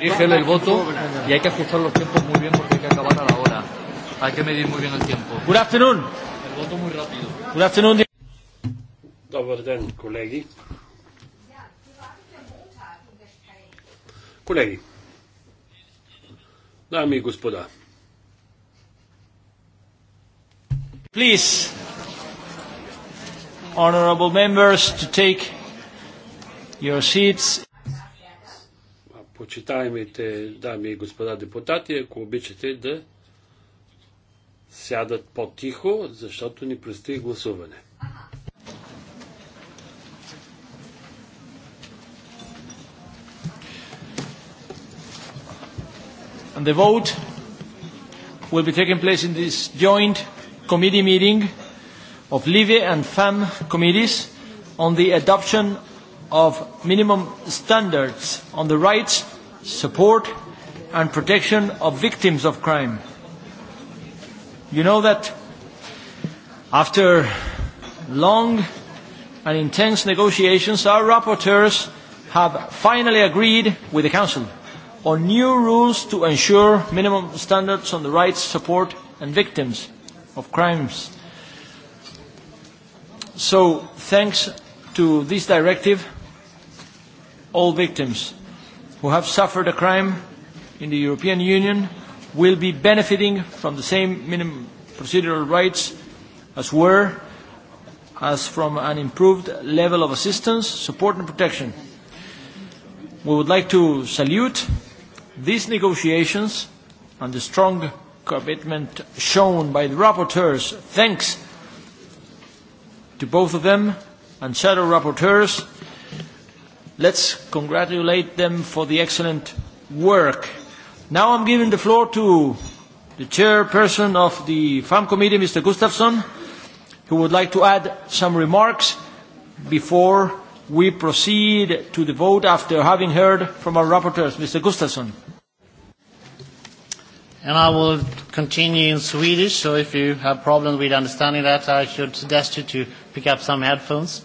dirige el voto y hay que ajustar los tiempos muy bien porque hay que acabar a la hora. Hay que medir muy bien el tiempo. Good afternoon. El voto muy rápido. Good afternoon. Добър ден, колеги. Колеги, дами и господа, Please, honorable members, to take your seats почитаемите дами и господа депутати, ако обичате да сядат по-тихо, защото ни предстои гласуване. And the vote will be taking place in this joint committee meeting of Livy and FAM committees on the adoption of minimum standards on the rights support and protection of victims of crime. You know that after long and intense negotiations, our rapporteurs have finally agreed with the Council on new rules to ensure minimum standards on the rights, support and victims of crimes. So thanks to this directive, all victims who have suffered a crime in the European Union will be benefiting from the same minimum procedural rights as were, as from an improved level of assistance, support and protection. We would like to salute these negotiations and the strong commitment shown by the rapporteurs. Thanks to both of them and shadow rapporteurs Let's congratulate them for the excellent work. Now I'm giving the floor to the chairperson of the farm committee, Mr. Gustafsson, who would like to add some remarks before we proceed to the vote after having heard from our rapporteurs. Mr. Gustafsson. And I will continue in Swedish, so if you have problems with understanding that, I should suggest you to pick up some headphones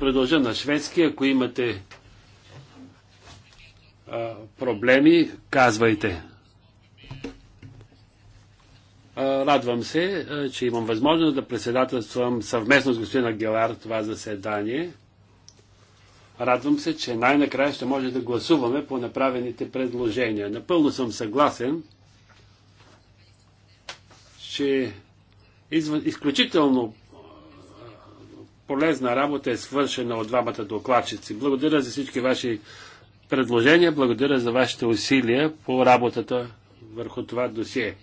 продължа на шведски. Ако имате а, проблеми, казвайте. А, радвам се, а, че имам възможност да председателствам съвместно с господин Гелар това заседание. Радвам се, че най-накрая ще може да гласуваме по направените предложения. Напълно съм съгласен, че изключително полезна работа е свършена от двамата докладчици. Благодаря за всички ваши предложения, благодаря за вашите усилия по работата върху това досие.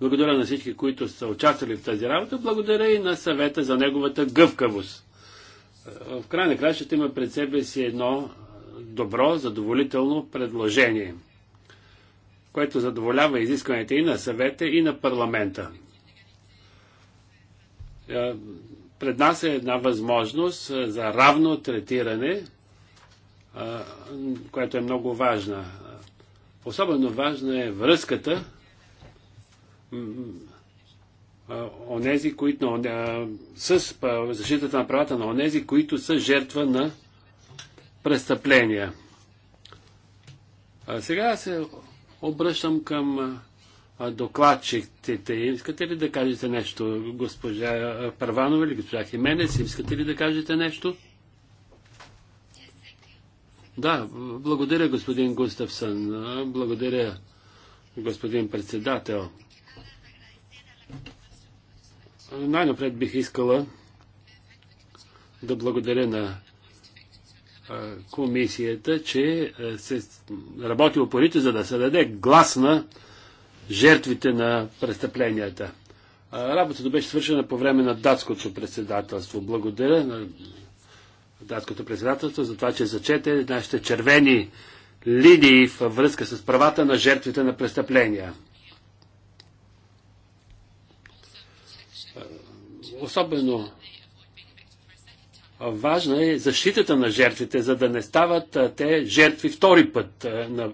Благодаря на всички, които са участвали в тази работа. Благодаря и на съвета за неговата гъвкавост. В край на края ще има пред себе си едно добро, задоволително предложение, което задоволява изискванията и на съвета, и на парламента. Е, пред нас е една възможност за равно третиране, което е много важна. Особено важна е връзката онези, които, с защитата на правата на онези, които са жертва на престъпления. А сега се обръщам към докладчиците. Искате ли да кажете нещо, госпожа Първанова или госпожа Хименес? Искате ли да кажете нещо? Да, благодаря господин Густавсън. Благодаря господин председател. Най-напред бих искала да благодаря на комисията, че се работи опорито, за да се даде гласна жертвите на престъпленията. Работата беше свършена по време на датското председателство. Благодаря на датското председателство за това, че зачете нашите червени линии във връзка с правата на жертвите на престъпления. Особено важна е защитата на жертвите, за да не стават те жертви втори път на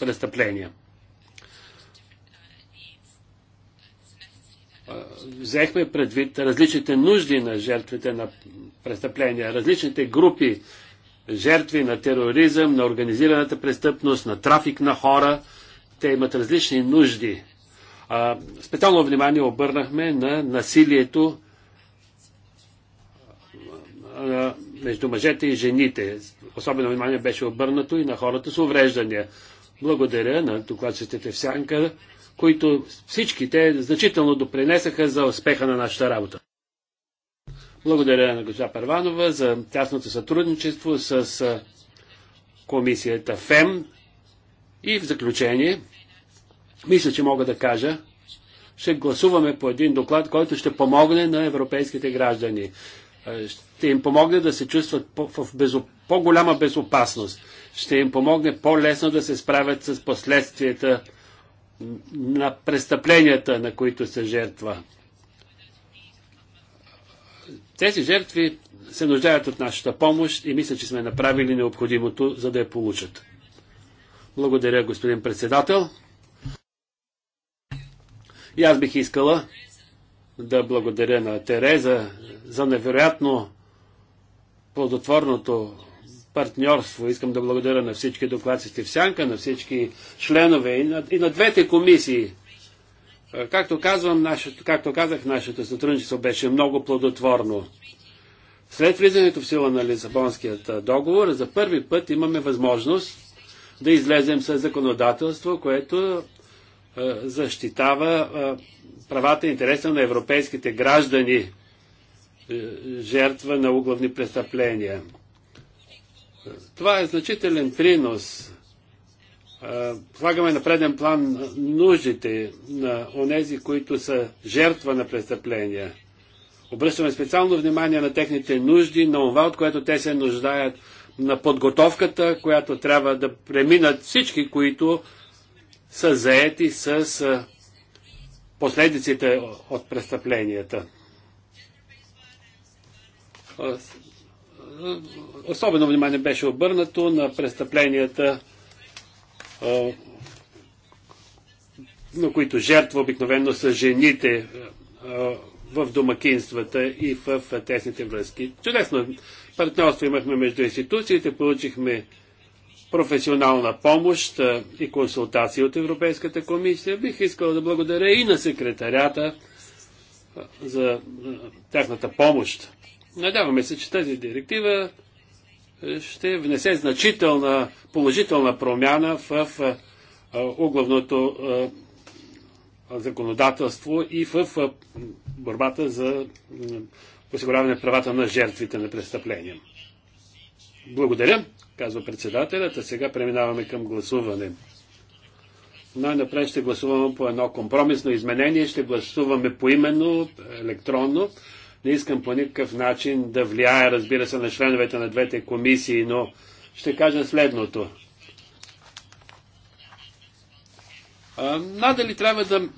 престъпления. взехме предвид различните нужди на жертвите на престъпления, различните групи жертви на тероризъм, на организираната престъпност, на трафик на хора. Те имат различни нужди. А, специално внимание обърнахме на насилието а, между мъжете и жените. Особено внимание беше обърнато и на хората с увреждания. Благодаря на докладчетите в Сянка които всички те значително допринесаха за успеха на нашата работа. Благодаря на госпожа Първанова за тясното сътрудничество с комисията ФЕМ. И в заключение, мисля, че мога да кажа, ще гласуваме по един доклад, който ще помогне на европейските граждани. Ще им помогне да се чувстват в безо... по-голяма безопасност. Ще им помогне по-лесно да се справят с последствията на престъпленията, на които са жертва. Тези жертви се нуждаят от нашата помощ и мисля, че сме направили необходимото, за да я получат. Благодаря, господин председател. И аз бих искала да благодаря на Тереза за невероятно плодотворното партньорство. Искам да благодаря на всички докладците в Сянка, на всички членове и на, и на двете комисии. Е, както, казвам, нашето, както казах, нашето сътрудничество беше много плодотворно. След влизането в сила на Лисабонският е, договор, за първи път имаме възможност да излезем с законодателство, което е, защитава е, правата и интереса на европейските граждани, е, жертва на углавни престъпления. Това е значителен принос. Слагаме на преден план нуждите на онези, които са жертва на престъпления. Обръщаме специално внимание на техните нужди, на това, от което те се нуждаят, на подготовката, която трябва да преминат всички, които са заети с последиците от престъпленията особено внимание беше обърнато на престъпленията, на които жертва обикновено са жените в домакинствата и в тесните връзки. Чудесно партньорство имахме между институциите, получихме професионална помощ и консултации от Европейската комисия. Бих искал да благодаря и на секретарята за тяхната помощ. Надяваме се, че тази директива е, ще внесе значителна положителна промяна в оглавното е, е, законодателство и в борбата за осигуряване правата на жертвите на престъпления. Благодаря, казва председателят, а сега преминаваме към гласуване. Най-напред ще гласуваме по едно компромисно изменение, ще гласуваме поименно, електронно. Не искам по никакъв начин да влияя, разбира се, на членовете на двете комисии, но ще кажа следното. Надали трябва да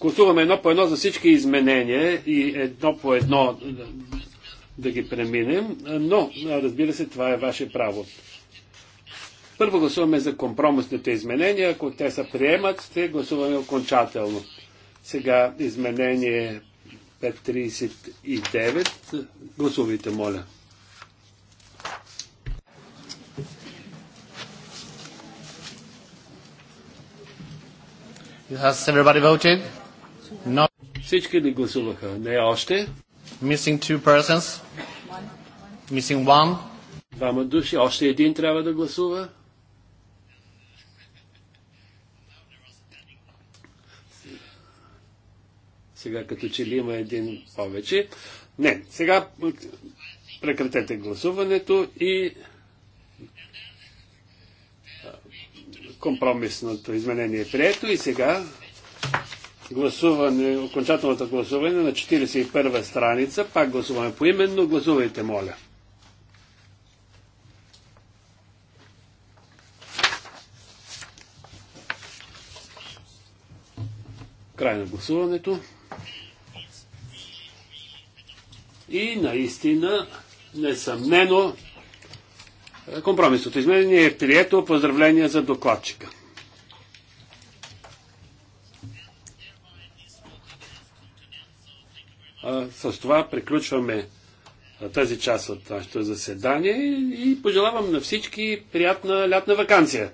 гласуваме едно по едно за всички изменения и едно по едно да ги преминем, но разбира се, това е ваше право. Първо гласуваме за компромисните изменения. Ако те се приемат, ще гласуваме окончателно. Сега изменение 5.39. Гласувайте, моля. Has everybody voted? No. Всички ли гласуваха? Не още. Missing two persons. Missing one. Двама души. Още един трябва да гласува. Сега като че ли има един повече. Не, сега прекратете гласуването и компромисното изменение е прието и сега гласуване, окончателното гласуване на 41-а страница, пак гласуваме по именно, гласувайте, моля. Край на гласуването. И наистина, несъмнено, компромисното изменение е прието. Поздравление за докладчика. А, с това приключваме тази част от нашето заседание и пожелавам на всички приятна лятна вакансия.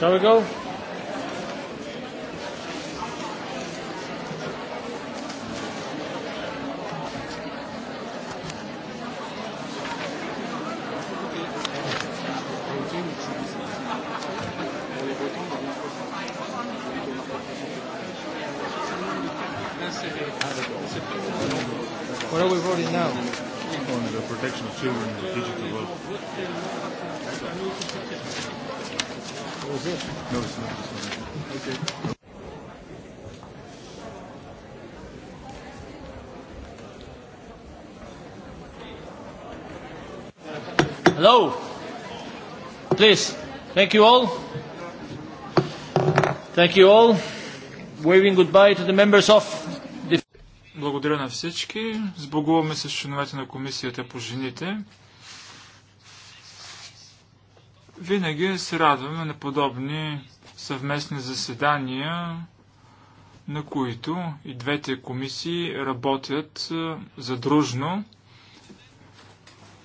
Shall we go? No, it's not. It's not. Okay. Hello. Please. Thank you all. Thank you all. Waving goodbye to the members of the... Благодаря на всички. Сбогуваме с членовете на комисията по жените. Винаги се радваме на подобни съвместни заседания, на които и двете комисии работят задружно.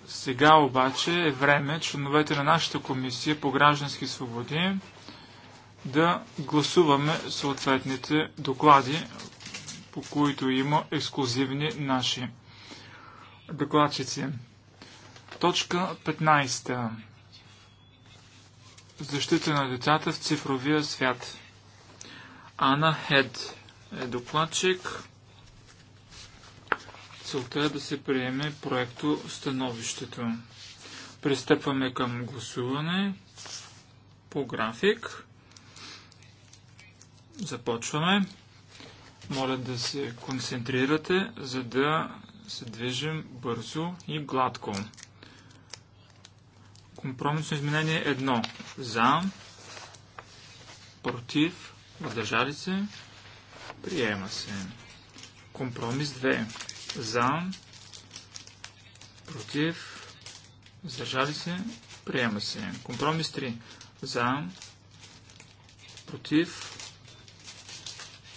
Сега обаче е време членовете на нашата комисия по граждански свободи да гласуваме съответните доклади, по които има ексклюзивни наши докладчици. Точка 15 защита на децата в цифровия свят. Ана Хед е докладчик. Целта е да се приеме проекто становището. Пристъпваме към гласуване по график. Започваме. Моля да се концентрирате, за да се движим бързо и гладко. Компромисно изменение 1. За. Против. Въздържали се. Приема се. Компромис 2. За. Против. Въздържали се. Приема се. Компромис 3. За. Против.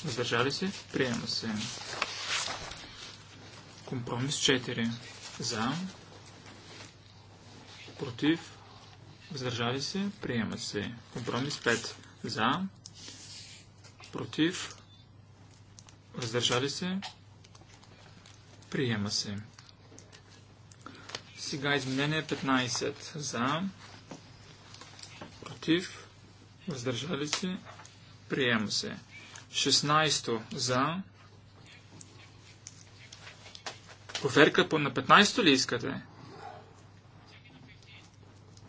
Въздържали се. Приема се. Компромис 4. За. Против. Въздържали се. Приема се. Компромис 5. За. Против. Въздържали се. Приема се. Сега изменение 15. За. Против. Въздържали се. Приема се. 16. За. Проверка на 15 ли искате?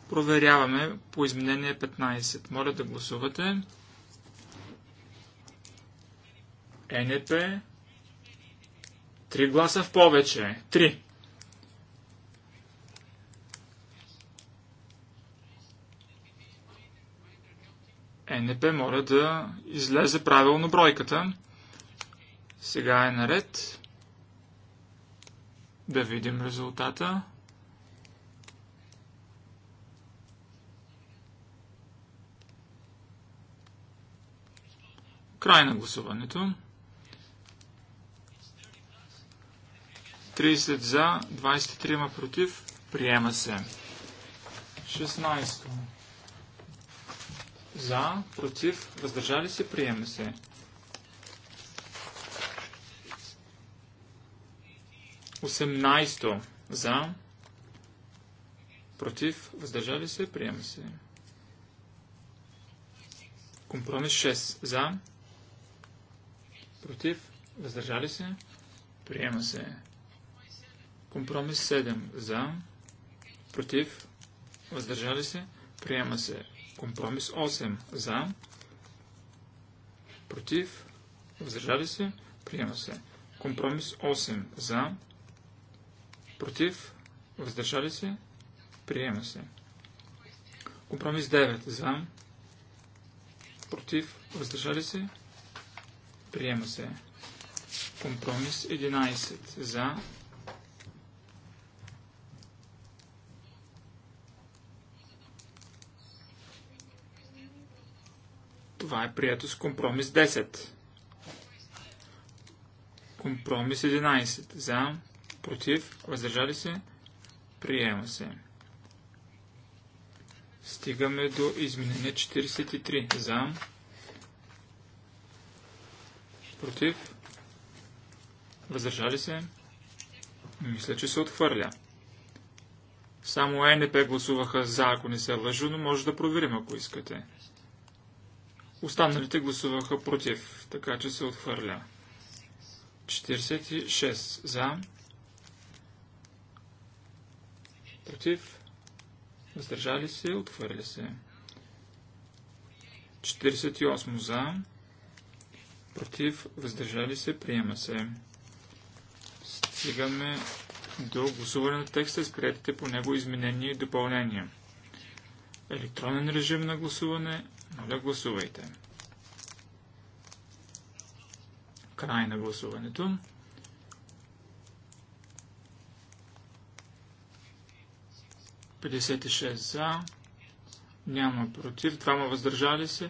Проверяваме по изменение 15. Моля да гласувате. Е НП. Три гласа в повече. Три. Е НП моля да излезе правилно бройката. Сега е наред. Да видим резултата. Край на гласуването. 30 за, 23 против. Приема се. 16. За, против, въздържали се, приема се. 18. За, против, въздържали се, приема се. Компромис 6. За, против, въздържали се, приема се. Компромис 7 за, против, въздържали се, приема се. Компромис 8 за, против, въздържали се, приема се. Компромис 8 за, против, въздържали се, приема се. Компромис 9 за, против, въздържали се, Приема се. Компромис 11 за. Това е прието с компромис 10. Компромис 11 за. Против. Въздържали се. Приема се. Стигаме до изменение 43 за Против. Въздържали се. Мисля, че се отхвърля. Само НП гласуваха за, ако не се лъжу, но може да проверим, ако искате. Останалите гласуваха против, така че се отхвърля. 46 за. Против. Въздържали се, отхвърля се. 48 за против, въздържали се, приема се. Стигаме до гласуване на текста с приятите по него изменения и допълнения. Електронен режим на гласуване. Моля, гласувайте. Край на гласуването. 56 за, няма против, двама въздържали се.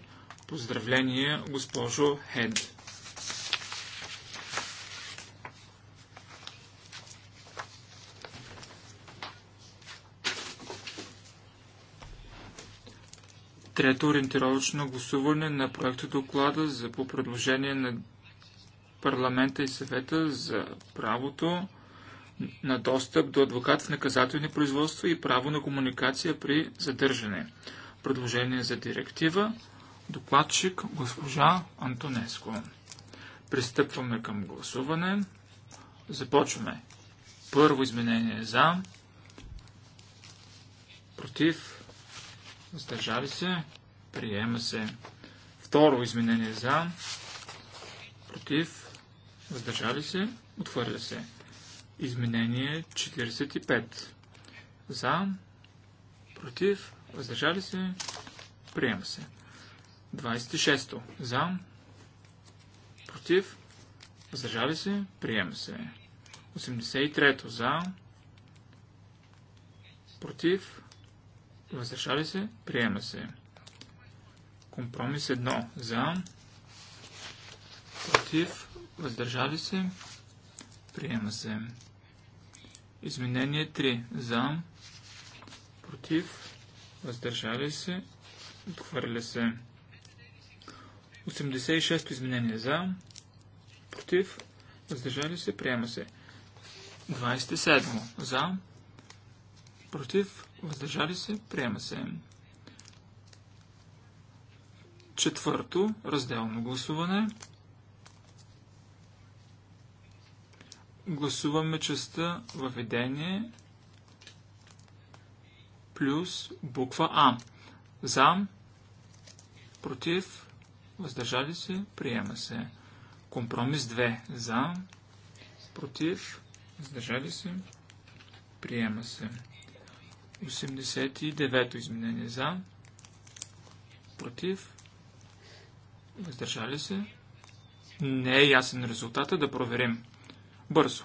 Поздравления, госпожо Хед. Трето ориентировачно гласуване на проекта доклада за по предложение на парламента и съвета за правото на достъп до адвокат в наказателни производства и право на комуникация при задържане. Предложение за директива. Докладчик госпожа Антонеско. Пристъпваме към гласуване. Започваме. Първо изменение за. Против. Въздържали се. Приема се. Второ изменение за. Против. Въздържали се. отвърля се. Изменение 45. За. Против. Въздържали се. Приема се. 26 за, против, въздържали се, приема се. 83 за, против, въздържали се, приема се. Компромис 1 за, против, въздържали се, приема се. Изменение 3 за, против, въздържали се, отхвърля се. 86 изменение за, против, въздържали се, приема се. 27 за, против, въздържали се, приема се. Четвърто, разделно гласуване. Гласуваме частта въведение плюс буква А. За, против, въздържали се, приема се. Компромис 2 за, против, въздържали се, приема се. 89-то изменение за, против, въздържали се. Не е ясен резултата, да проверим. Бързо.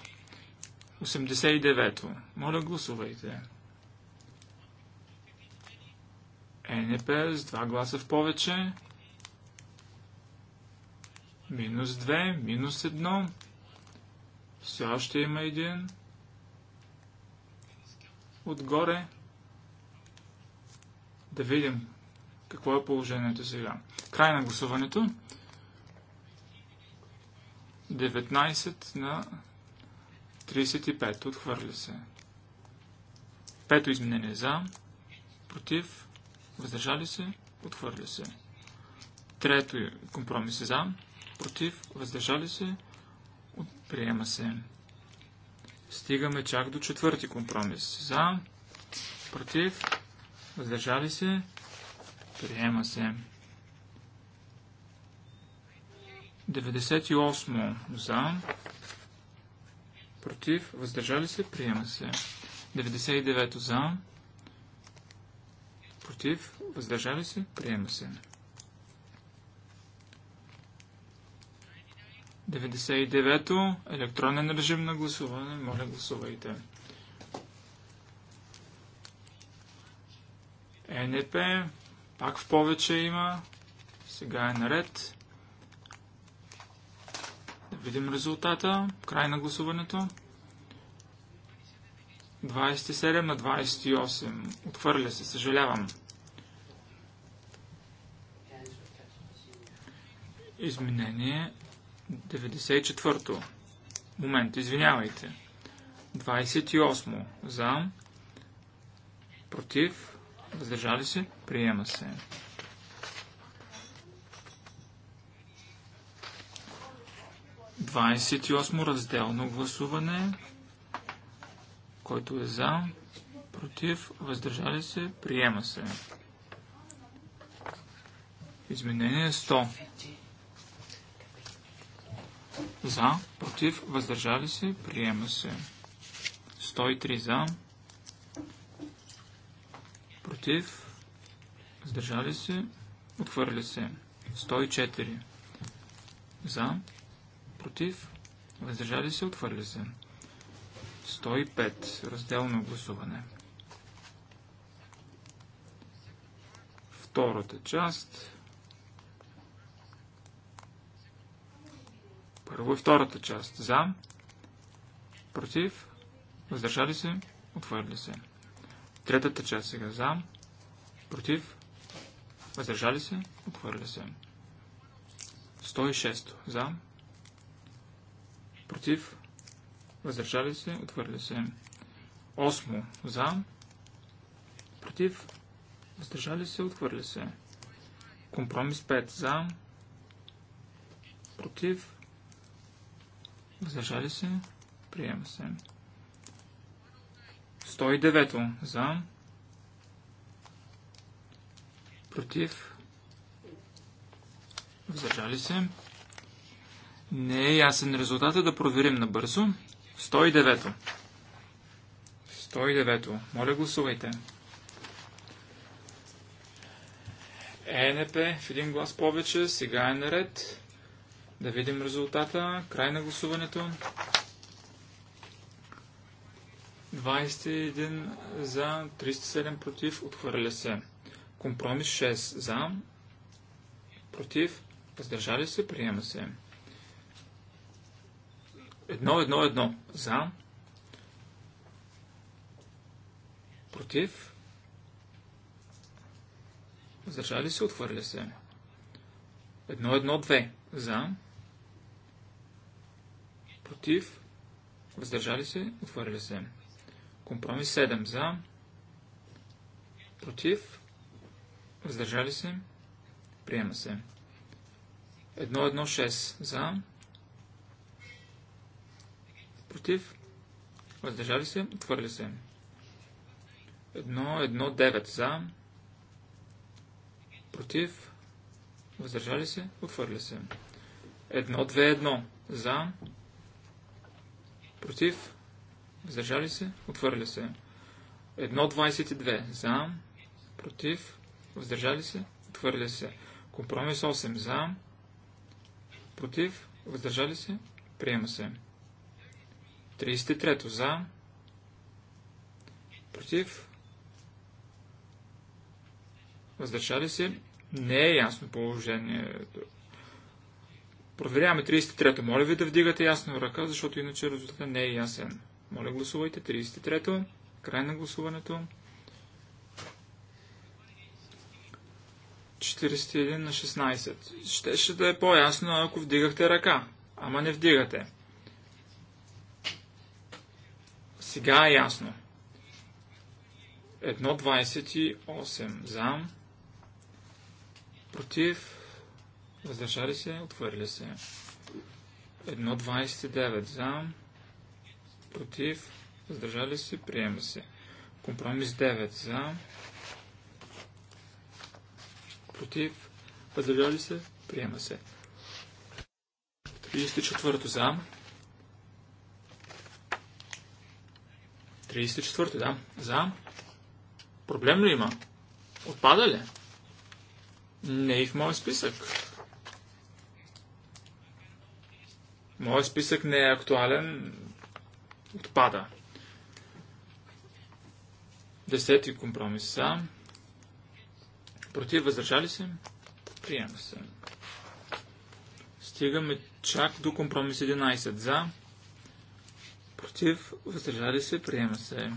89-то. Моля, гласувайте. Е, НПС, два гласа в повече минус 2, минус 1. Все още има един. Отгоре. Да видим какво е положението сега. Край на гласуването. 19 на 35. Отхвърля се. Пето изменение за. Против. Въздържали се. Отхвърля се. Трето е компромис за против, въздържали се, приема се. Стигаме чак до четвърти компромис. За, против, въздържали се, приема се. 98 за, против, въздържали се, приема се. 99 за, против, въздържали се, приема се. 99-то, електронен режим на гласуване. Моля, гласувайте. ЕНП, пак в повече има. Сега е наред. Да видим резултата. Край на гласуването. 27 на 28. Отхвърля се, съжалявам. Изменение 94-то. Момент, извинявайте. 28 За. Против. Въздържали се. Приема се. Двадесет и осмо разделно гласуване, който е за, против, въздържали се, приема се. Изменение 100. За, против, въздържали се, приема се. 103 за, против, въздържали се, отхвърли се. 104 за, против, въздържали се, отхвърли се. 105. Разделно гласуване. Втората част. Първо и втората част. За, против, въздържали се, отвърли се. Третата част сега. За, против, въздържали се, отвърли се. 106. За, против, въздържали се, отвърли се. 8. За, против, въздържали се, отвърли се. Компромис 5. За, против, Въздържали се. Приема се. 109 за. Против. Въздържали се. Не е ясен резултата, да проверим набързо. 109. 109. Моля гласувайте. ЕНП в един глас повече, сега е наред. Да видим резултата. Край на гласуването. 21 за, 307 против, отхвърля се. Компромис 6 за, против, въздържали се, приема се. Едно, едно, едно. За. Против. Въздържали се, отхвърля се. Едно, едно, 2 За против, въздържали се, отхвърля се. Компромис 7 за, против, въздържали се, приема се. 1-1-6 за, против, въздържали се, отхвърля се. 1-1-9 за, против, въздържали се, отхвърля се. 1-2-1 за, против, Против. Въздържали се. Отвърля се. 1.22. За. Против. Въздържали се. Отвърля се. Компромис 8. За. Против. Въздържали се. Приема се. 33. За. Против. Въздържали се. Не е ясно положението. Проверяваме 33-то. Моля ви да вдигате ясно ръка, защото иначе резултатът не е ясен. Моля гласувайте 33-то. Край на гласуването. 41 на 16. Щеше да е по-ясно, ако вдигахте ръка. Ама не вдигате. Сега е ясно. 1,28 за. Против Въздържали се, отхвърля се. 1.29 за, против, въздържали се, приема се. Компромис 9 за, против, въздържали се, приема се. 34 за. 34 да. За. Проблем ли има? Отпада ли? Не и в моят списък. Моят списък не е актуален. Отпада. Десети компромис са. Против въздържали се? Приема се. Стигаме чак до компромис 11. За. Против въздържали се? Приема се.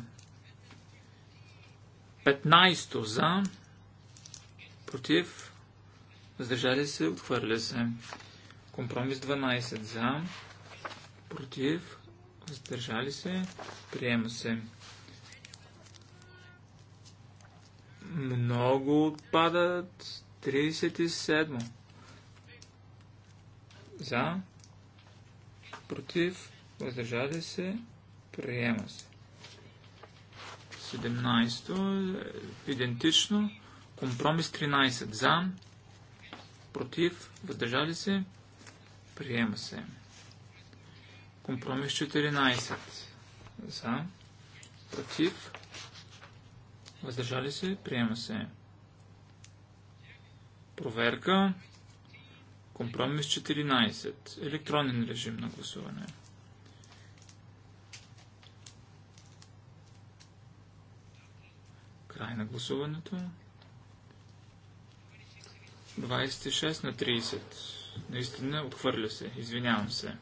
15 за. Против въздържали се? Отхвърля се. Компромис 12 за, против, въздържали се, приема се. Много отпадат. 37. За, против, въздържали се, приема се. 17. Идентично. Компромис 13. За, против, въздържали се, Приема се. Компромис 14. За. Против. Въздържали се. Приема се. Проверка. Компромис 14. Електронен режим на гласуване. Край на гласуването. 26 на 30. Наистина, отхвърля се. Извинявам се.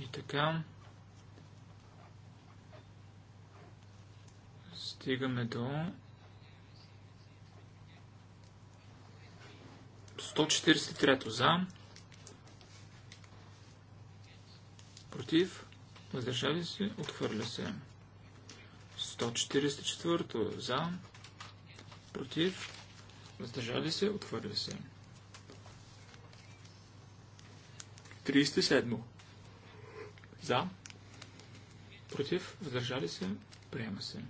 И така. Стигаме до 143 то за. Против. Въздържали се. Отхвърля се. 144 то за. Против. Въздържали се, отхвърля се. 37. За. Против. Въздържали се. Приема се.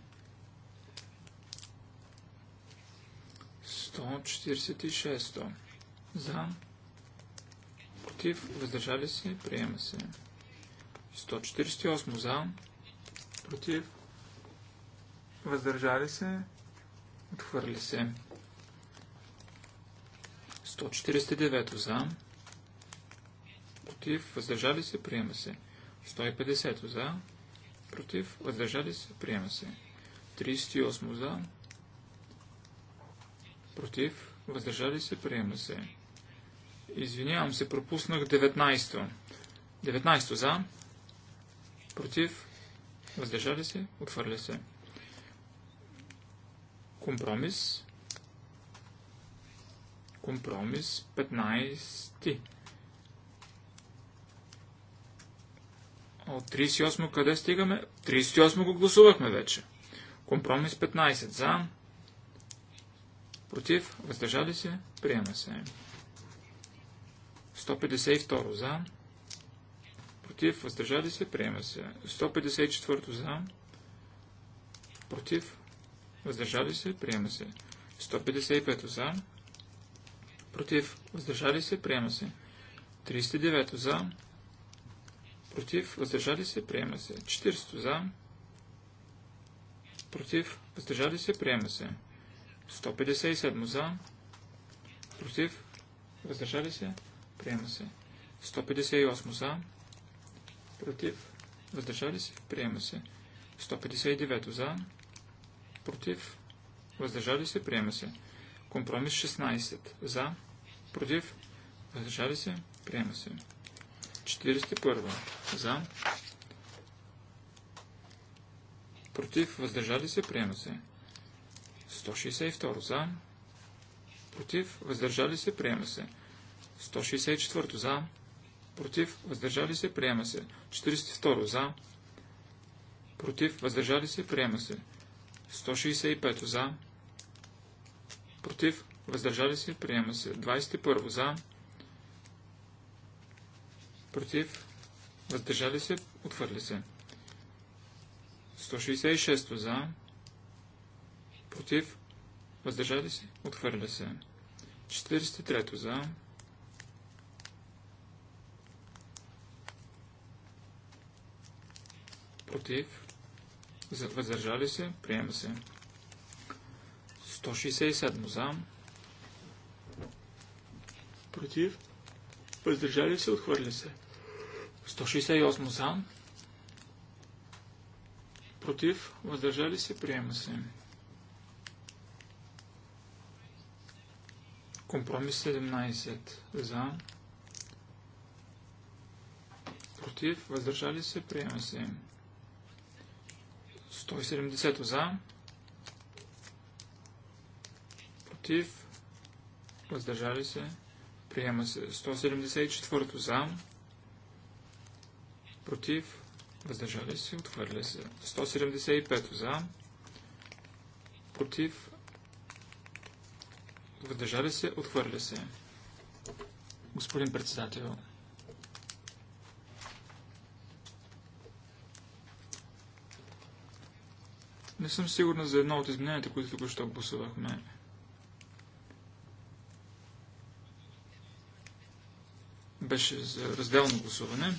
146. За. Против. Въздържали се. Приема се. 148. За. Против. Въздържали се. Отхвърля се. 149 за, против, въздържали се, приема се. 150 за, против, въздържали се, приема се. 38 за, против, въздържали се, приема се. Извинявам се, пропуснах 19. 19 за, против, въздържали се, отвърля се. Компромис Компромис 15. От 38 къде стигаме? 38 го гласувахме вече. Компромис 15 за. Против. Въздържали се. Приема се. 152 за. Против. Въздържали се. Приема се. 154 за. Против. Въздържали се. Приема се. 155 за против, въздържали се, приема се. 39 за, против, въздържали се, приема се. 40 за, против, въздържали се, приема се. 157 за, против, въздържали се, приема се. 158 за, против, въздържали се, приема се. 159 за, против, въздържали се, приема се. Компромис 16. За. Против. Въздържали се. Приема се. 41. За. Против. Въздържали се. Приема се. 162. За. Против. Въздържали се. Приема се. 164. За. Против. Въздържали се. Приема се. 42. За. Против. Въздържали се. Приема се. 165. За против, въздържали се, приема се. 21 за, против, въздържали се, отвърли се. 166 за, против, въздържали се, отхвърля се. 43 за, против, въздържали се, приема се. 167 за. Против. Въздържали се, отхвърля се. 168 за. Против. Въздържали се, приема се. Компромис 17 за. Против. Въздържали се, приема се. 170 за против, въздържали се, приема се 174 за, против, въздържали се, отхвърля се 175 за, против, въздържали се, отхвърля се. Господин председател, не съм сигурна за едно от измененията, които току-що гласувахме. беше за разделно гласуване.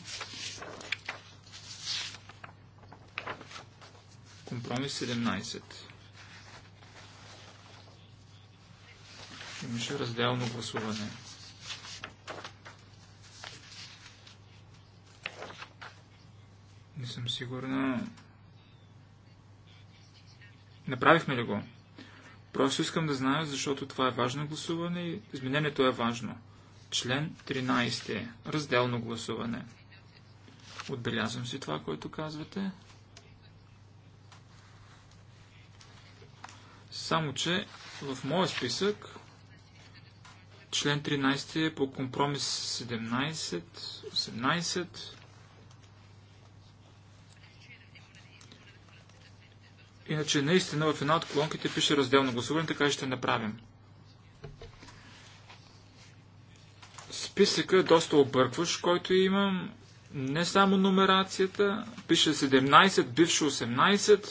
Компромис 17. Имаше разделно гласуване. Не съм сигурна. Направихме ли го? Просто искам да знаем, защото това е важно гласуване и изменението е важно. Член 13. Разделно гласуване. Отбелязвам си това, което казвате. Само, че в моя списък член 13 е по компромис 17, 18. Иначе наистина в една от колонките пише разделно гласуване, така ще направим. Списъка е доста объркваш, който имам. Не само нумерацията, пише 17, бивше 18,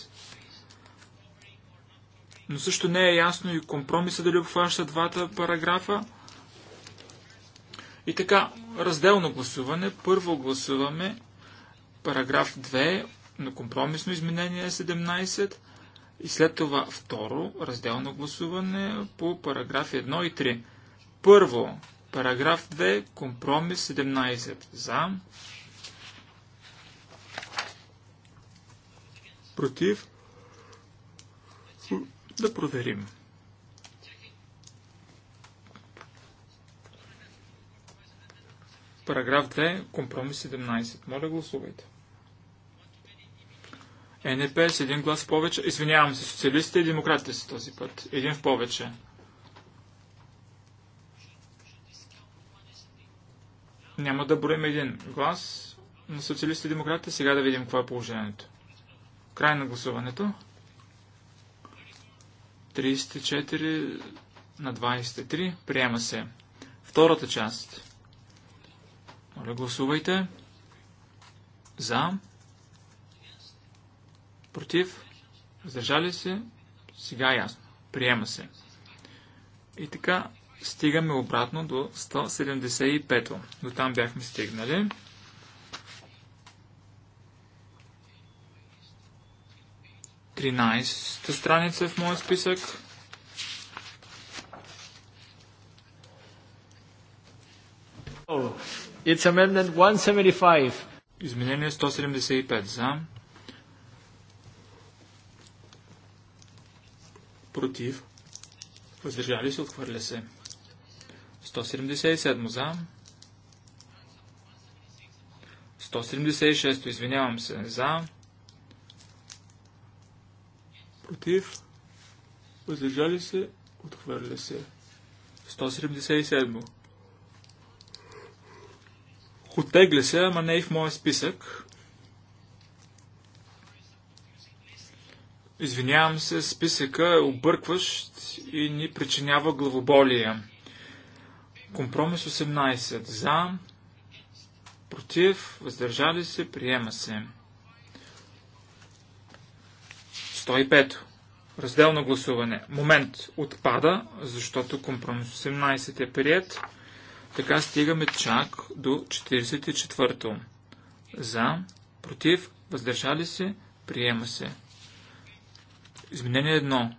но също не е ясно и компромиса дали обхваща двата параграфа. И така, разделно гласуване. Първо гласуваме параграф 2 на компромисно изменение 17 и след това второ разделно гласуване по параграфи 1 и 3. Първо Параграф 2, компромис 17 за, против, да проверим. Параграф 2, компромис 17. Моля, гласувайте. Е, НП с един глас повече. Извинявам се, социалистите и демократите са този път. Един в повече. Няма да броим един глас на социалистите и демократите. Сега да видим какво е положението. Край на гласуването. 34 на 23. Приема се. Втората част. Моля, гласувайте. За. Против. Въздържали се. Сега е ясно. Приема се. И така, стигаме обратно до 175. До там бяхме стигнали. Тринайсата страница е в моят списък. it's amendment 175. Изменение 175 за. Против. Въздържали се, отхвърля се. 177 за. 176, извинявам се, за. Против. Въздържали се. Отхвърля се. 177. Отегля се, ама не и в моя списък. Извинявам се, списъка е объркващ и ни причинява главоболие. Компромис 18. За, против, въздържали се, приема се. 105. Разделно гласуване. Момент отпада, защото компромис 18 е прият. Така стигаме чак до 44-то. За, против, въздържали се, приема се. Изменение 1.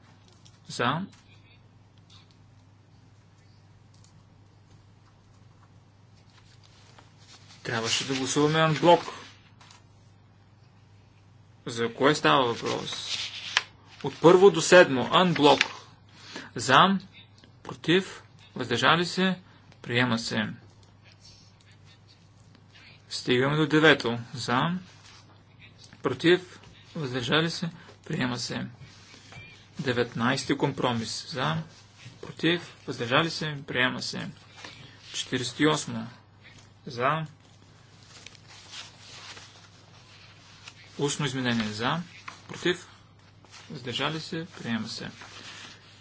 За, Трябваше да гласуваме анблок. За кое става въпрос? От първо до седмо. Анблок. За, против, въздържали се, приема се. Стигаме до девето. За, против, въздържали се, приема се. 19 компромис. За, против, въздържали се, приема се. 48. За, Устно изменение за, против, въздържали се, приема се.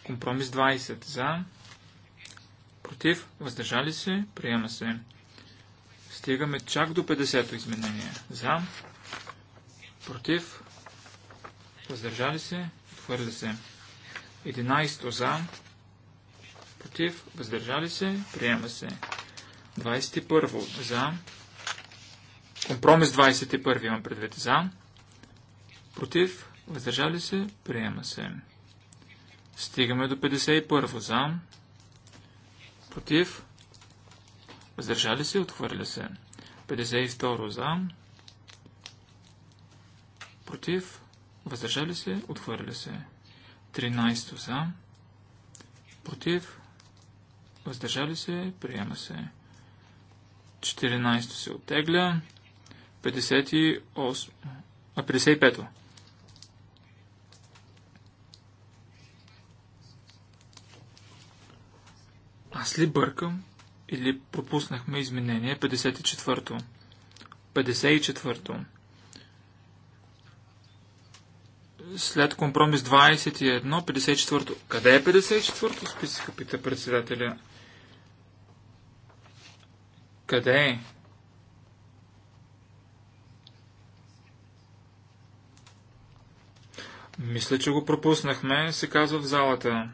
Компромис 20 за, против, въздържали се, приема се. Стигаме чак до 50-то изменение. За, против, въздържали се, отхвърля се. 11 за, против, въздържали се, приема се. 21 за, компромис 21 имам предвид за, Против. Въздържали се. Приема се. Стигаме до 51 за. Против. Въздържали се. Отхвърля се. 52 за. Против. Въздържали се. Отхвърля се. 13 за. Против. Въздържали се. Приема се. 14 се оттегля. 58. А Аз ли бъркам или пропуснахме изменение 54-то? 54-то. След компромис 21, 54-то. Къде е 54-то списъка, пита председателя. Къде е? Мисля, че го пропуснахме, се казва в залата.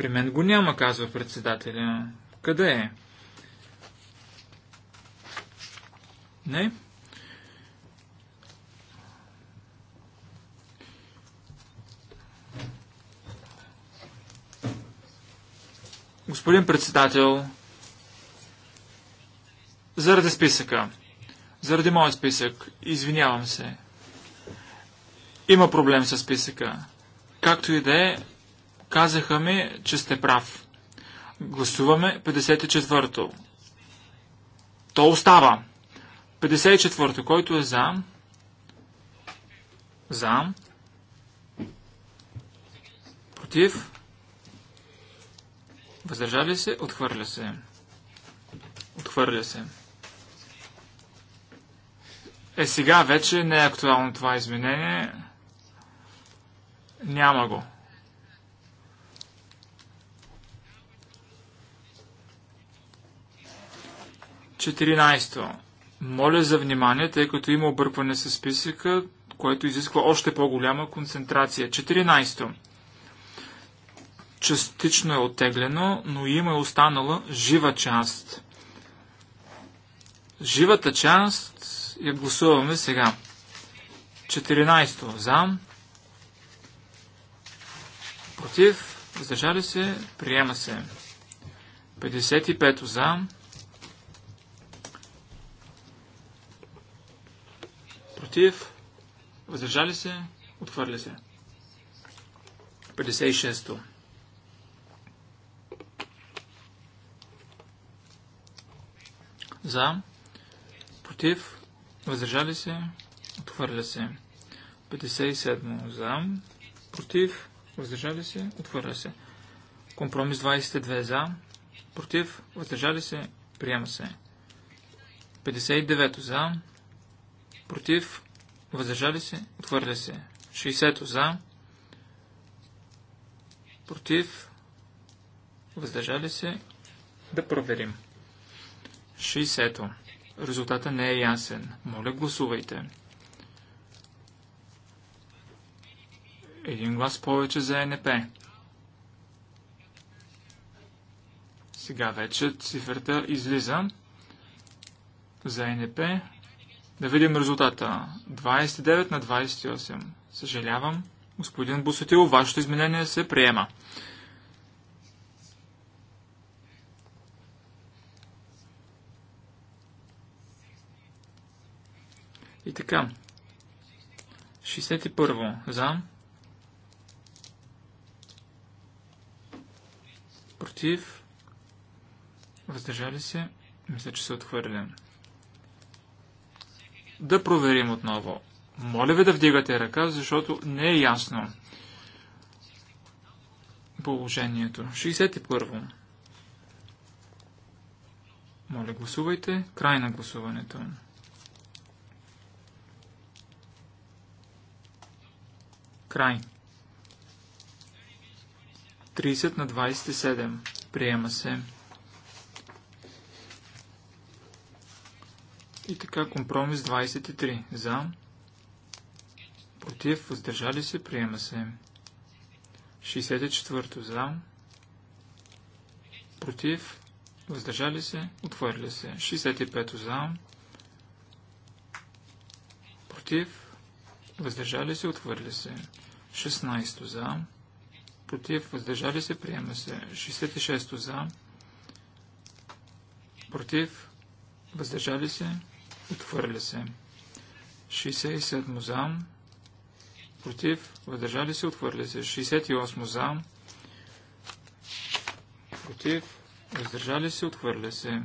При мен го няма, казва председателя. Къде е? Не? Господин председател, заради списъка, заради моят списък, извинявам се. Има проблем с списъка. Както и да е, Казаха ми, че сте прав. Гласуваме 54-то. То остава. 54-то, който е за. За. Против. Въздържали се, отхвърля се. Отхвърля се. Е, сега вече не е актуално това изменение. Няма го. 14. Моля за внимание, тъй като има объркване с списъка, което изисква още по-голяма концентрация. 14. Частично е отеглено, но има останала жива част. Живата част я гласуваме сега. 14. За. Против. Въздържали се. Приема се. 55. За против, въздържали се, отхвърля се. 56-то. За, против, въздържали се, отхвърля се. 57 за, против, въздържали се, отхвърля се. Компромис 22 за, против, въздържали се, приема се. 59 за, против, въздържали се, отвърля се. 60 за, против, въздържали се, да проверим. 60 Резултата не е ясен. Моля, гласувайте. Един глас повече за НП. Сега вече цифрата излиза за НП да видим резултата. 29 на 28. Съжалявам. Господин Босотил, вашето изменение се приема. И така. 61. За. Против. Въздържали се. Мисля, че се отхвърлям да проверим отново. Моля ви да вдигате ръка, защото не е ясно положението. 61. Моля, гласувайте. Край на гласуването. Край. 30 на 27. Приема се. И така, компромис 23. За. Против. Въздържали се. Приема се. 64. За. Против. Въздържали се. Отворили се. 65. За. Против. Въздържали се. Отворили се. 16. За. Против. Въздържали се. Приема се. 66. За. Против. Въздържали се. Отхвърля се. 67 за. Против. Въздържали се. Отхвърля се. 68 за. Против. Въздържали се. Отхвърля се.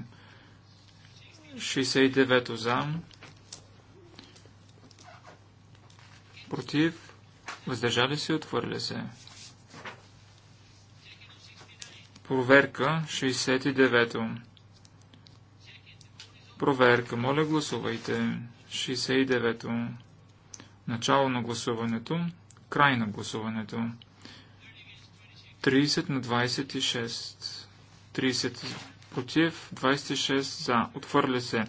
69 за. Против. Въздържали се. Отхвърля се. Проверка 69. Проверка. Моля, гласувайте. 69-то. Начало на гласуването. Край на гласуването. 30 на 26. 30 против, 26 за. Отвърля се.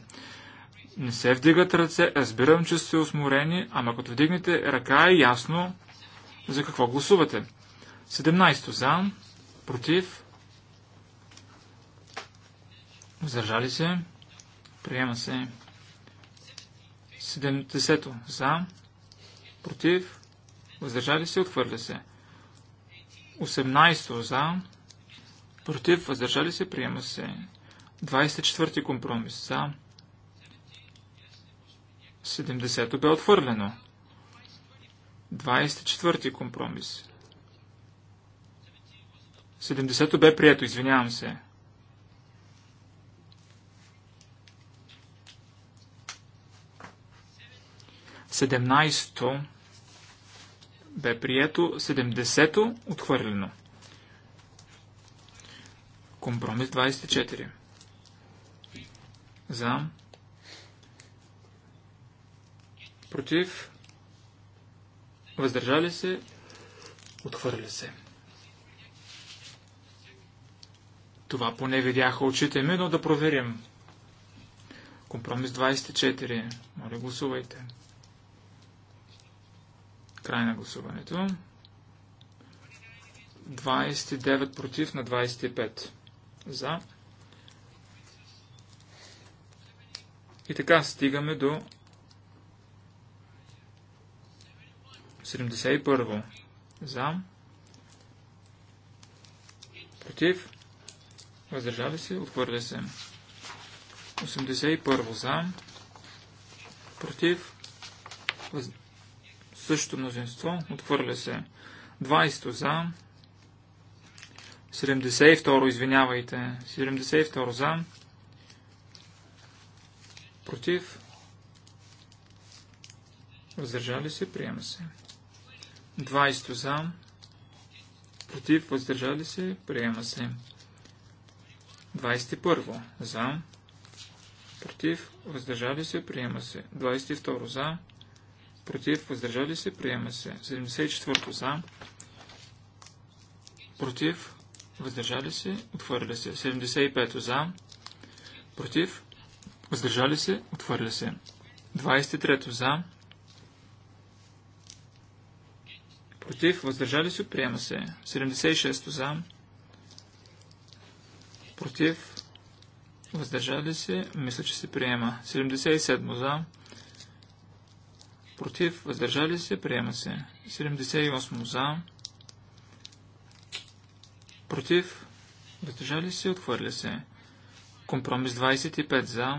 Не се вдигат ръце. Разбирам, че сте осморени, ама като вдигнете ръка е ясно за какво гласувате. 17 за. Против. Взържали се. Приема се. 70 за, против, въздържали се, отхвърля се. 18 за, против, въздържали се, приема се. 24 ти компромис за. 70 бе отхвърлено. 24 ти компромис. 70 бе прието, извинявам се. 17-то бе прието, 70-то отхвърлено. Компромис 24. За. Против. Въздържали се. Отхвърля се. Това поне видяха очите ми, но да проверим. Компромис 24. Моля, гласувайте. Край на гласуването. 29 против на 25 за. И така стигаме до 71 за. Против. Въздържали се. Отхвърля се. 81 за. Против. Въздържали Същото мнозинство. Отхвърля се. 20 за. 72, извинявайте. 72 за. Против. Въздържали се. Приема се. 20 за. Против. Въздържали се. Приема се. 21 за. Против. Въздържали се. Приема се. 22 за против, въздържали се, приема се. 74 за, против, въздържали се, отвърля се. 75 за, против, въздържали се, отвърля се. 23 за, против, въздържали се, приема се. 76 за, против, въздържали се, мисля, че се приема. 77 за, Против, въздържали се, приема се. 78 за. Против, въздържали се, отхвърля се. Компромис 25 за.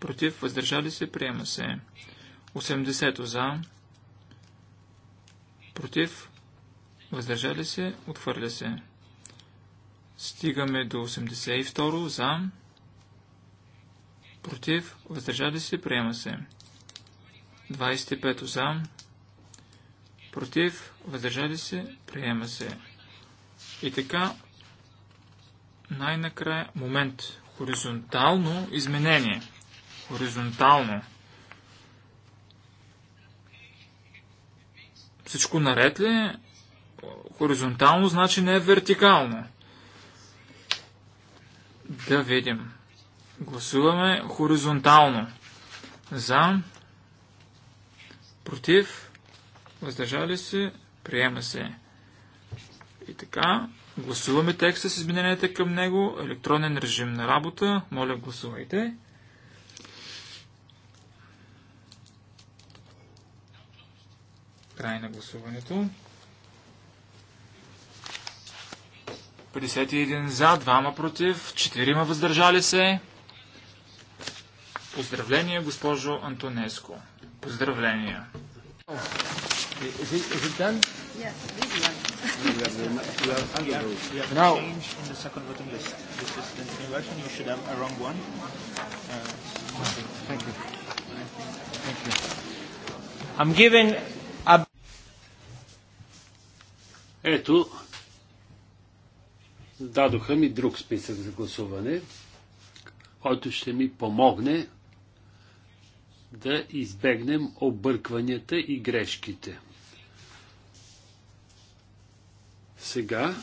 Против, въздържали се, приема се. 80 за. Против, въздържали се, отхвърля се. Стигаме до 82 за. Против, въздържали се, приема се. 25 за, против, въздържали се, приема се. И така, най-накрая, момент, хоризонтално изменение. Хоризонтално. Всичко наред ли? Хоризонтално значи не е вертикално. Да видим. Гласуваме хоризонтално. За против, въздържали се, приема се. И така, гласуваме текста с измененията към него, електронен режим на работа, моля гласувайте. Край на гласуването. 51 за, 2 против, 4 въздържали се. Поздравления, госпожо Антонеско. Поздравления. Ето, дадоха ми друг списък за гласуване, който ще ми помогне да избегнем объркванията и грешките. Сега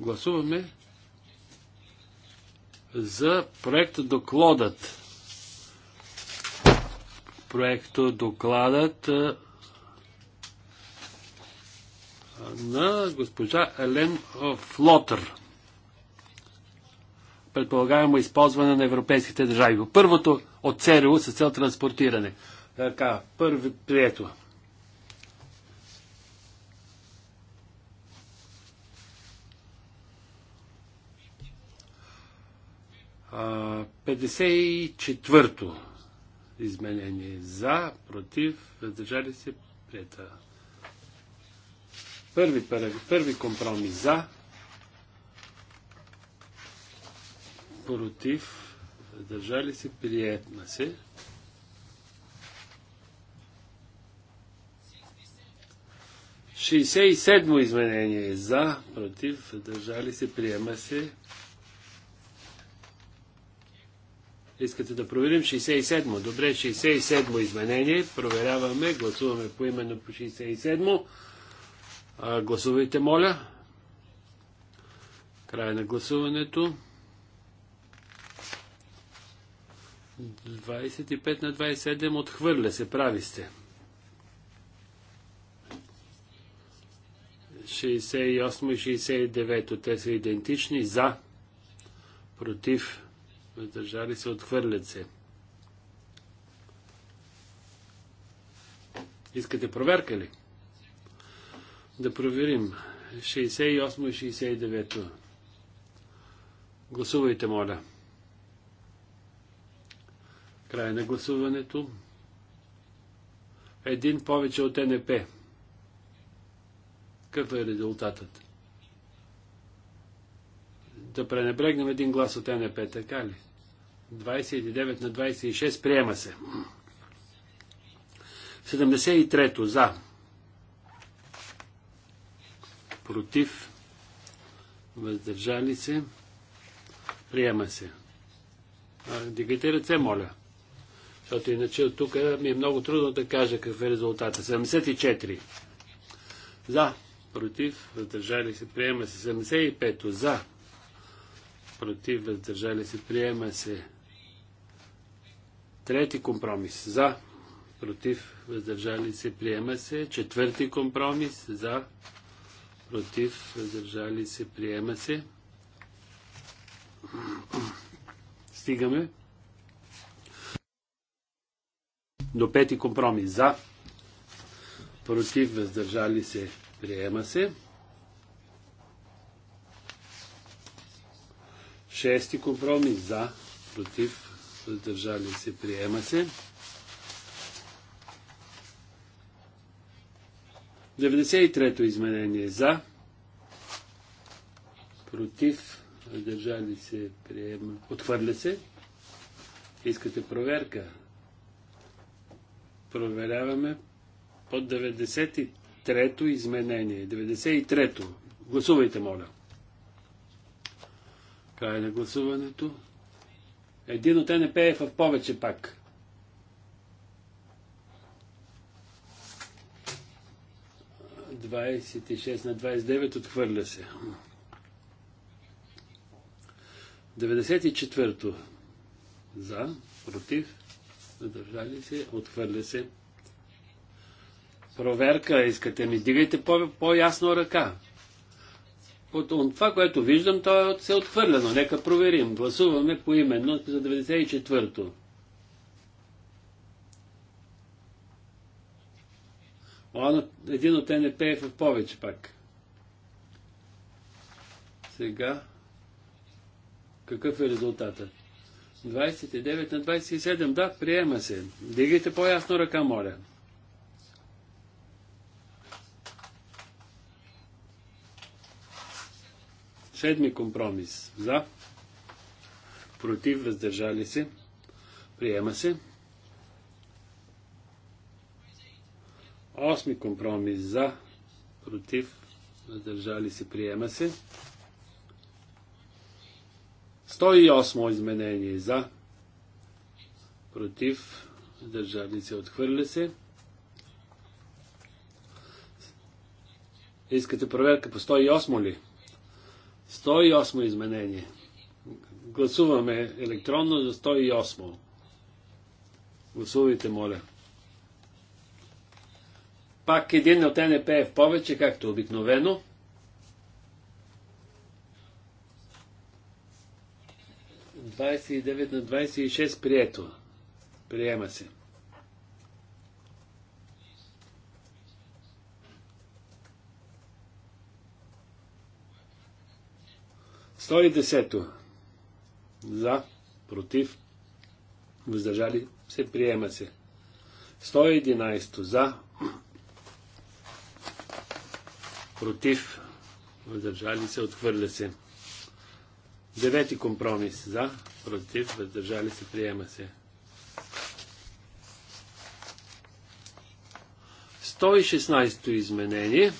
гласуваме за проект докладът. Проекто докладът е, на госпожа Елен Флотър. Предполагаемо използване на европейските държави. Първото от ЦРУ с цел транспортиране. Така, първи прието. 54-то изменение за, против, въздържали се, прията. Първи, първи, първи компромис за, против, въздържали се, приятна се. 67 седмо изменение за, против, въздържали се, приема се. Искате да проверим 67-мо. Добре, 67-мо изменение. Проверяваме. Гласуваме по именно по 67-мо. Гласувайте, моля. Край на гласуването. 25 на 27 отхвърля се, прави сте. 68 и 69 те са идентични за, против, въздържали се, отхвърлят се. Искате проверка ли? Да проверим. 68 и 69. Гласувайте, моля. Край на гласуването. Един повече от НП. Какъв е резултатът? да пренебрегнем един глас от НП, така ли? 29 на 26 приема се. 73-то за. Против. Въздържали се. Приема се. Дигайте ръце, моля. Защото иначе от тук ми е много трудно да кажа какъв е резултата. 74. За. Против. Въздържали се. Приема се. 75 за против, въздържали се, приема се. Трети компромис за, против, въздържали се, приема се. Четвърти компромис за, против, въздържали се, приема се. Стигаме до пети компромис за, против, въздържали се, приема се. Шести компромис за, против, въздържали се, приема се. 93-то изменение за, против, въздържали се, приема, отхвърля се. Искате проверка? Проверяваме под 93-то изменение. 93-то. Гласувайте, моля. Край на гласуването. Един от НП е в повече пак. Двадесет и шест на 29 отхвърля се. 94-то. За, против, задържали се, отхвърля се. Проверка искате ми. Дигайте по- по-ясно ръка. От това, което виждам, то се е отхвърлено. Нека проверим. Гласуваме по именно за 94-то. Един от НП е в повече пак. Сега. Какъв е резултатът? 29 на 27. Да, приема се. Дигайте по-ясно ръка, моля. Седми компромис. За. Против. Въздържали се. Приема се. Осми компромис. За. Против. Въздържали се. Приема се. 108 изменение. За. Против. Въздържали се. Отхвърля се. Искате проверка по 108 ли? 108 изменение. Гласуваме електронно за 108. Гласувайте, моля. Пак един от НП е в повече, както обикновено. 29 на 26 прието. Приема се. 110. За, против, въздържали се, приема се. 111. За, против, въздържали се, отхвърля се. Девети компромис. За, против, въздържали се, приема се. 116 изменение.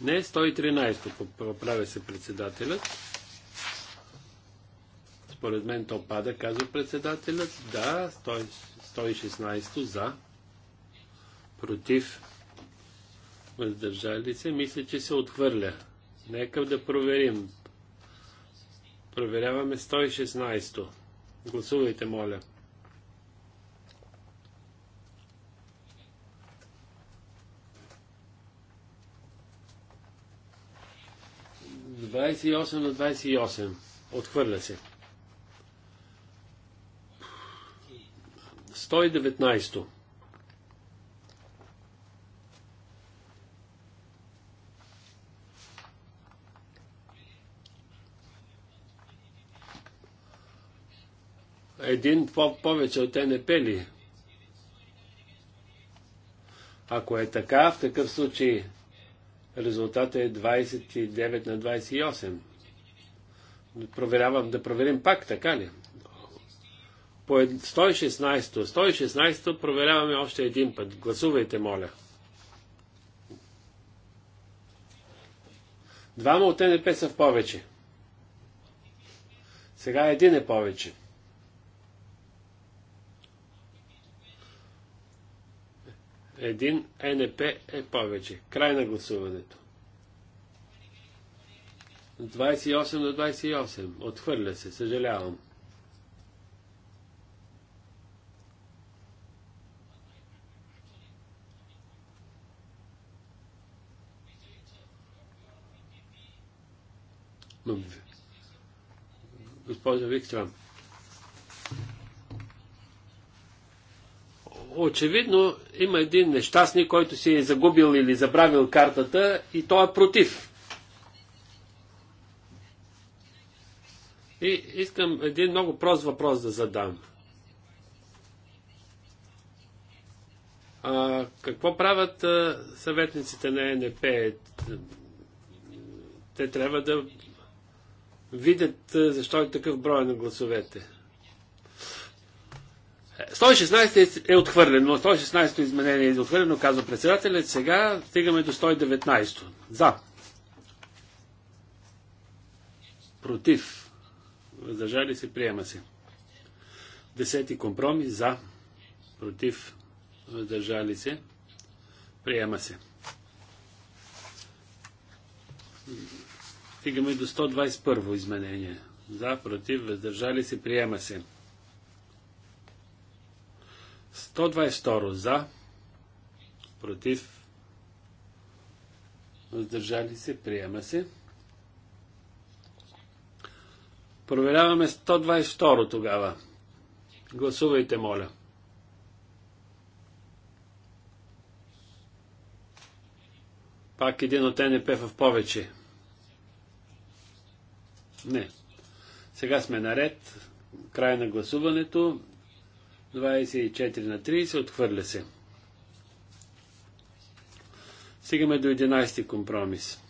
Не, 113 поправя се председателят. Според мен то пада, казва председателят. Да, 116 за. Против. Въздържали се. Мисля, че се отхвърля. Нека да проверим. Проверяваме 116. Гласувайте, моля. 116. 28 на 28. Отхвърля се. 119. Един по- повече от НП ли? Ако е така, в такъв случай резултата е 29 на 28. Проверявам, да проверим пак, така ли? По 116-то, 116-то проверяваме още един път. Гласувайте, моля. Двама от НП са в повече. Сега един е повече. един НП е повече. Край на гласуването. 28 до 28. Отхвърля се, съжалявам. Госпожа Викстрам, очевидно има един нещастник, който си е загубил или забравил картата и той е против. И искам един много прост въпрос да задам. А, какво правят а, съветниците на НП? Те трябва да видят а, защо е такъв брой на гласовете. 116 е отхвърлено, 116 изменение е отхвърлено, казва председателят. Сега стигаме до 119. За. Против. Въздържали се, приема се. Десети компромис. За. Против. Въздържали се. Приема се. Стигаме до 121 изменение. За, против, въздържали се, приема се. 122 за, против, въздържали се, приема се. Проверяваме 122 тогава. Гласувайте, моля. Пак един от НП в повече. Не. Сега сме наред. Край на гласуването. 24 на 30 отхвърля се. Стигаме до 11 компромис.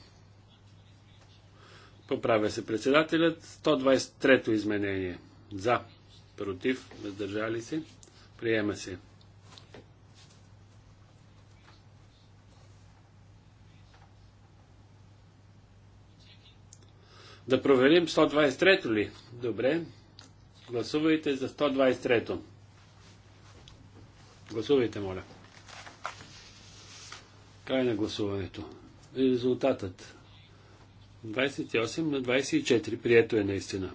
Поправя се председателят. 123-то изменение. За. Против. Въздържали се. Приема се. Да проверим 123-то ли? Добре. Гласувайте за 123-то. Гласувайте, моля. Край на гласуването. Резултатът. 28 на 24. Прието е наистина.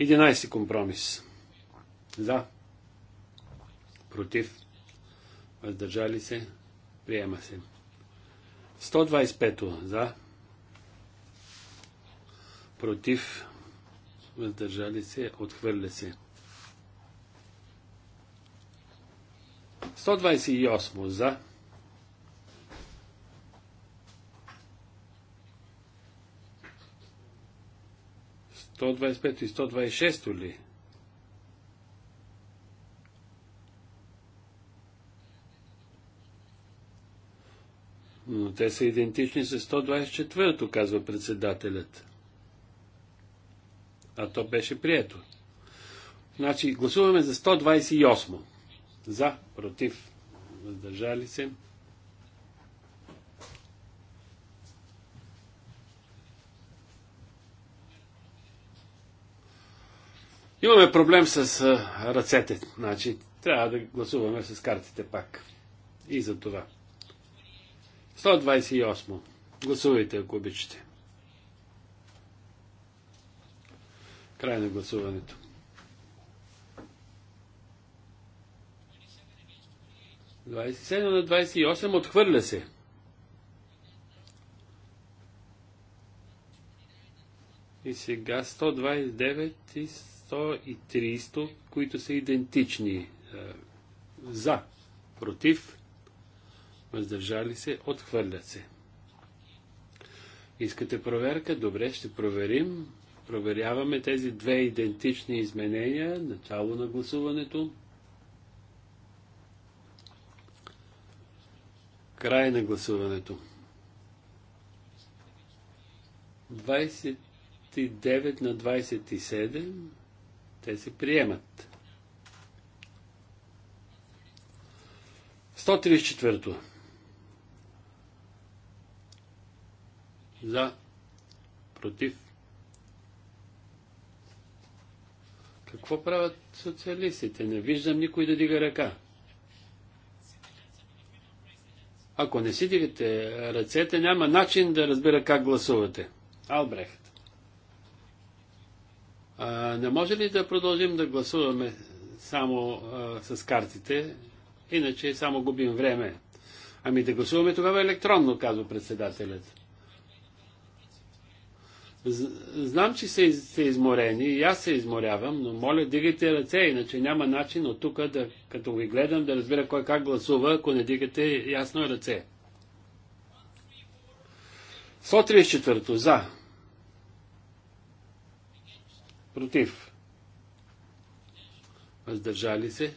11 компромис. За. Против. Въздържали се. Приема се. 125 за. Против. Въздържали се. Отхвърля се. 128 за. Сто и 126 двадесет ли? Но те са идентични с 124-то, казва председателят. А то беше прието. Значи гласуваме за 128. За, против, въздържали се. Имаме проблем с ръцете, значи трябва да гласуваме с картите пак. И за това. 128. Гласувайте, ако обичате. Край на гласуването. 27 на 28 отхвърля се. И сега 129 и 130, които са идентични. Е, за, против, въздържали се, отхвърлят се. Искате проверка? Добре, ще проверим. Проверяваме тези две идентични изменения. Начало на гласуването. Край на гласуването. 29 на 27 те се приемат. 134. За. Против. Какво правят социалистите? Не виждам никой да дига ръка. Ако не си дигате ръцете, няма начин да разбира как гласувате. Албрехт. А, не може ли да продължим да гласуваме само а, с картите? Иначе само губим време. Ами да гласуваме тогава електронно, казва председателят. Знам, че се, се изморени и аз се изморявам, но моля, дигайте ръце, иначе няма начин от тук, да, като ви гледам, да разбира кой как гласува, ако не дигате ясно ръце. 134. За. Против. Въздържали се.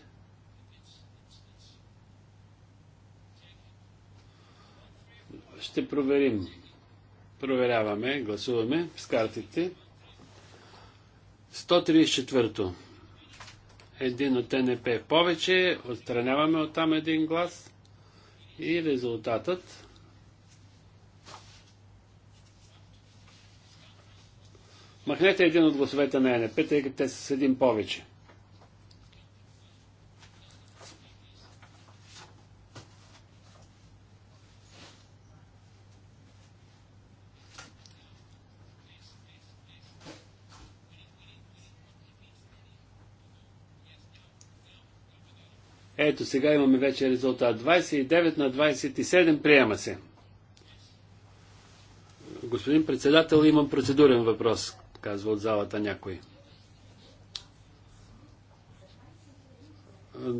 Ще проверим. Проверяваме, гласуваме с картите. 134-то. Един от ТНП повече. Отстраняваме от там един глас. И резултатът Махнете един от гласовете на НП, тъй като те са с един повече. Ето сега имаме вече резултат. 29 на 27 приема се. Господин председател, имам процедурен въпрос, казва от залата някой.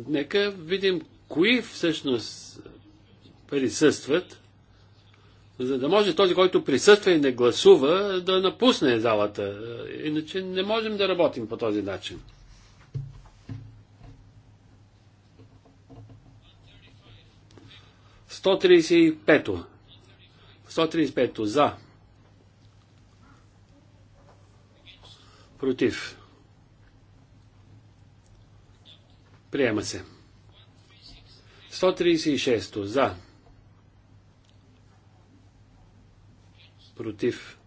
Нека видим кои всъщност присъстват, за да може този, който присъства и не гласува, да напусне залата. Иначе не можем да работим по този начин. 135-то. 135-то за. Против. Приема се. 136 то за. Против.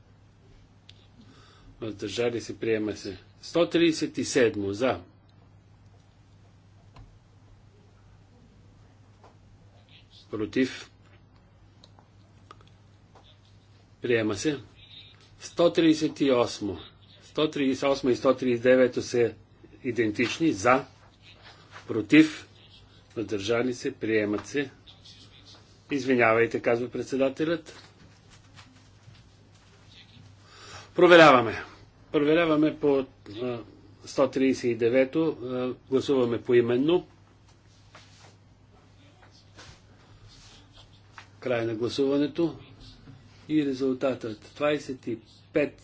Въздържали се. Приема се. 137 за. против, приема се. 138. 138 и 139 са идентични, за, против, въздържали се, приемат се. Извинявайте, казва председателят. Проверяваме. Проверяваме по 139 гласуваме поименно. Край на гласуването и резултатът 25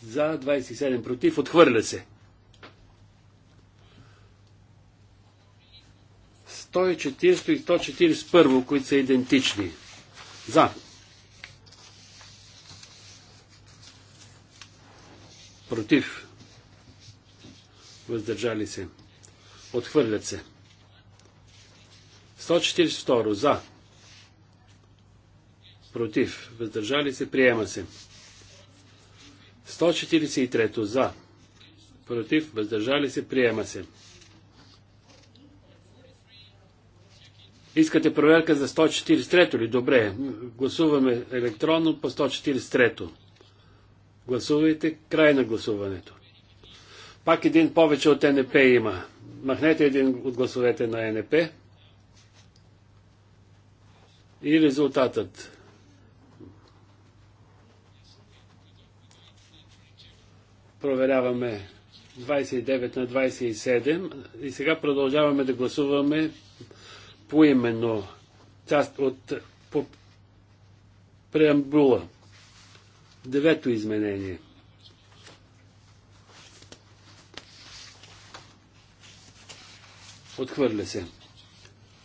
за, 27 против, отхвърля се. 140 и 141, които са идентични. За. Против. Въздържали се. Отхвърлят се. 142. За против, въздържали се, приема се. 143 за, против, въздържали се, приема се. Искате проверка за 143-то ли? Добре. Гласуваме електронно по 143-то. Гласувайте край на гласуването. Пак един повече от НП има. Махнете един от гласовете на НП. И резултатът. Проверяваме 29 на 27 и сега продължаваме да гласуваме поименно част от по, преамбула. Девето изменение. Отхвърля се.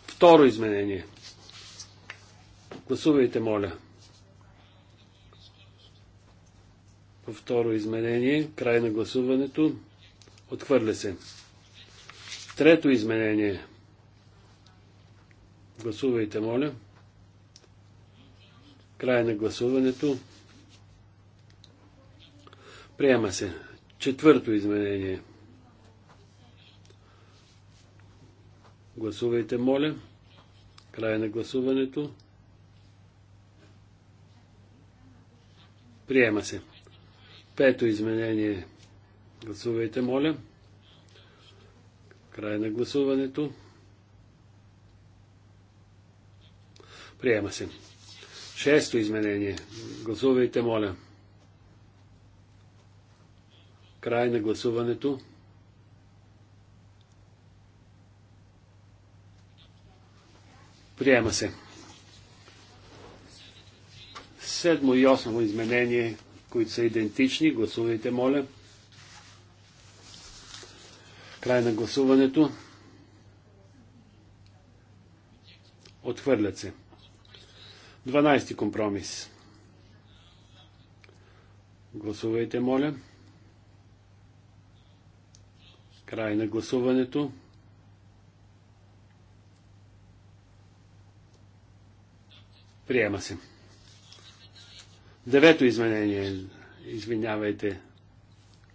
Второ изменение. Гласувайте, моля. второ изменение, край на гласуването, отхвърля се. Трето изменение. Гласувайте, моля. Край на гласуването. Приема се. Четвърто изменение. Гласувайте, моля. Край на гласуването. Приема се. Пето изменение. Гласувайте, моля. Край на гласуването. Приема се. Шесто изменение. Гласувайте, моля. Край на гласуването. Приема се. Седмо и осмо изменение които са идентични. Гласувайте, моля. Край на гласуването. Отхвърлят се. 12 компромис. Гласувайте, моля. Край на гласуването. Приема се. Девето изменение. Извинявайте.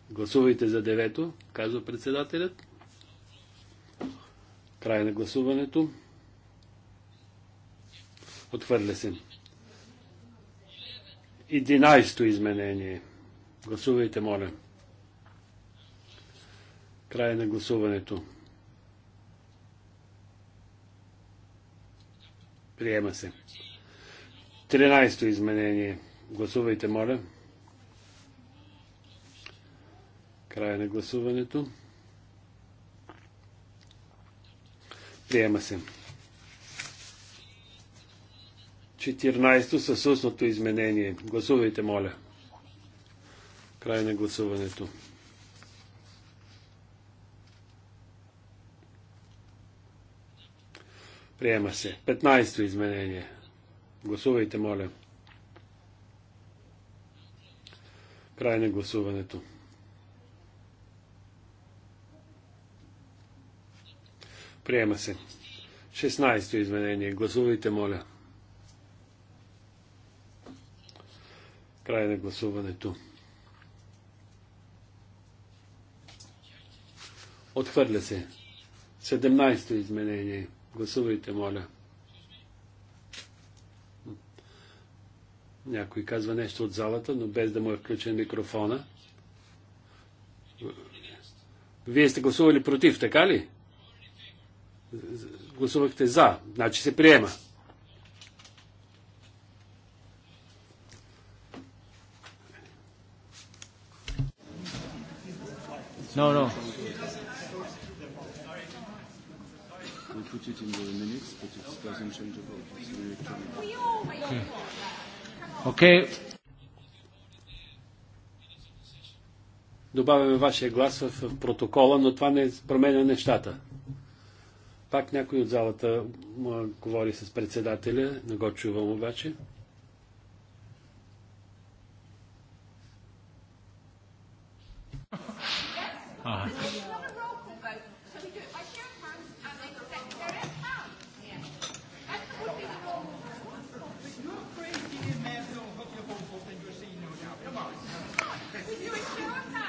Гласувайте за девето, казва председателят. Край на гласуването. Отхвърля се. Единайсто изменение. Гласувайте, моля. Край на гласуването. Приема се. Тринайсто изменение. Гласувайте, моля. Края на гласуването. Приема се. 14 то със устното изменение. Гласувайте, моля. Край на гласуването. Приема се. 15-то изменение. Гласувайте, моля. Край на гласуването. Приема се. 16-то изменение. Гласувайте, моля. Край на гласуването. Отхвърля се. 17-то изменение. Гласувайте, моля. Някой казва нещо от залата, но без да му е включен микрофона. Вие сте гласували против, така ли? Гласувахте за, значи се приема. No, no. We put it in the minutes, but it doesn't change the vote. It's Окей. Okay. Добавяме вашия глас в протокола, но това не променя нещата. Пак някой от залата говори с председателя, не го чувам обаче. Ага.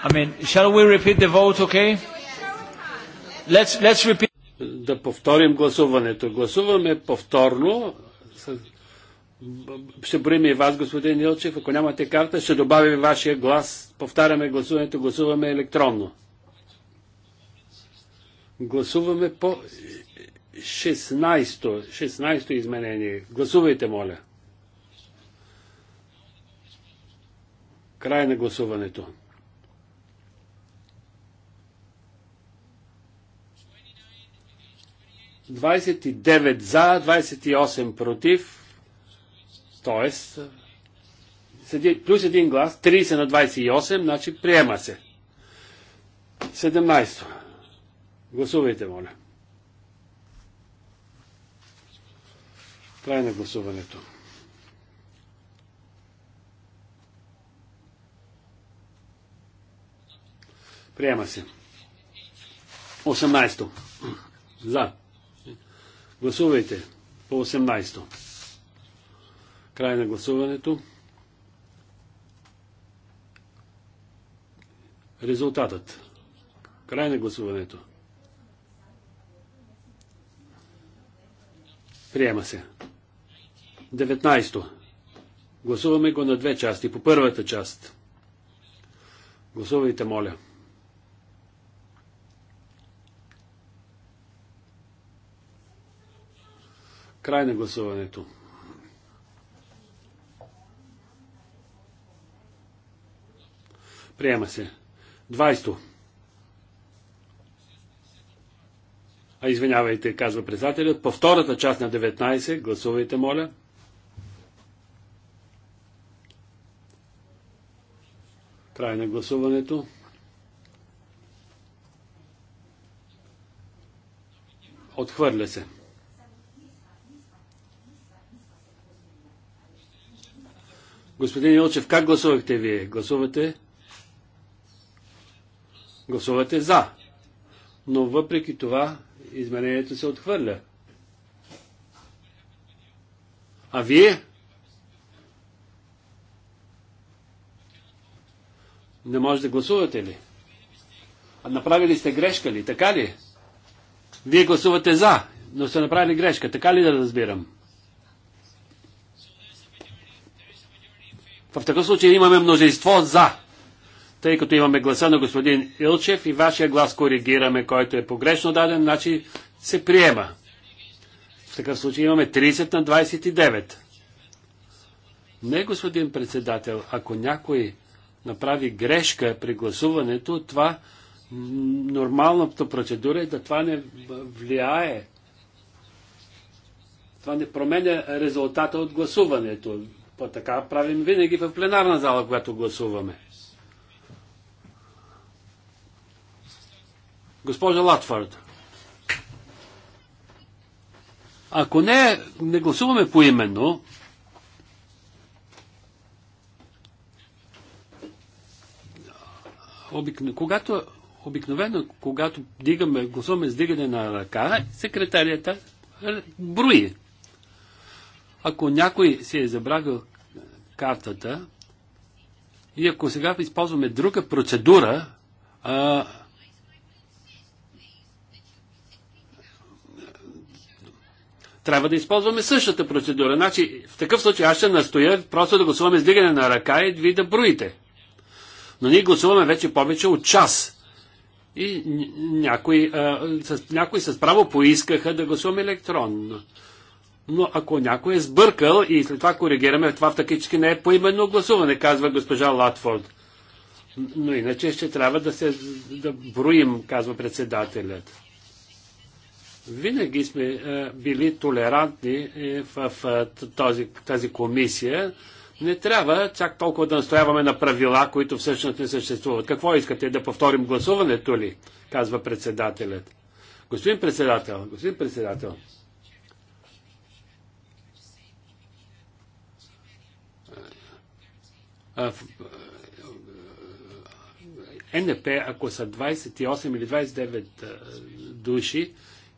I mean, shall we repeat the vote, okay? Let's, let's repeat. Да повторим гласуването. Гласуваме повторно. Ще броим и вас, господин Илчев. Ако нямате карта, ще добавим вашия глас. Повтаряме гласуването, гласуваме електронно. Гласуваме по 16-то 16 изменение. Гласувайте, моля. Край на гласуването. 29 за, 28 против, т.е. плюс един глас, 30 на 28, значи приема се. 17. Гласувайте, моля. Край на гласуването. Приема се. 18. За. Гласувайте по 18-то. Край на гласуването. Резултатът. Край на гласуването. Приема се. 19. то Гласуваме го на две части. По първата част. Гласувайте, моля. Край на гласуването. Приема се. 20. А извинявайте, казва председателят, по втората част на 19, гласувайте, моля. Край на гласуването. Отхвърля се. Господин Илчев, как гласувахте вие? Гласувате? Гласувате за. Но въпреки това изменението се отхвърля. А вие? Не може да гласувате ли? А направили сте грешка ли? Така ли? Вие гласувате за, но сте направили грешка. Така ли да разбирам? В такъв случай имаме множество за, тъй като имаме гласа на господин Илчев и вашия глас коригираме, който е погрешно даден, значи се приема. В такъв случай имаме 30 на 29. Не, господин председател, ако някой направи грешка при гласуването, това нормалната процедура е да това не влияе. Това не променя резултата от гласуването. Па така правим винаги в пленарна зала, когато гласуваме. Госпожа Латфорд. Ако не, не гласуваме поименно, обикновено, когато, обикновено, когато дигаме, гласуваме с дигане на ръка, секретарията брои. Ако някой си е забравил е, картата и ако сега използваме друга процедура, а, трябва да използваме същата процедура. Значи, в такъв случай аз ще настоя просто да гласуваме с дигане на ръка и ви да броите. Но ние гласуваме вече повече от час. И някои, а, с, някои с право поискаха да гласуваме електронно. Но ако някой е сбъркал и след това коригираме, това фактически не е поименно гласуване, казва госпожа Латфорд. Но иначе ще трябва да се да броим, казва председателят. Винаги сме е, били толерантни е, в в този, тази комисия. Не трябва чак толкова да настояваме на правила, които всъщност не съществуват. Какво искате да повторим гласуването ли? казва председателят. Господин председател, господин председател. НП, ако са 28 или 29 души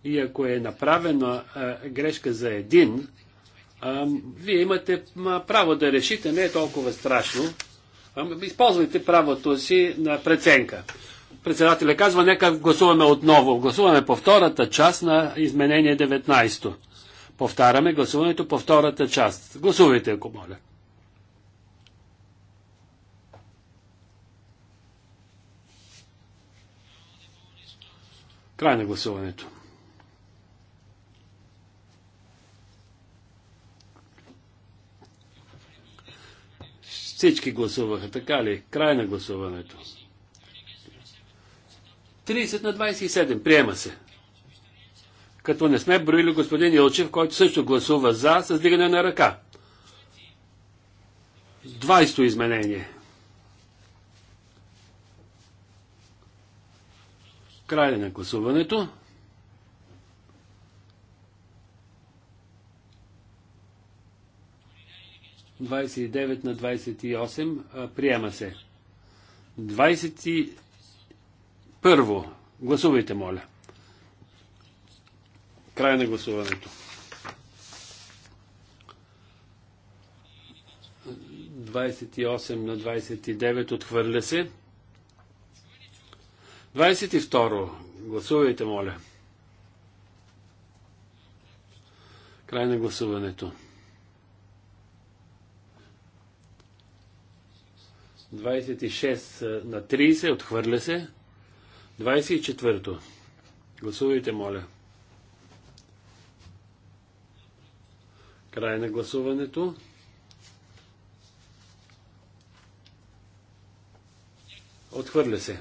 и ако е направена грешка за един, вие имате право да решите, не е толкова страшно. Използвайте правото си на преценка. Председателя казва, нека гласуваме отново. Гласуваме по втората част на изменение 19. Повтаряме гласуването по втората част. Гласувайте, ако моля. Край на гласуването. Всички гласуваха, така ли? Край на гласуването. 30 на 27. Приема се. Като не сме броили господин Илчев, който също гласува за с дигане на ръка. 20 изменение. Край на гласуването. Двадесет на 28. Приема се. 21 първо. Гласувайте, моля. Край на гласуването. 28 на 29 отхвърля се. 22. Гласувайте, моля. Край на гласуването. 26 на 30 отхвърля се. 24. Гласувайте, моля. Край на гласуването. Отхвърля се.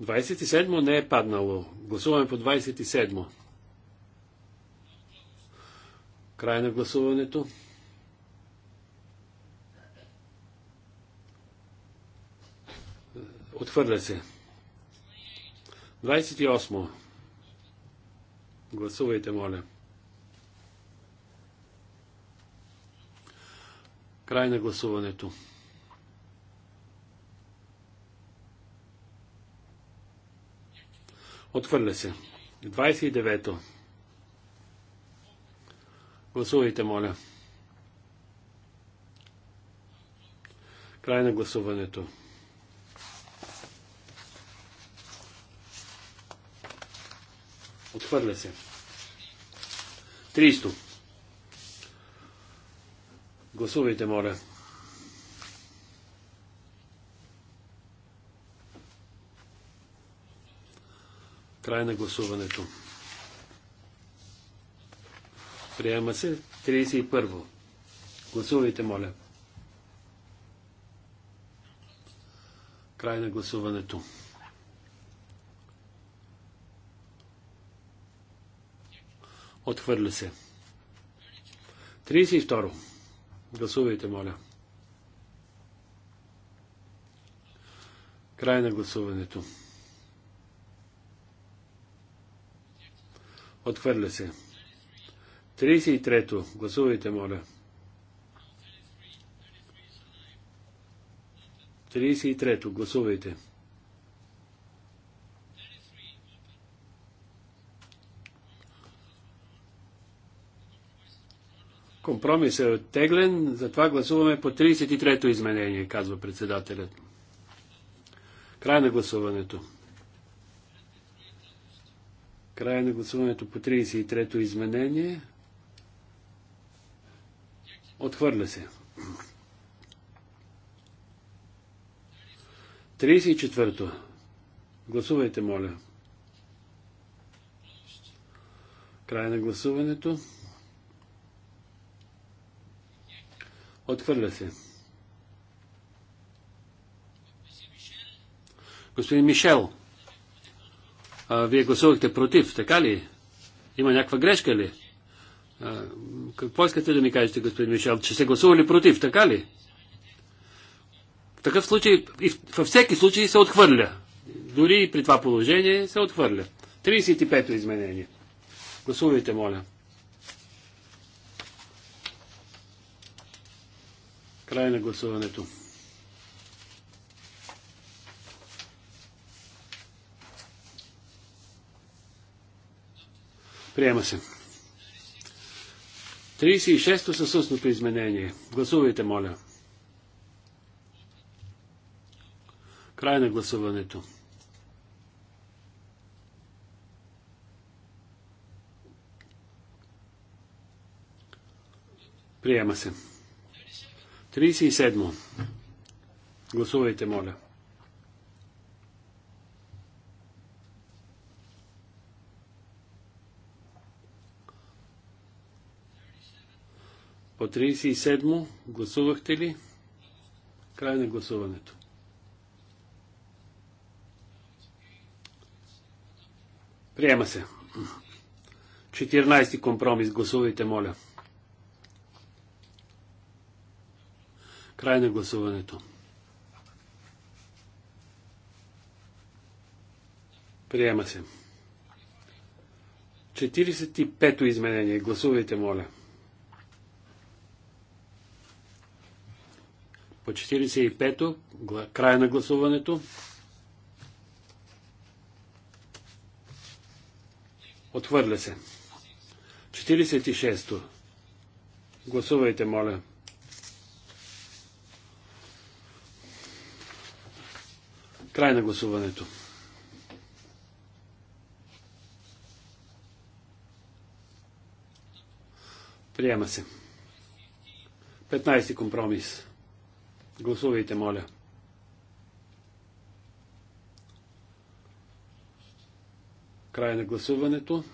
27 не е паднало. Гласуваме по 27. Край на гласуването. Отхвърля се. 28. Гласувайте, моля. Край на гласуването. Отхвърля се. 29-то. Гласувайте, моля. Край на гласуването. Отхвърля се. 30. Гласувайте, моля. Край на гласуването. Приема се 31. Гласувайте, моля. Край на гласуването. Отхвърля се. 32. Гласувайте, моля. Край на гласуването. Отхвърля се. 33-то. Гласувайте, моля. 33-то. Гласувайте. Компромис е оттеглен, затова гласуваме по 33-то изменение, казва председателят. Край на гласуването. Края на гласуването по 33-то изменение. Отхвърля се. 34-то. Гласувайте, моля. Края на гласуването. Отхвърля се. Господин Мишел. А, вие гласувахте против, така ли? Има някаква грешка ли? А, какво искате да ми кажете, господин Мишел? Че сте гласували против, така ли? В такъв случай, и във всеки случай се отхвърля. Дори и при това положение се отхвърля. 35-то изменение. Гласувайте, моля. Край на гласуването. Приема се. 36-то със изменение. Гласувайте, моля. Край на гласуването. Приема се. 37. мо Гласувайте, моля. По 37 гласувахте ли? Край на гласуването. Приема се. 14 компромис. Гласувайте, моля. Край на гласуването. Приема се. 45-то изменение. Гласувайте, моля. 45. По 45-то, края на гласуването. Отхвърля се. 46-то. Гласувайте, моля. Край на гласуването. Приема се. 15 компромис. Гласувайте, моля. Край на гласуването.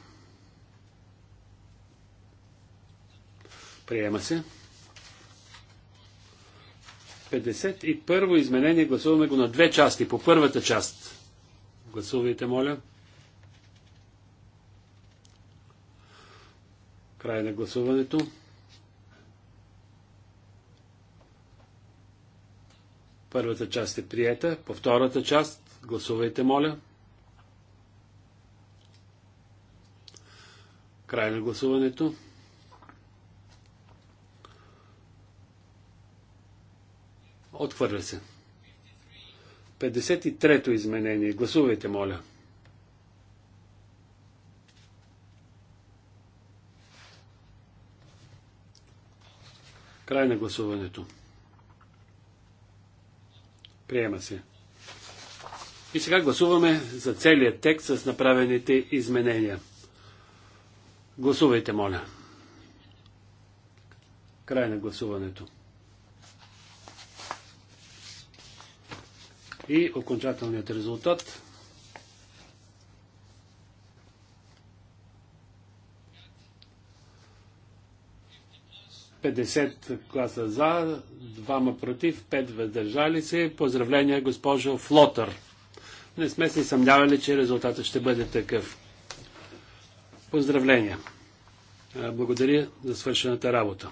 Приема се. 51 изменение. Гласуваме го на две части. По първата част. Гласувайте, моля. Край на гласуването. Първата част е приета. По втората част гласувайте, моля. Край на гласуването. Отхвърля се. 53-то изменение. Гласувайте, моля. Край на гласуването. Приема се. И сега гласуваме за целият текст с направените изменения. Гласувайте, моля. Край на гласуването. И окончателният резултат 50 гласа за, 2 против, 5 въздържали се. Поздравления, госпожо Флотър. Не сме се съмнявали, че резултатът ще бъде такъв. Поздравления. Благодаря за свършената работа.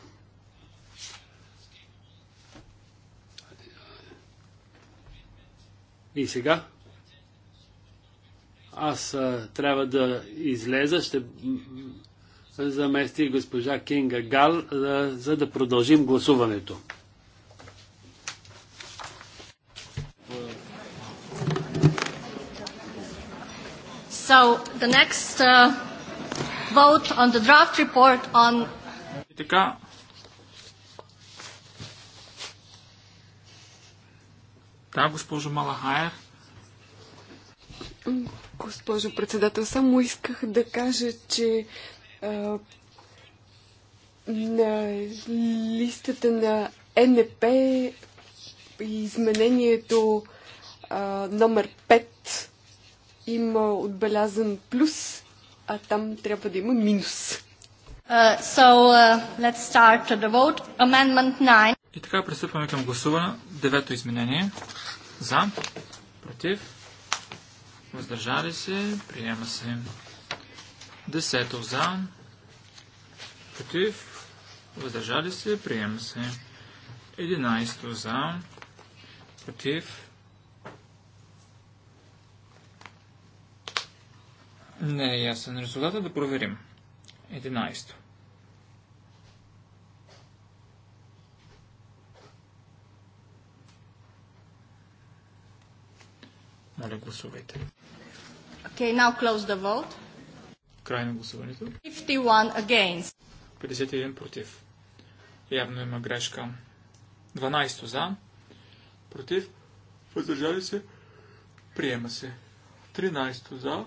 И сега аз а, трябва да излеза, ще замести госпожа Кинга Гал, за, е, за да продължим гласуването. So the next uh, vote on the draft report on И така, Да, госпожо Малахаер. Госпожо председател, само исках да кажа, че на листата на НП изменението а, номер 5 има отбелязан плюс, а там трябва да има минус. Uh, so, uh, let's start the vote. Amendment 9. И така пристъпваме към гласуване. Девето изменение. За. Против. Въздържали се. Приема се. Десето за, против, въздържали се, приема се. Единайсто за, против, не е ясен резултата, да проверим. Единайсто. Моля, гласувайте. Okay, now close the vote. Край на гласуването. 51 against. 51 против. Явно има грешка. 12 за. Против. Въздържали се. Приема се. 13 за.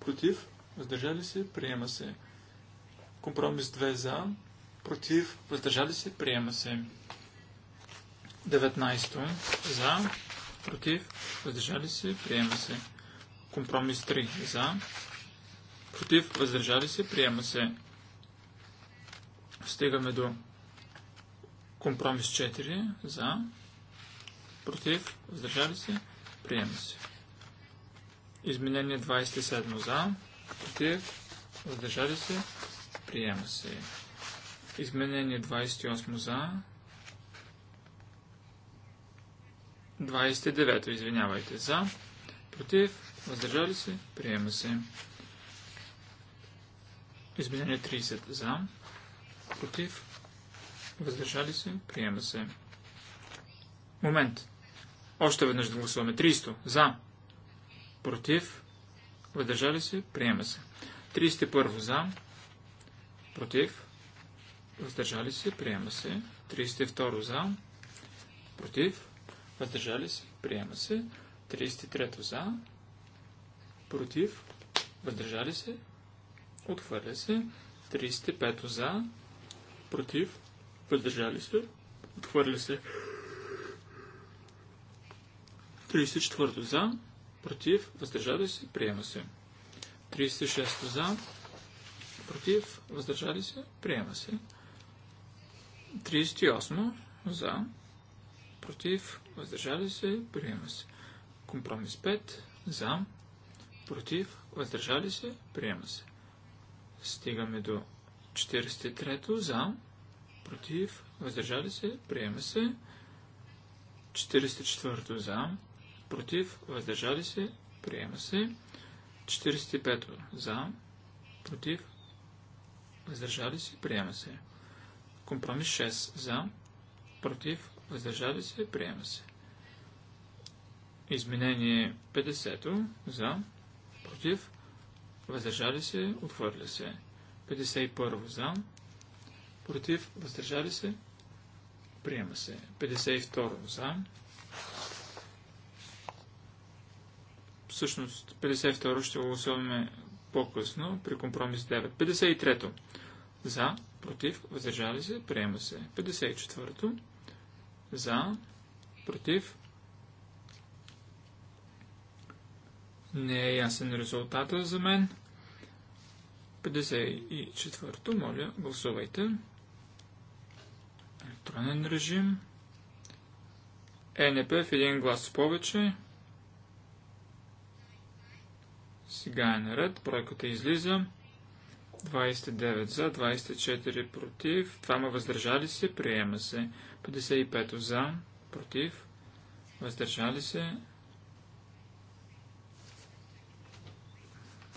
Против. Въздържали се. Приема се. Компромис 2 за. Против. Въздържали се. Приема се. 19 за. Против. Въздържали се. Приема се. Компромис 3 за Против, въздържали се, приема се. Стигаме до компромис 4. За. Против, въздържали се, приема се. Изменение 27 за. Против, въздържали се, приема се. Изменение 28 за. 29, извинявайте, за. Против, въздържали се, приема се. Изменение 30 за, против, въздържали се, приема се. Момент. Още веднъж да гласуваме. 300 за, против, въздържали се, приема се. 31 за, против, въздържали се, приема се. 32 за, против, въздържали се, приема се. 33 за, против, въздържали се, Отхвърля се. 35 за. Против. Въздържали се. Отхвърля се. 34 за. Против. Въздържали се. Приема се. 36 за. Против. Въздържали се. Приема се. 38 за. Против. Въздържали се. Приема се. Компромис 5 за. Против. Въздържали се. Приема се. Стигаме до 43-то за, против, въздържали се, приема се. 44-то за, против, въздържали се, приема се. 45-то за, против, въздържали се, приема се. Компромис 6 за, против, въздържали се, приема се. Изменение 50-то за, против, въздържали се, отхвърля се. 51 за, против, въздържали се, приема се. 52 за, всъщност 52 ще го гласуваме по-късно при компромис 9. 53 за, против, въздържали се, приема се. 54 за, против, не е ясен резултата за мен. 54-то, моля, гласувайте. Електронен режим. ЕНП в един глас повече. Сега е наред. Бройката излиза. 29 за, 24 против, 2 въздържали се, приема се. 55 за, против, въздържали се,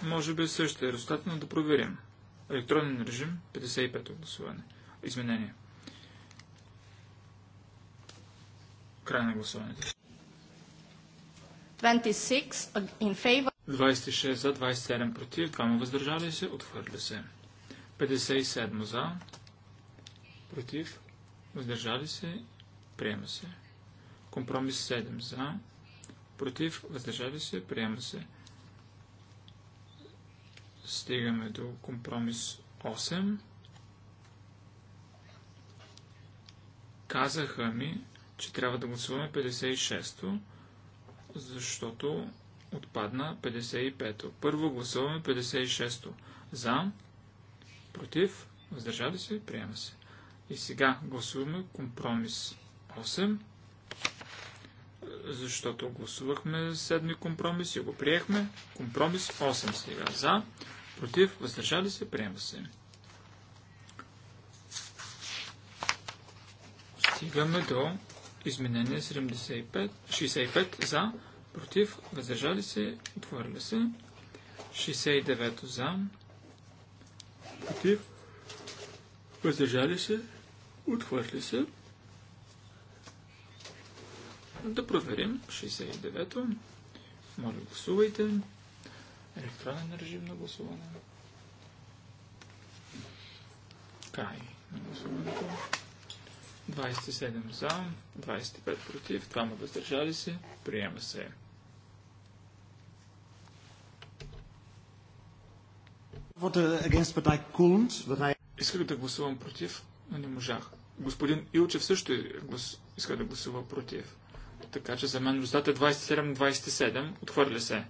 Може би също е резултат, но да проверим. Електронен режим, 55-то гласуване. Изменение. Край на гласуването. 26 26 за, 27 против, 2 въздържали се, отхвърля се. 57 за, против, въздържали се, приема се. Компромис 7 за, против, въздържали се, приема се. Стигаме до компромис 8. Казаха ми, че трябва да гласуваме 56-то, защото отпадна 55-то. Първо гласуваме 56-то. За, против, въздържали се, приема се. И сега гласуваме компромис 8 защото гласувахме седми компромис и го приехме. Компромис 8 сега. За, против, въздържали се, приема се. Стигаме до изменение 75, 65 за, против, въздържали се, отворили се. 69 за, против, въздържали се, отворили се. Да проверим. 69-то. Моля, гласувайте. Електронен режим на гласуване. Край на гласуването. 27 за, 25 против, 2 въздържали се. Приема се. Исках да гласувам против, но не можах. Господин Илчев също е иска да гласува против. Така че за мен резултатът е 27-27. Отхвърля се.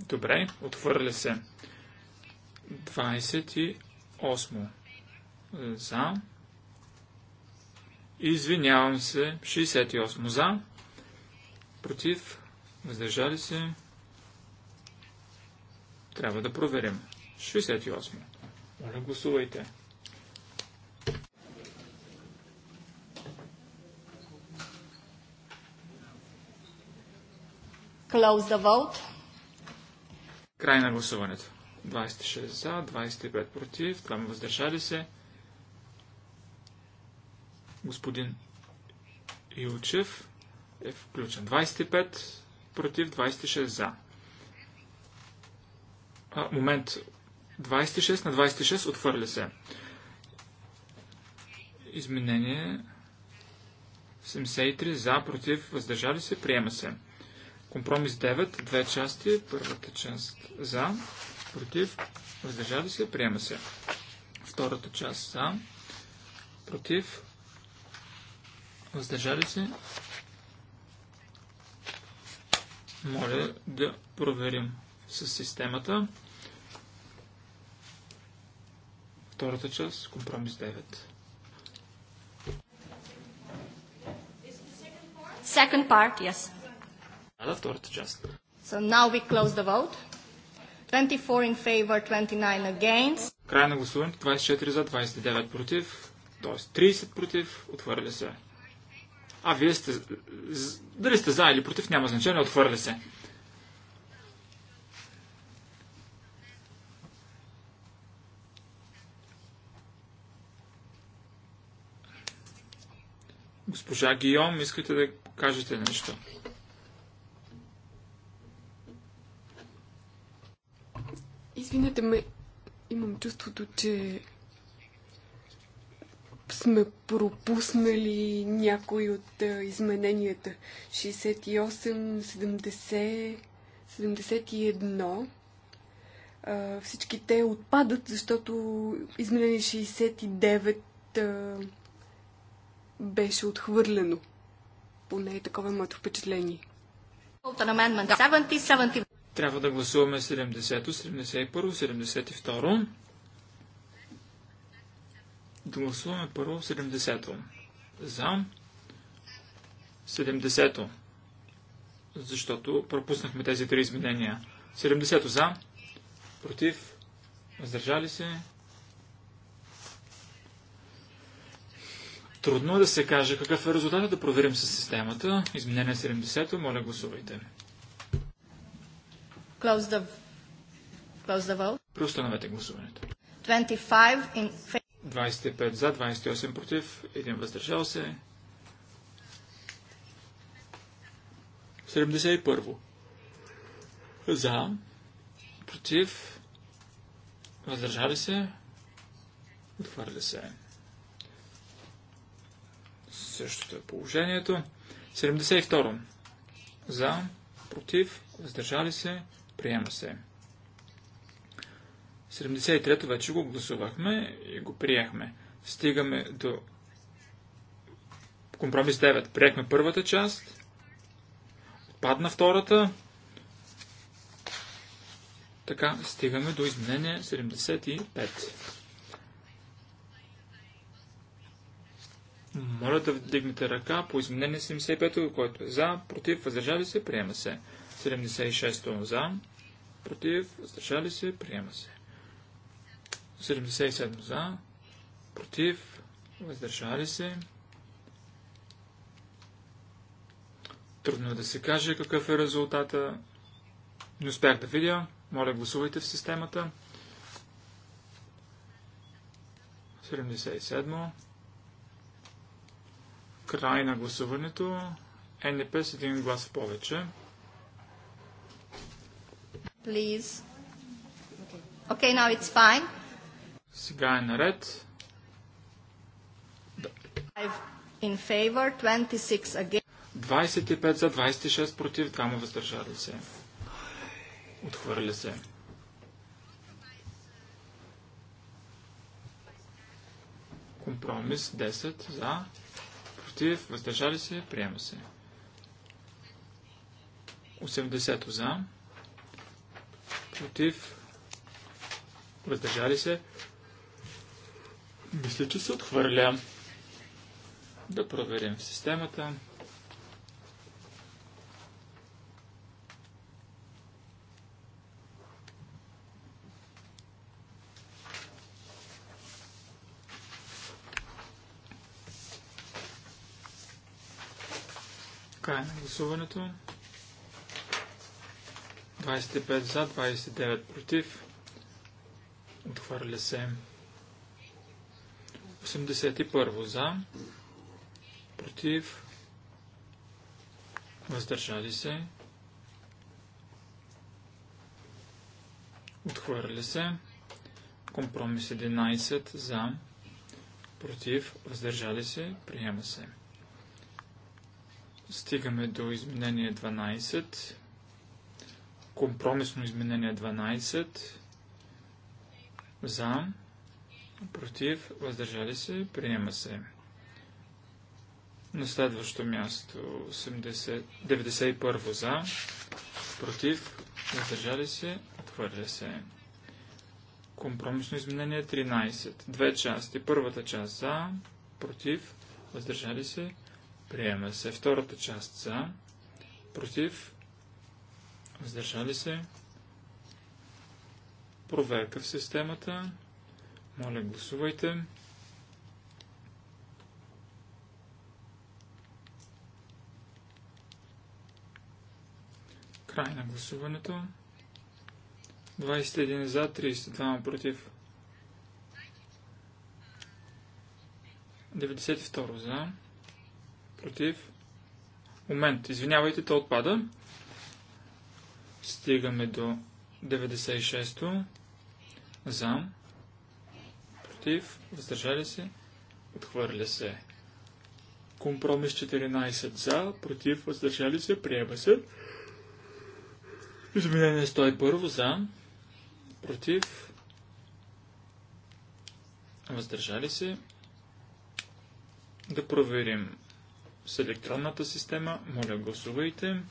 Добре, отхвърля се. 28. За. Извинявам се. 68. За. Против. Въздържали се. Трябва да проверим. 68. Моля, гласувайте. Close the vote. Край на гласуването. 26 за, 25 против, 2 въздържали се. Господин Илчев е включен. 25 против, 26 за. А, момент. 26 на 26 отвърля се. Изменение 73 за, против, въздържали се, приема се. Компромис 9, две части. Първата част за, против, въздържали се, приема се. Втората част за, против, въздържали се. Моля да проверим с системата. Втората част, компромис 9. Second part, yes на втората част. So now we close the vote. 24 in favor, 29 against. Край на гласуването. 24 за, 29 против. Тоест 30 против. Отвърля се. А вие сте... Дали сте за или против, няма значение. Отвърля се. Госпожа Гийом, искате да кажете нещо? Извинете ме, имам чувството, че сме пропуснали някои от измененията. 68, 70, 71 всички те отпадат, защото изменение 69 а, беше отхвърлено. Поне е такова моето впечатление. 70, трябва да гласуваме 70 71 72 Да гласуваме първо 70 За 70 Защото пропуснахме тези три изменения. 70 за, против, въздържали се. Трудно е да се каже какъв е резултатът, да проверим с системата. Изменение 70 моля гласувайте. Close the, close the vote. Преустановете гласуването. 25, in... 25 за, 28 против, един въздържал се. 71. За, против, въздържали се, отвърли се. Същото е положението. 72. За, против, въздържали се, Приема се. 73-то вече го гласувахме и го приехме. Стигаме до компромис 9. Приехме първата част. Отпадна втората. Така, стигаме до изменение 75. Моля да вдигнете ръка по изменение 75, който е за, против, въздържали се, приема се. 76 за, против, въздържали се, приема се. 77 за, против, въздържали се. Трудно е да се каже какъв е резултата. Не успях да видя. Моля, гласувайте в системата. 77. Край на гласуването. Е, НДП с един глас повече. Please. Okay, now it's fine. Сега е наред. Да. 25 за 26 против, двама въздържали се. Отхвърля се. Компромис 10 за, против, въздържали се, приема се. 80 за, против, въздържали се. Мисля, че се отхвърля. Да проверим системата. Край на гласуването. 25 за, 29 против. Отхвърля се. 81 за, против, въздържали се, Отхвърля се, компромис 11 за, против, въздържали се, приема се. Стигаме до изменение 12 Компромисно изменение 12. За. Против. Въздържали се. Приема се. На следващо място 80, 91 за. Против. Въздържали се. Отхвърля се. Компромисно изменение 13. Две части. Първата част за. Против. Въздържали се. Приема се. Втората част за. Против въздържали се. Проверка в системата. Моля, гласувайте. Край на гласуването. 21 за, 32 против. 92 за. Против. Момент, извинявайте, то отпада. Стигаме до 96-то. За. Против. Въздържали се. Отхвърля се. Компромис 14 за. Против. Въздържали се. Приема се. Изменение 101 за. Против. Въздържали се. Да проверим с електронната система. Моля, гласувайте. Гласувайте.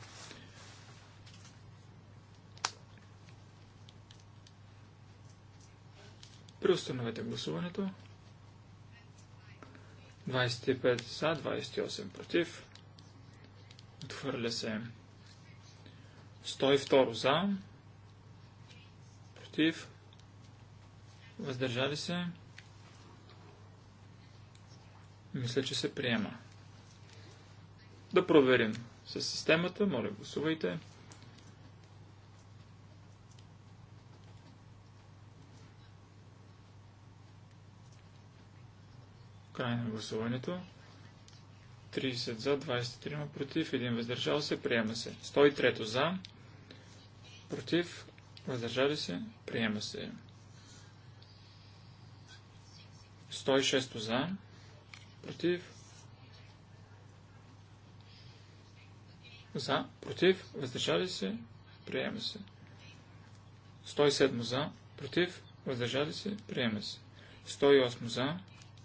Преустановете гласуването. 25 за, 28 против. Отхвърля се. 102 за. Против. Въздържали се. Мисля, че се приема. Да проверим. С системата, моля, гласувайте. 25. Край на гласуването. 30 за, 23 против, 1 въздържал се, приема се. 103 за, против, въздържали се, приема се. 106 за, против, за, против, въздържали се, приема се. 107 за, против, въздържали се, приема се. 108 за,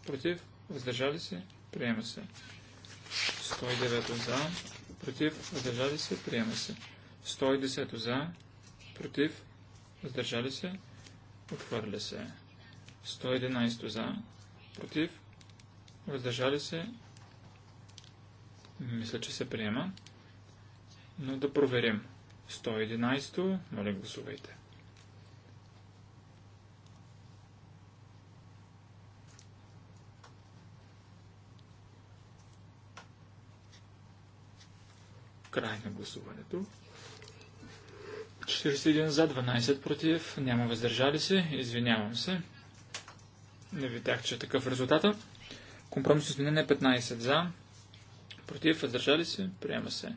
против, въздържали се, приема се. 109 за, против, въздържали се, приема се. 110 за, против, въздържали се, отхвърля се. 111 за, против, въздържали се, мисля, че се приема, но да проверим. 111, моля гласувайте. Край на гласуването. 41 за, 12 против, няма въздържали се, извинявам се. Не видях, че е такъв резултата. Компромисно изменение 15 за, против, въздържали се, приема се.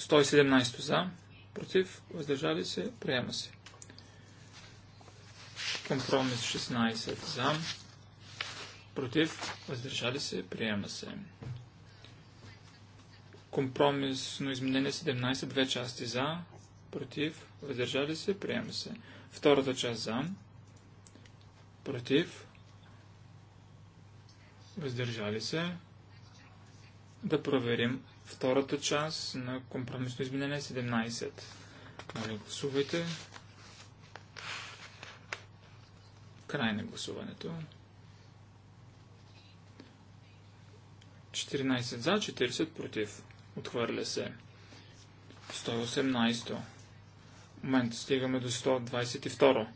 117 за, против, въздържали се, приема се. Компромис 16 за, против, въздържали се, приема се. Компромисно изменение 17, две части за, против, въздържали се, приема се. Втората част за, против, въздържали се. Да проверим втората част на компромисно изменение 17. Моля, гласувайте. Край на гласуването. 14 за, 40 против. Отхвърля се. 118. Момент, стигаме до 122.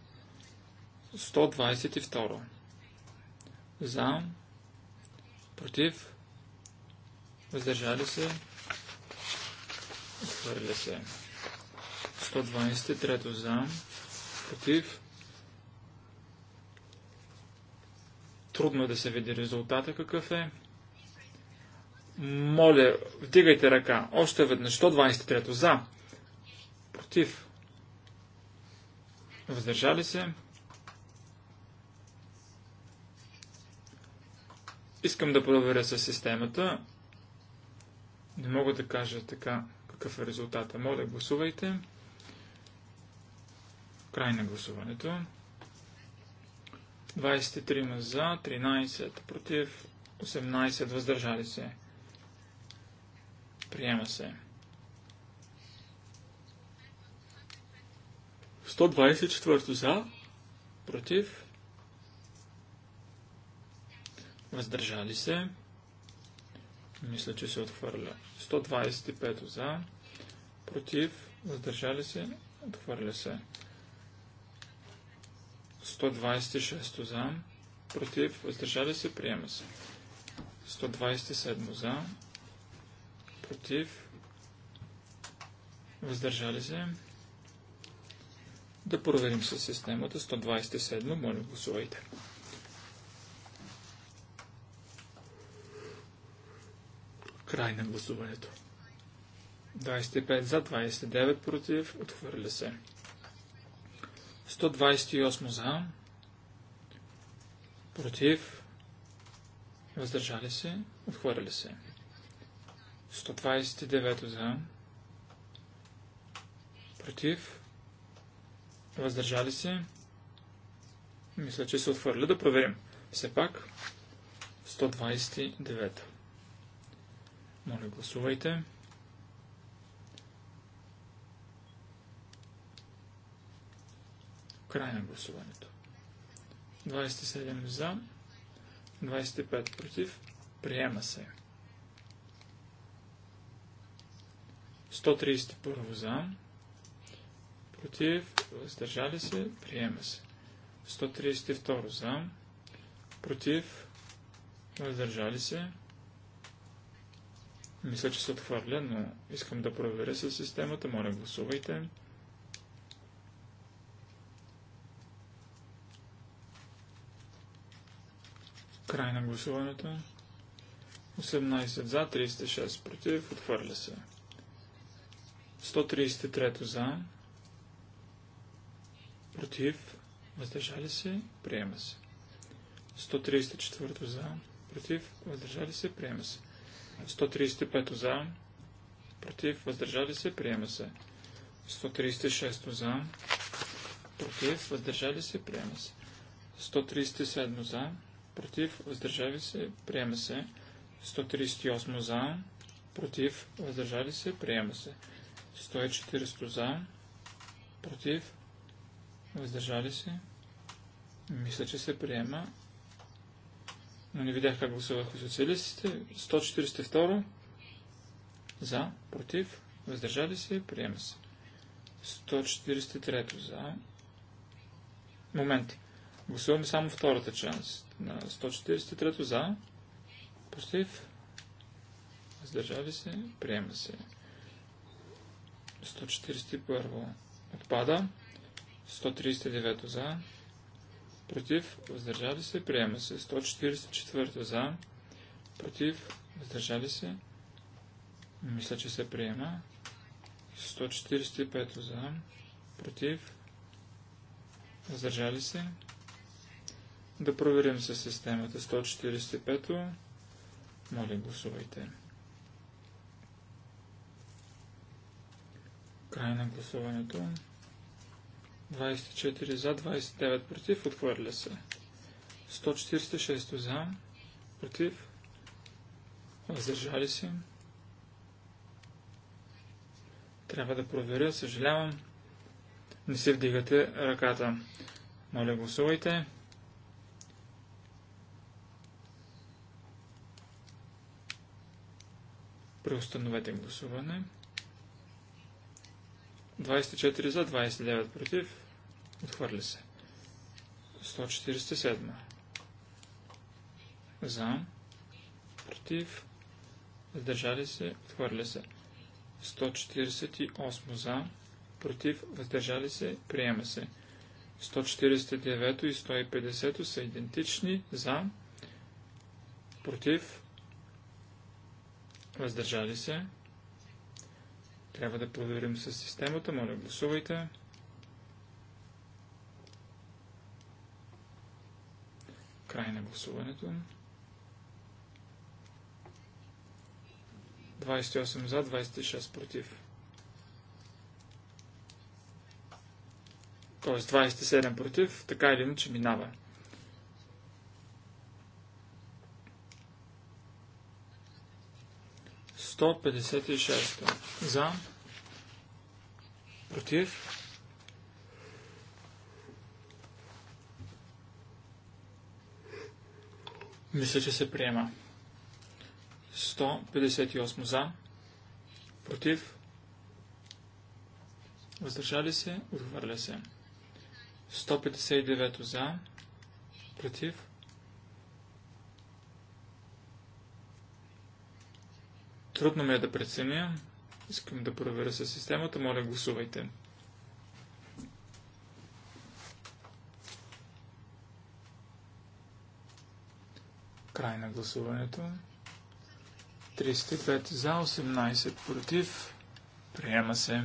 122. За. Против. Въздържали се. Отхвърля се. 123 за. Против. Трудно е да се види резултата какъв е. Моля, вдигайте ръка. Още веднъж. 123 за. Против. Въздържали се. Искам да проверя с системата. Не мога да кажа така какъв е резултата. Моля, гласувайте. Край на гласуването. 23 за, 13 против, 18 въздържали се. Приема се. 124 за, против, въздържали се, мисля, че се отхвърля. 125 за, против, въздържали се, отхвърля се. 126 за, против, въздържали се, приема се. 127 за, против, въздържали се. Да проверим с системата 127. Моля, гласувайте. Край на гласуването. 25 за, 29 против, отхвърля се. 128 за, против, въздържали се, отхвърля се. 129 за. Против. Въздържали се. Мисля, че се отвърля. Да проверим. Все пак. 129. Моля, гласувайте. Край на гласуването. 27 за, 25 против. Приема се. 131 за, против, въздържали се, приема се. 132 за, против, въздържали се. Мисля, че се отхвърля, но искам да проверя със системата. Моля, гласувайте. Край на гласуването. 18 за, 36 против, отхвърля се. 133 за, против, въздържали се, приема се. 134 за, против, въздържали се, приема се. 135 за, против, въздържали се, приема се. 136 за, против, въздържали се, приема се. 137 за, против, въздържали се, приема се. 138 за, против, въздържали се, приема се. 140 за, против, въздържали се. Мисля, че се приема. Но не видях как гласуваха социалистите. 142 за, против, въздържали се, приема се. 143 за. Момент. Гласуваме само втората част. На 143 за, против, въздържали се, приема се. 141 отпада. 139 за. Против. Въздържали се. Приема се. 144 за. Против. Въздържали се. Мисля, че се приема. 145 за. Против. Въздържали се. Да проверим със системата. 145. Моля, гласувайте. Край на гласуването. 24 за, 29 против, отхвърля се. 146 за, против, въздържали се. Трябва да проверя, съжалявам. Не си вдигате ръката. Моля, гласувайте. Преустановете гласуване. 24 за, 29 против. Отхвърля се. 147. За. Против. Въздържали се. Отхвърля се. 148 за. Против. Въздържали се. Приема се. 149 и 150 са идентични. За. Против. Въздържали се. Трябва да проверим с системата. Моля, гласувайте. Край на гласуването. 28 за, 26 против. Тоест 27 против, така или иначе минава. 156 за, Против. Мисля, че се приема. 158 за. Против. Въздържали се. Отхвърля се. 159 за. Против. Трудно ми е да преценя. Искам да проверя със системата. Моля, гласувайте. Край на гласуването. 305 за 18 против. Приема се.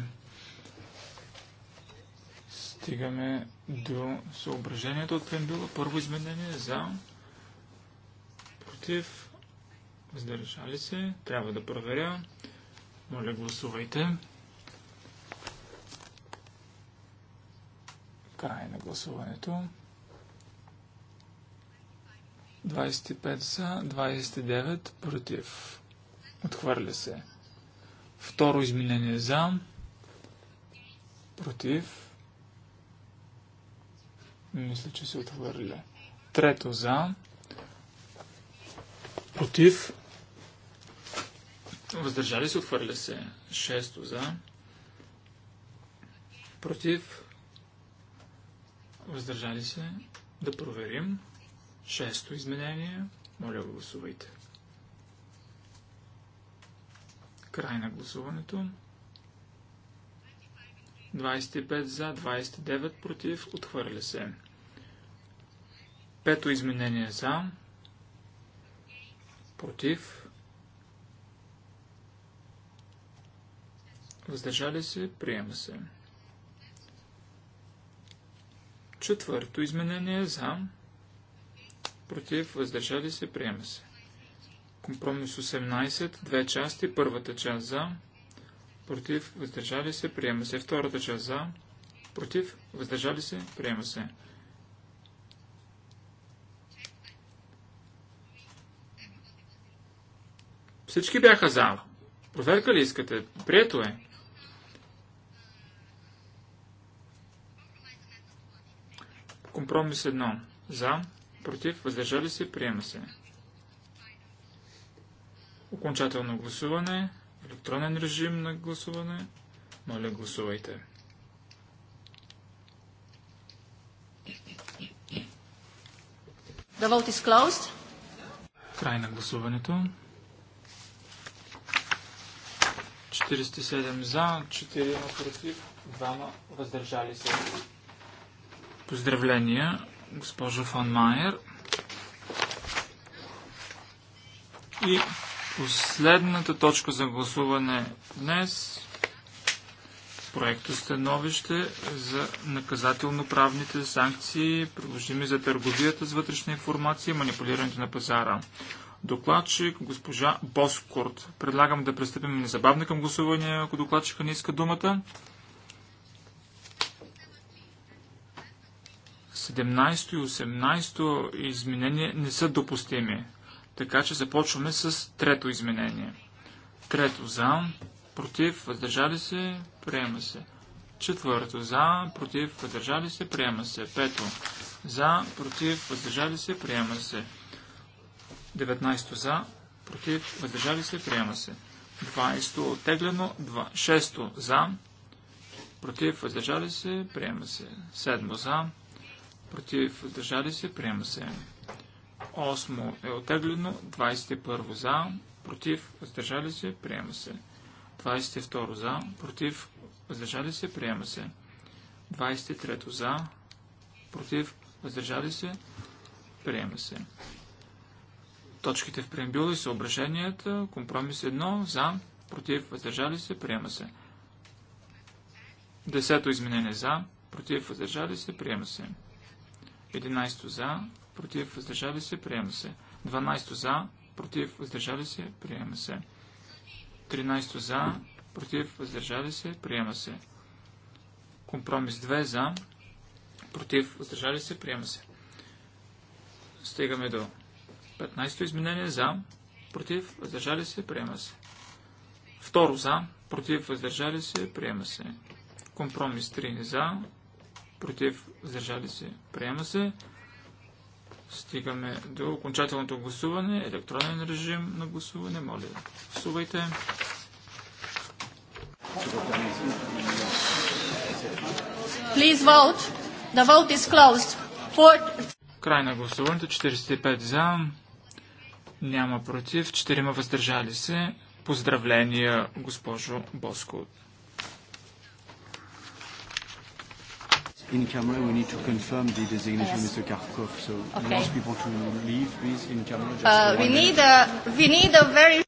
Стигаме до съображението от Пенбила. Първо изменение за против. Въздържали се. Трябва да проверя. Моля, гласувайте. Край на гласуването. 25 за, 29 против. Отхвърля се. Второ изменение за, против. Мисля, че се отхвърля. Трето за, против. Въздържали се, отхвърля се. Шесто за. Против. Въздържали се. Да проверим. Шесто изменение. Моля, гласувайте. Край на гласуването. 25 за, 29 против. Отхвърля се. Пето изменение за. Против Въздържали се, приема се. Четвърто изменение за. Против, въздържали се, приема се. Компромис 18, две части, първата част за. Против, въздържали се, приема се. Втората част за. Против, въздържали се, приема се. Всички бяха за. Проверка ли искате? Прието е. Компромис 1. За, против, въздържали се, приема се. Окончателно гласуване. Електронен режим на гласуване. Моля, гласувайте. The vote is closed. Край на гласуването. 47 за, 4 против, 2 въздържали се. Поздравления, госпожо Фон Майер. И последната точка за гласуване днес проекто становище за наказателно-правните санкции, приложими за търговията с вътрешна информация и манипулирането на пазара. Докладчик госпожа Боскорт. Предлагам да пристъпим незабавно към гласуване, ако докладчика не иска думата. 17 и 18 изменение не са допустими. Така че започваме с трето изменение. Трето за, против, въздържали се, приема се. Четвърто за, против, въздържали се, приема се. Пето за, против, въздържали се, приема се. 19 за, против, въздържали се, приема се. Двайсто оттеглено, 2. 6 за, против, въздържали се, приема се. 7 за, против, въздържали се, приема се. 8 е отеглено, 21 за, против, въздържали се, приема се. 22 за, против, въздържали се, приема се. 23 за, против, въздържали се, приема се. Точките в преамбюла и съображенията, компромис 1, за, против, въздържали се, приема се. Десето изменение за, против, въздържали се, приема се. 11 за, против, въздържали се, приема се. 12 за, против, въздържали се, приема се. 13 за, против, въздържали се, приема се. Компромис 2 за, против, въздържали се, приема се. Стигаме до 15-то изменение за, против, въздържали се, приема се. Второ за, против, въздържали се, приема се. Компромис 3 за, против, въздържали се, приема се. Стигаме до окончателното гласуване, електронен режим на гласуване. Моля, гласувайте. Please vote. The vote is closed. For... Край на гласуването. 45 за. Няма против. 4 въздържали се. Поздравления, госпожо Боско. in camera, we need to confirm the designation yes. of Mr. Karkov. So okay. I ask people to leave, please, in camera. Just uh, we, need a, we need a very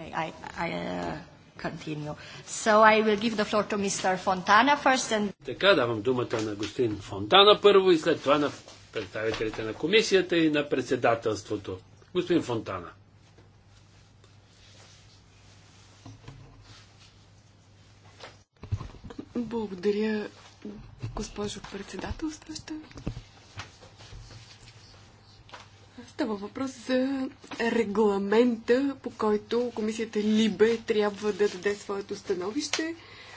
Okay, I, I uh, continue. So I will give the floor to Mr. Fontana first and... Така давам думата на господин Фонтана първо и след това на представителите на комисията и на председателството. Господин Фонтана. Благодаря, госпожо председателстваща. Става въпрос за регламента, по който комисията Либе трябва да даде своето становище.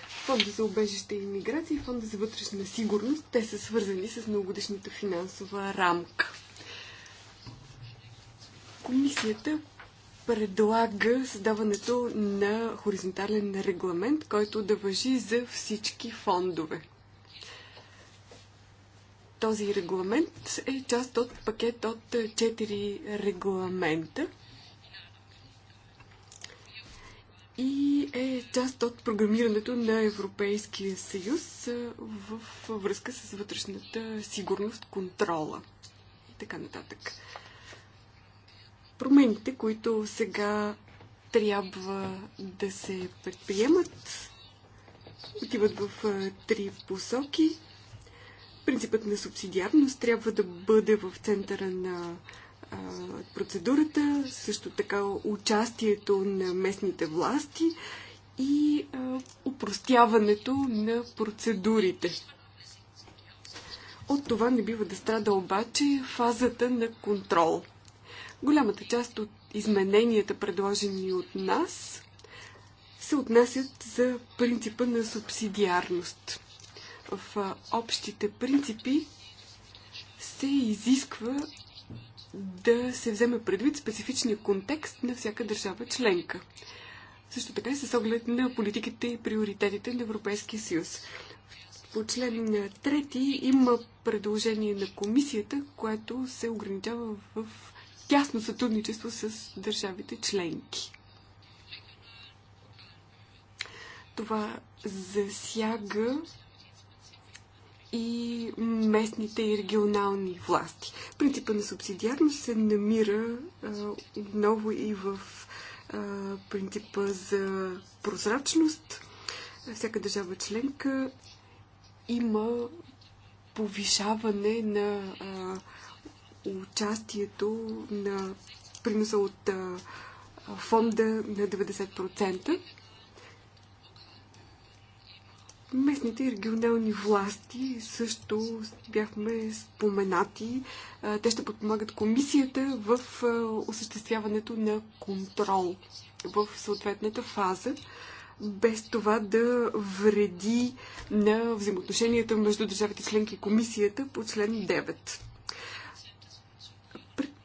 Фонда за обежище и миграция и Фонда за вътрешна сигурност. Те са свързани с многогодишната финансова рамка. Комисията предлага създаването на хоризонтален регламент, който да въжи за всички фондове. Този регламент е част от пакет от 4 регламента и е част от програмирането на Европейския съюз в връзка с вътрешната сигурност, контрола и така нататък. Промените, които сега трябва да се предприемат, отиват в три посоки. Принципът на субсидиарност трябва да бъде в центъра на а, процедурата, също така участието на местните власти и а, упростяването на процедурите. От това не бива да страда обаче фазата на контрол. Голямата част от измененията, предложени от нас, се отнасят за принципа на субсидиарност в общите принципи се изисква да се вземе предвид специфичния контекст на всяка държава членка. Също така и с оглед на политиките и приоритетите на Европейския съюз. По член 3 има предложение на комисията, което се ограничава в тясно сътрудничество с държавите членки. Това засяга и местните и регионални власти. Принципа на субсидиарност се намира отново и в принципа за прозрачност. Всяка държава членка има повишаване на участието на приноса от фонда на 90%. Местните и регионални власти също бяхме споменати. Те ще подпомагат комисията в осъществяването на контрол в съответната фаза, без това да вреди на взаимоотношенията между държавите членки и комисията по член 9.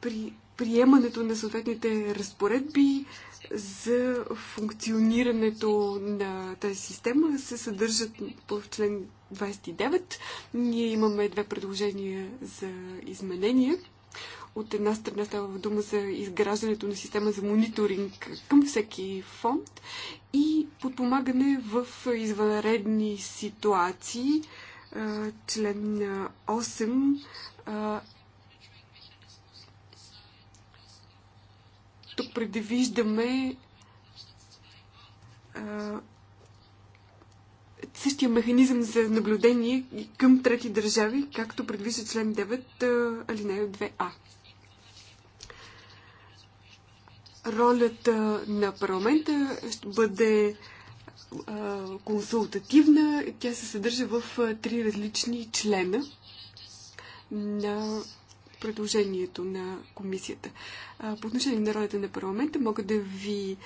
При приемането на съответните разпоредби за функционирането на тази система се съдържат в член 29. Ние имаме две предложения за изменения. От една страна става дума за изграждането на система за мониторинг към всеки фонд и подпомагане в извънредни ситуации. Член 8 Тук предвиждаме а, същия механизъм за наблюдение към трети държави, както предвижда член 9, алинея 2а. Ролята на парламента ще бъде а, консултативна. Тя се съдържа в а, три различни члена на предложението на комисията. По отношение на ролята на парламента мога да ви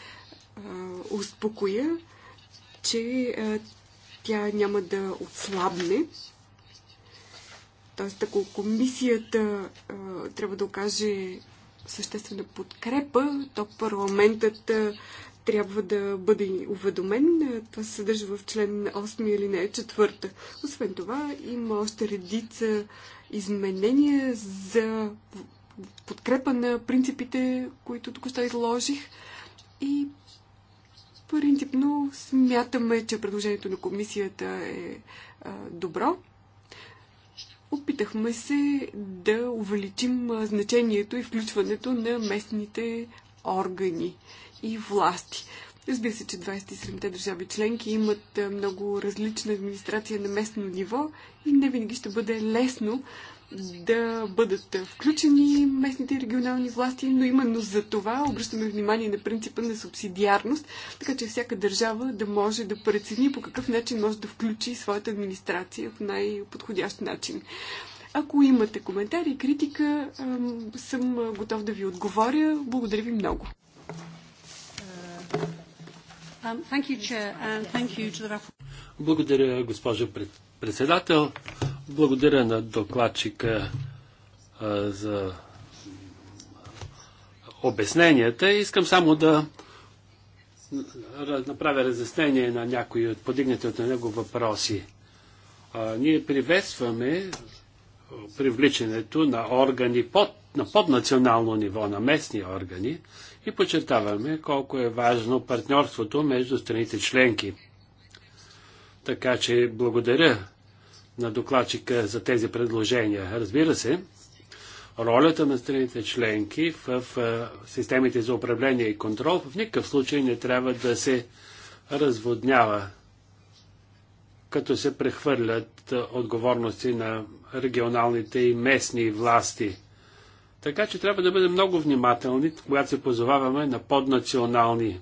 успокоя, че тя няма да отслабне. Тоест, ако комисията трябва да окаже съществена подкрепа, то парламентът трябва да бъде уведомен. Това се съдържа в член 8 или не 4. Освен това, има още редица изменения за подкрепа на принципите, които току-що изложих. И принципно смятаме, че предложението на комисията е добро. Опитахме се да увеличим значението и включването на местните органи и власти. Разбира се, че 27-те държави членки имат е, много различна администрация на местно ниво и не винаги ще бъде лесно да бъдат включени местните и регионални власти, но именно за това обръщаме внимание на принципа на субсидиарност, така че всяка държава да може да прецени по какъв начин може да включи своята администрация в най-подходящ начин. Ако имате коментари и критика, съм готов да ви отговоря. Благодаря ви много. Благодаря, госпожо председател. Благодаря на докладчика за обясненията. Искам само да направя разяснение на някои от подигнати от него въпроси. ние приветстваме привличането на органи под, на поднационално ниво, на местни органи, и подчертаваме колко е важно партньорството между страните членки. Така че благодаря на докладчика за тези предложения. Разбира се, ролята на страните членки в системите за управление и контрол в никакъв случай не трябва да се разводнява, като се прехвърлят отговорности на регионалните и местни власти. Така че трябва да бъдем много внимателни, когато се позоваваме на поднационални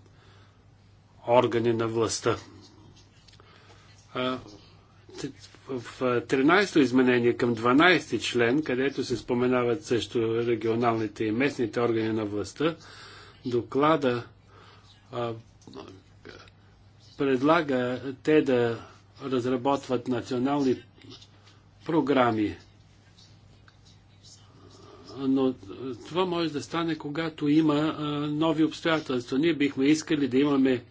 органи на властта. В 13-то изменение към 12-ти член, където се споменават също регионалните и местните органи на властта, доклада предлага те да разработват национални програми но това може да стане, когато има нови обстоятелства. Ние бихме искали да имаме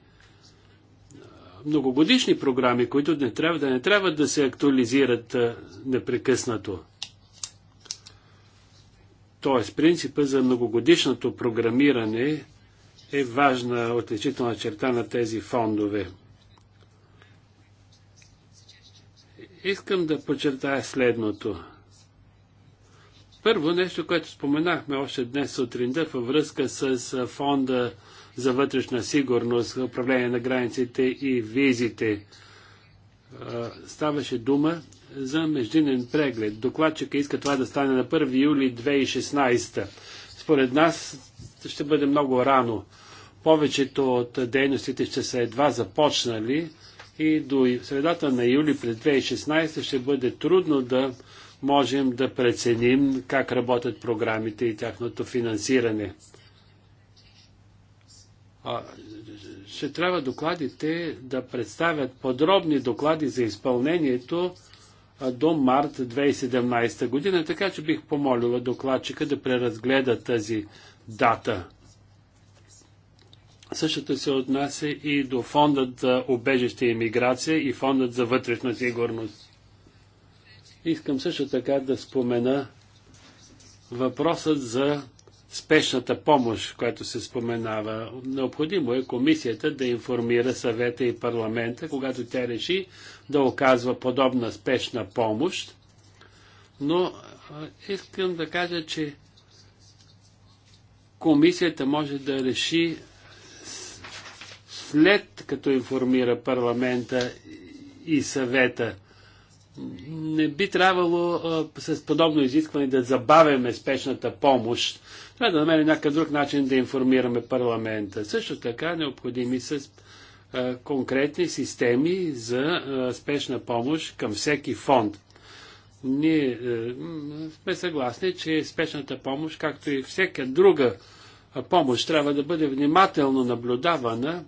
многогодишни програми, които не трябва, да не трябва да се актуализират непрекъснато. Тоест, принципа за многогодишното програмиране е важна отличителна черта на тези фондове. Искам да подчертая следното. Първо нещо, което споменахме още днес сутринта във връзка с фонда за вътрешна сигурност, управление на границите и визите. Ставаше дума за междинен преглед. Докладчика иска това да стане на 1 юли 2016. Според нас ще бъде много рано. Повечето от дейностите ще са едва започнали и до средата на юли през 2016 ще бъде трудно да можем да преценим как работят програмите и тяхното финансиране. А, ще трябва докладите да представят подробни доклади за изпълнението до март 2017 година, така че бих помолила докладчика да преразгледа тази дата. Същото се отнася и до фондът за обежище и миграция и фондът за вътрешна сигурност. Искам също така да спомена въпросът за спешната помощ, която се споменава. Необходимо е комисията да информира съвета и парламента, когато тя реши да оказва подобна спешна помощ. Но искам да кажа, че комисията може да реши след като информира парламента и съвета не би трябвало а, с подобно изискване да забавяме спешната помощ. Трябва е да намерим някакъв друг начин да информираме парламента. Също така необходими са а, конкретни системи за а, спешна помощ към всеки фонд. Ние сме съгласни, че спешната помощ, както и всяка друга помощ, трябва да бъде внимателно наблюдавана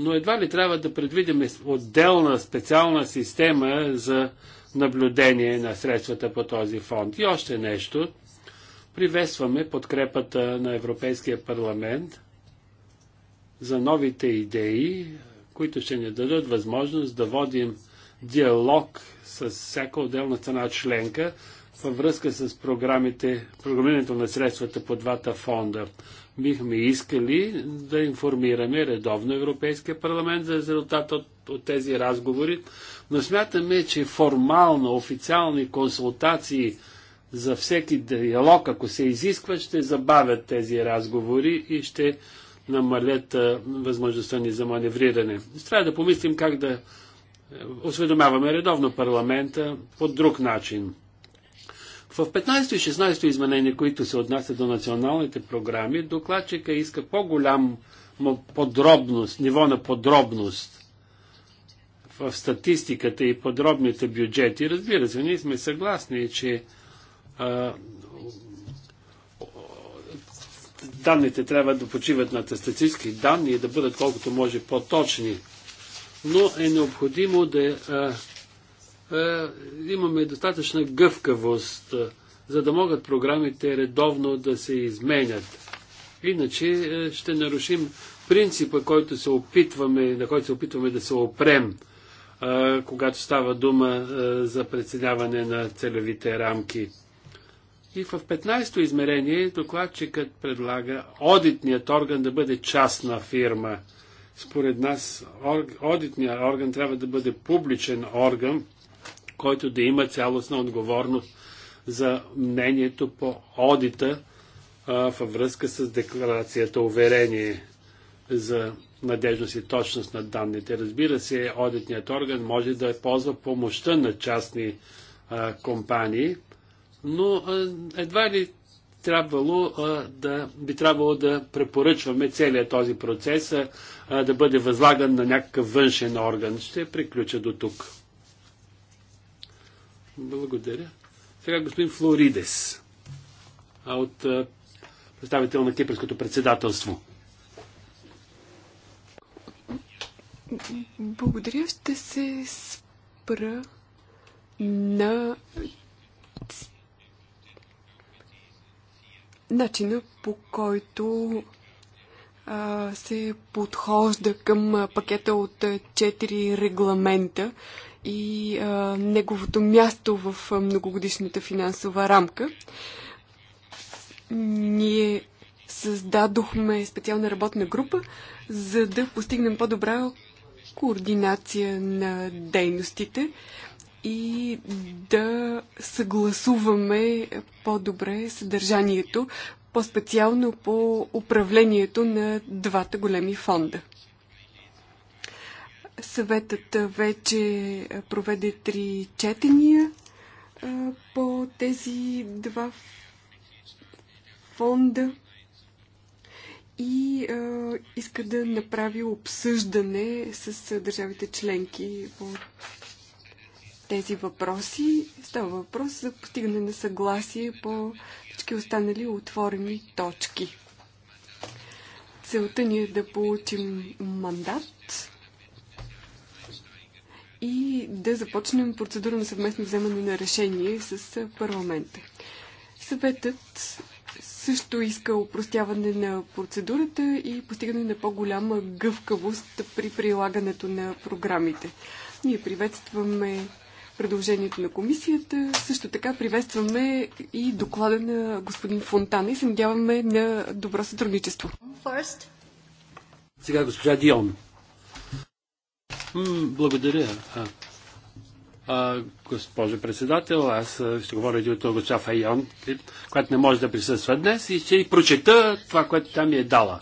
но едва ли трябва да предвидим отделна специална система за наблюдение на средствата по този фонд. И още нещо. Приветстваме подкрепата на Европейския парламент за новите идеи, които ще ни дадат възможност да водим диалог с всяка отделна страна членка във връзка с програмите, програмирането на средствата по двата фонда бихме искали да информираме редовно Европейския парламент за резултат от, от тези разговори, но смятаме, че формално официални консултации за всеки диалог, ако се изисква, ще забавят тези разговори и ще намалят а, възможността ни за маневриране. Трябва да помислим как да е, осведомяваме редовно парламента по друг начин. В 15 и 16 изменение, които се отнасят до националните програми, докладчика иска по-голям подробност, ниво на подробност в статистиката и подробните бюджети. Разбира се, ние сме съгласни, че а, данните трябва да почиват на статистически данни и да бъдат колкото може по-точни. Но е необходимо да а, е, имаме достатъчна гъвкавост, е, за да могат програмите редовно да се изменят. Иначе е, ще нарушим принципа, който се опитваме, на който се опитваме да се опрем, когато става дума за преценяване на целевите рамки. И в 15-то измерение докладчикът предлага одитният орган да бъде частна фирма. Според нас одитният орган трябва да бъде публичен орган, който да има цялостна отговорност за мнението по одита а, във връзка с декларацията уверение за надежност и точност на данните. Разбира се, одитният орган може да ползва помощта на частни а, компании, но а, едва ли трябвало а, да, би трябвало да препоръчваме целият този процес а, да бъде възлаган на някакъв външен орган. Ще приключа до тук. Благодаря. Сега господин Флоридес, а от представител на Кипърското председателство. Благодаря. Ще се спра на начина по който а, се подхожда към пакета от четири регламента и а, неговото място в многогодишната финансова рамка. Ние създадохме специална работна група, за да постигнем по-добра координация на дейностите и да съгласуваме по-добре съдържанието, по-специално по управлението на двата големи фонда. Съветът вече проведе три четения по тези два фонда и иска да направи обсъждане с държавите членки по тези въпроси. Става въпрос за постигане на съгласие по всички останали отворени точки. Целта ни е да получим мандат и да започнем процедура на съвместно вземане на решение с парламента. Съветът също иска упростяване на процедурата и постигане на по-голяма гъвкавост при прилагането на програмите. Ние приветстваме предложението на комисията. Също така приветстваме и доклада на господин Фонтан и се надяваме на добро сътрудничество. First. Сега госпожа Дион. Благодаря. Госпожо председател, аз ще говоря и от госпожа Файон, която не може да присъства днес и ще и прочета това, което тя ми е дала.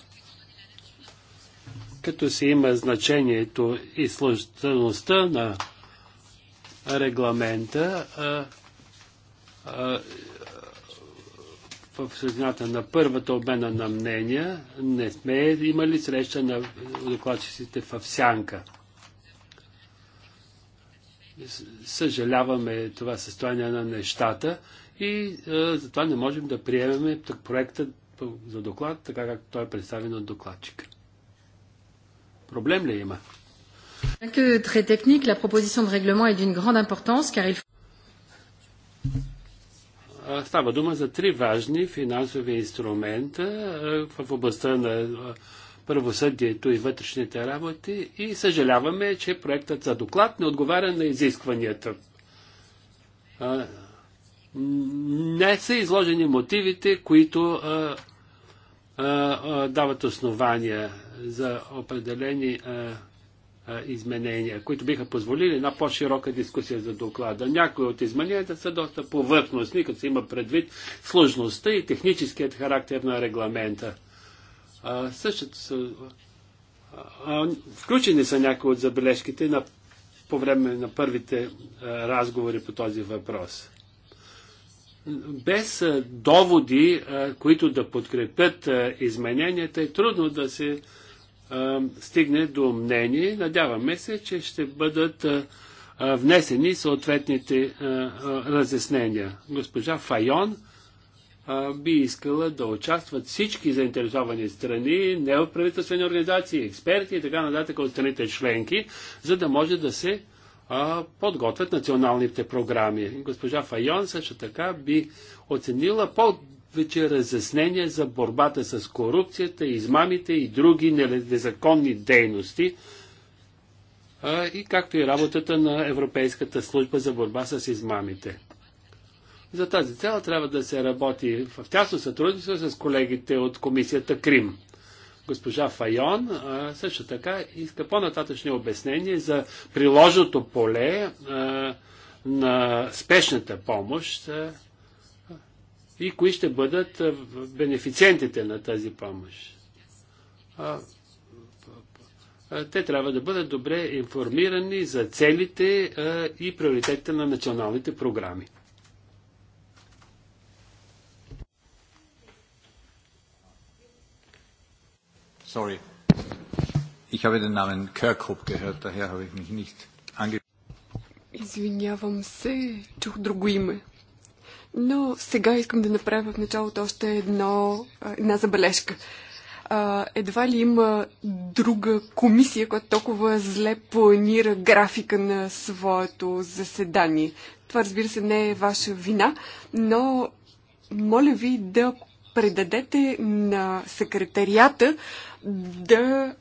Като се има значението и сложността на регламента, а, а, в средината на първата обмена на мнения не сме имали среща на докладчиците в Сянка съжаляваме това състояние на нещата и е, затова не можем да приемем проекта за доклад, така както той е представен от докладчика. Проблем ли има? Que très technique, la proposition de règlement est d'une grande importance car il faut... Става дума за три важни финансови инструмента в областта на правосъдието и вътрешните работи и съжаляваме, че проектът за доклад не отговаря на изискванията. не са изложени мотивите, които дават основания за определени изменения, които биха позволили на по-широка дискусия за доклада. Някои от измененията са доста повърхностни, като се има предвид сложността и техническият характер на регламента. А, същото са, а, включени са някои от забележките на, по време на първите а, разговори по този въпрос. Без а, доводи, а, които да подкрепят а, измененията, е трудно да се а, стигне до мнение. Надяваме се, че ще бъдат а, внесени съответните а, а, разяснения. Госпожа Файон би искала да участват всички заинтересовани страни, неправителствени организации, експерти и така нататък от страните членки, за да може да се а, подготвят националните програми. Госпожа Файон също така би оценила повече разяснение за борбата с корупцията, измамите и други незаконни дейности, а, и както и работата на Европейската служба за борба с измамите. За тази цел трябва да се работи в тясно сътрудничество с колегите от комисията Крим. Госпожа Файон също така иска по-нататъчни обяснения за приложното поле на спешната помощ и кои ще бъдат бенефициентите на тази помощ. Те трябва да бъдат добре информирани за целите и приоритетите на националните програми. Sorry. Ich habe den Namen Kirkhope gehört, daher habe ich mich nicht Извинявам се, чух друго име. Но сега искам да направя в началото още едно, една забележка. А, едва ли има друга комисия, която толкова зле планира графика на своето заседание. Това, разбира се, не е ваша вина, но моля ви да предадете на секретарията да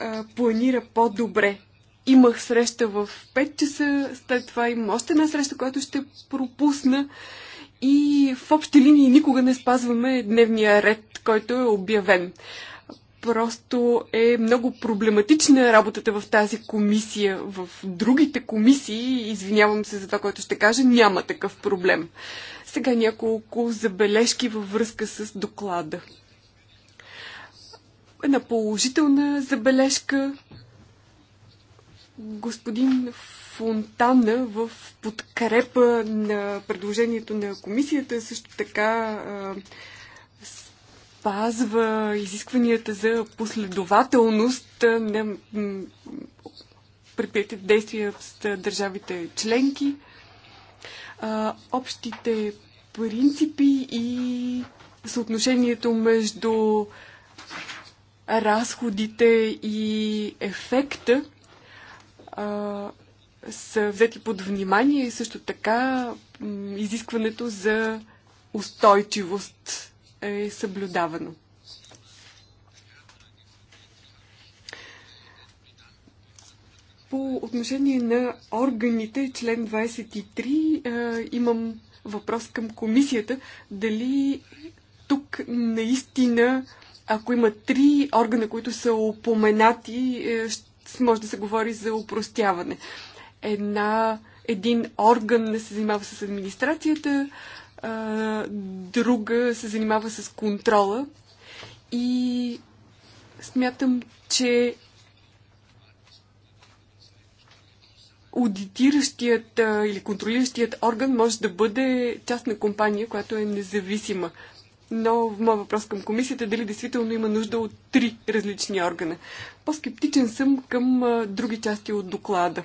а, планира по-добре. Имах среща в 5 часа, след това имам още една среща, която ще пропусна. И в общи линии никога не спазваме дневния ред, който е обявен. Просто е много проблематична работата в тази комисия. В другите комисии, извинявам се за това, което ще кажа, няма такъв проблем. Сега няколко забележки във връзка с доклада. Една положителна забележка. Господин Фонтана в подкрепа на предложението на комисията също така спазва изискванията за последователност на предприятите действия с държавите членки а, общите принципи и съотношението между разходите и ефекта а, са взети под внимание и също така изискването за устойчивост е съблюдавано. По отношение на органите, член 23, имам въпрос към комисията. Дали тук наистина, ако има три органа, които са упоменати, е, може да се говори за упростяване. Една, един орган се занимава с администрацията, друга се занимава с контрола и смятам, че аудитиращият или контролиращият орган може да бъде част на компания, която е независима. Но моят въпрос към комисията е дали действително има нужда от три различни органа. По-скептичен съм към други части от доклада.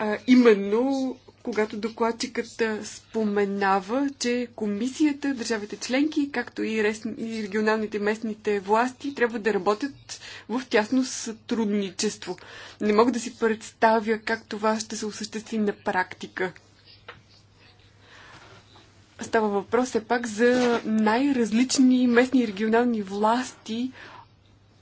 а, именно когато докладчикът споменава, че комисията, държавите членки, както и, и регионалните местните власти трябва да работят в тясно сътрудничество. Не мога да си представя как това ще се осъществи на практика. Става въпрос е пак за най-различни местни и регионални власти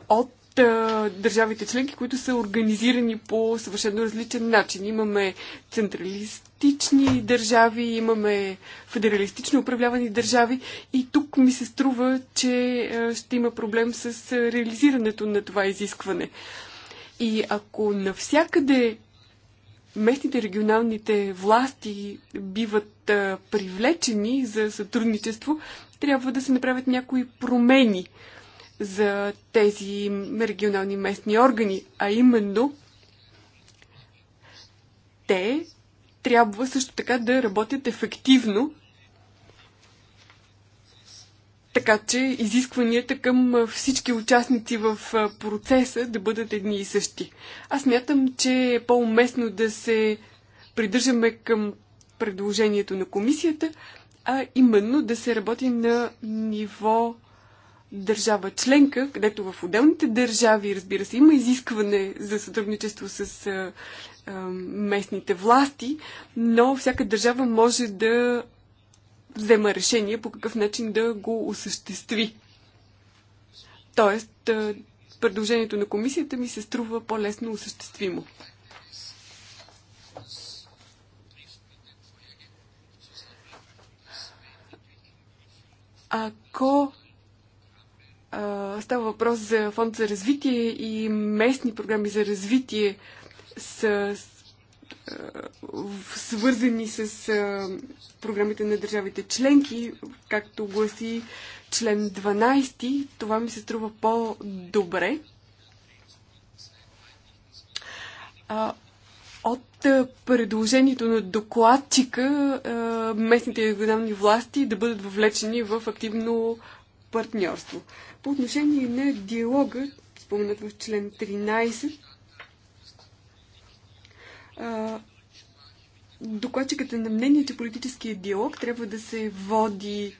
от от а, държавите членки, които са организирани по съвършено различен начин. Имаме централистични държави, имаме федералистично управлявани държави и тук ми се струва, че ще има проблем с реализирането на това изискване. И ако навсякъде местните регионалните власти биват привлечени за сътрудничество, трябва да се направят някои промени – за тези регионални местни органи, а именно те трябва също така да работят ефективно, така че изискванията към всички участници в процеса да бъдат едни и същи. Аз мятам, че е по-уместно да се придържаме към предложението на комисията, а именно да се работи на ниво държава членка, където в отделните държави, разбира се, има изискване за сътрудничество с а, а, местните власти, но всяка държава може да взема решение по какъв начин да го осъществи. Тоест, а, предложението на комисията ми се струва по-лесно осъществимо. Ако Става въпрос за фонд за развитие и местни програми за развитие са свързани с програмите на държавите членки, както гласи член 12. Това ми се струва по-добре. От предложението на докладчика местните регионални власти да бъдат въвлечени в активно партньорство. По отношение на диалога, споменат в член 13, докладчикът е на мнение, че политическият диалог трябва да се води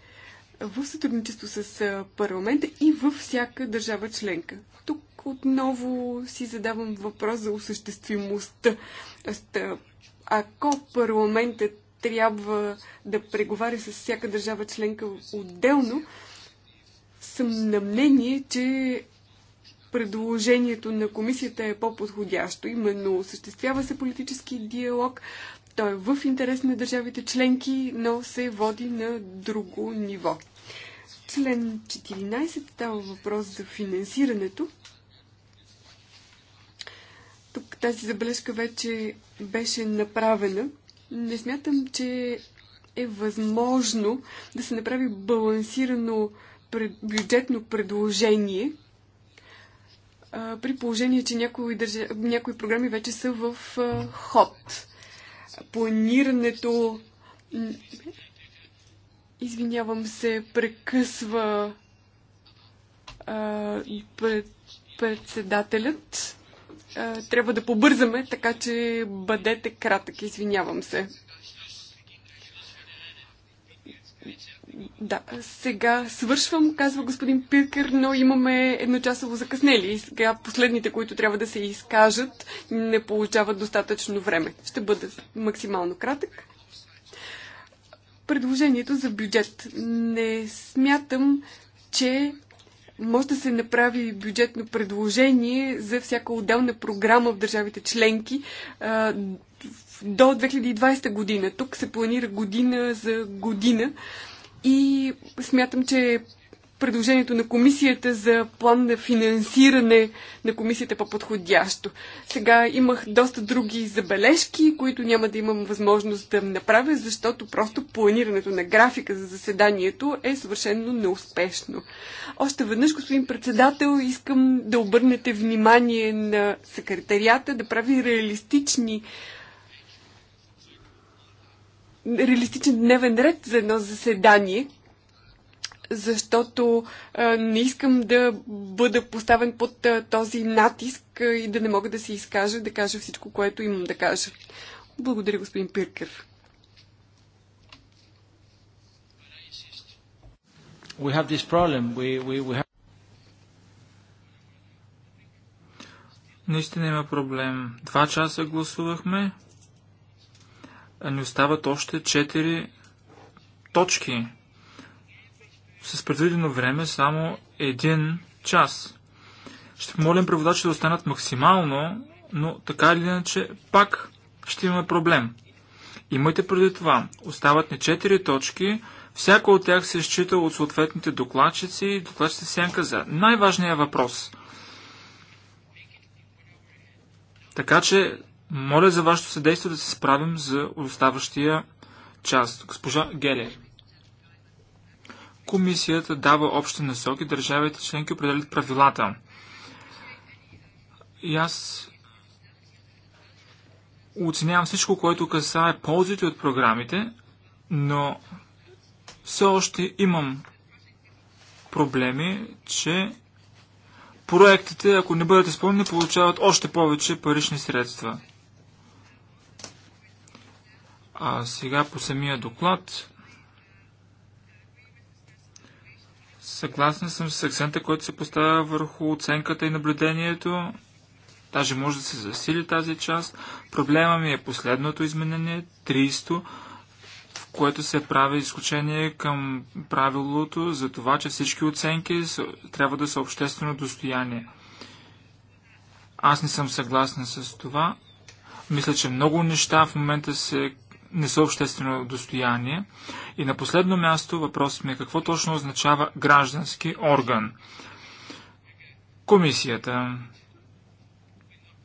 в сътрудничество с парламента и във всяка държава членка. Тук отново си задавам въпрос за осъществимостта. Ако парламентът трябва да преговаря с всяка държава членка отделно, съм на мнение, че предложението на комисията е по-подходящо. Именно осъществява се политически диалог, той е в интерес на държавите членки, но се води на друго ниво. Член 14 става въпрос за финансирането. Тук тази забележка вече беше направена. Не смятам, че е възможно да се направи балансирано бюджетно предложение, при положение, че някои, държа... някои програми вече са в ход. Планирането. Извинявам се, прекъсва пред... председателят. Трябва да побързаме, така че бъдете кратък. Извинявам се. Да, сега свършвам, казва господин Пиркер, но имаме едночасово закъснели. И сега последните, които трябва да се изкажат, не получават достатъчно време. Ще бъда максимално кратък. Предложението за бюджет. Не смятам, че може да се направи бюджетно предложение за всяка отделна програма в държавите членки до 2020 година. Тук се планира година за година. И смятам, че предложението на комисията за план на финансиране на комисията е по-подходящо. Сега имах доста други забележки, които няма да имам възможност да направя, защото просто планирането на графика за заседанието е съвършено неуспешно. Още веднъж, господин председател, искам да обърнете внимание на секретарията да прави реалистични реалистичен дневен ред за едно заседание, защото а, не искам да бъда поставен под а, този натиск а, и да не мога да се изкажа, да кажа всичко, което имам да кажа. Благодаря, господин Пиркър. We have this problem. We, we, we have... Наистина има проблем. Два часа гласувахме, ни остават още 4 точки. С предвидено време само един час. Ще помолим преводачите да останат максимално, но така или иначе пак ще имаме проблем. Имайте преди това. Остават ни 4 точки. Всяко от тях се счита от съответните докладчици и докладчици сянка за най-важния въпрос. Така че моля за вашето съдействие да се справим за оставащия част. Госпожа Гелер. Комисията дава общи насоки, държавите членки определят правилата. И аз оценявам всичко, което касае ползите от програмите, но все още имам проблеми, че проектите, ако не бъдат изпълнени, получават още повече парични средства. А сега по самия доклад. Съгласен съм с акцента, който се поставя върху оценката и наблюдението. Даже може да се засили тази част. Проблема ми е последното изменение, 300, в което се прави изключение към правилото за това, че всички оценки трябва да са обществено достояние. Аз не съм съгласен с това. Мисля, че много неща в момента се не са обществено достояние. И на последно място въпросът ми е какво точно означава граждански орган. Комисията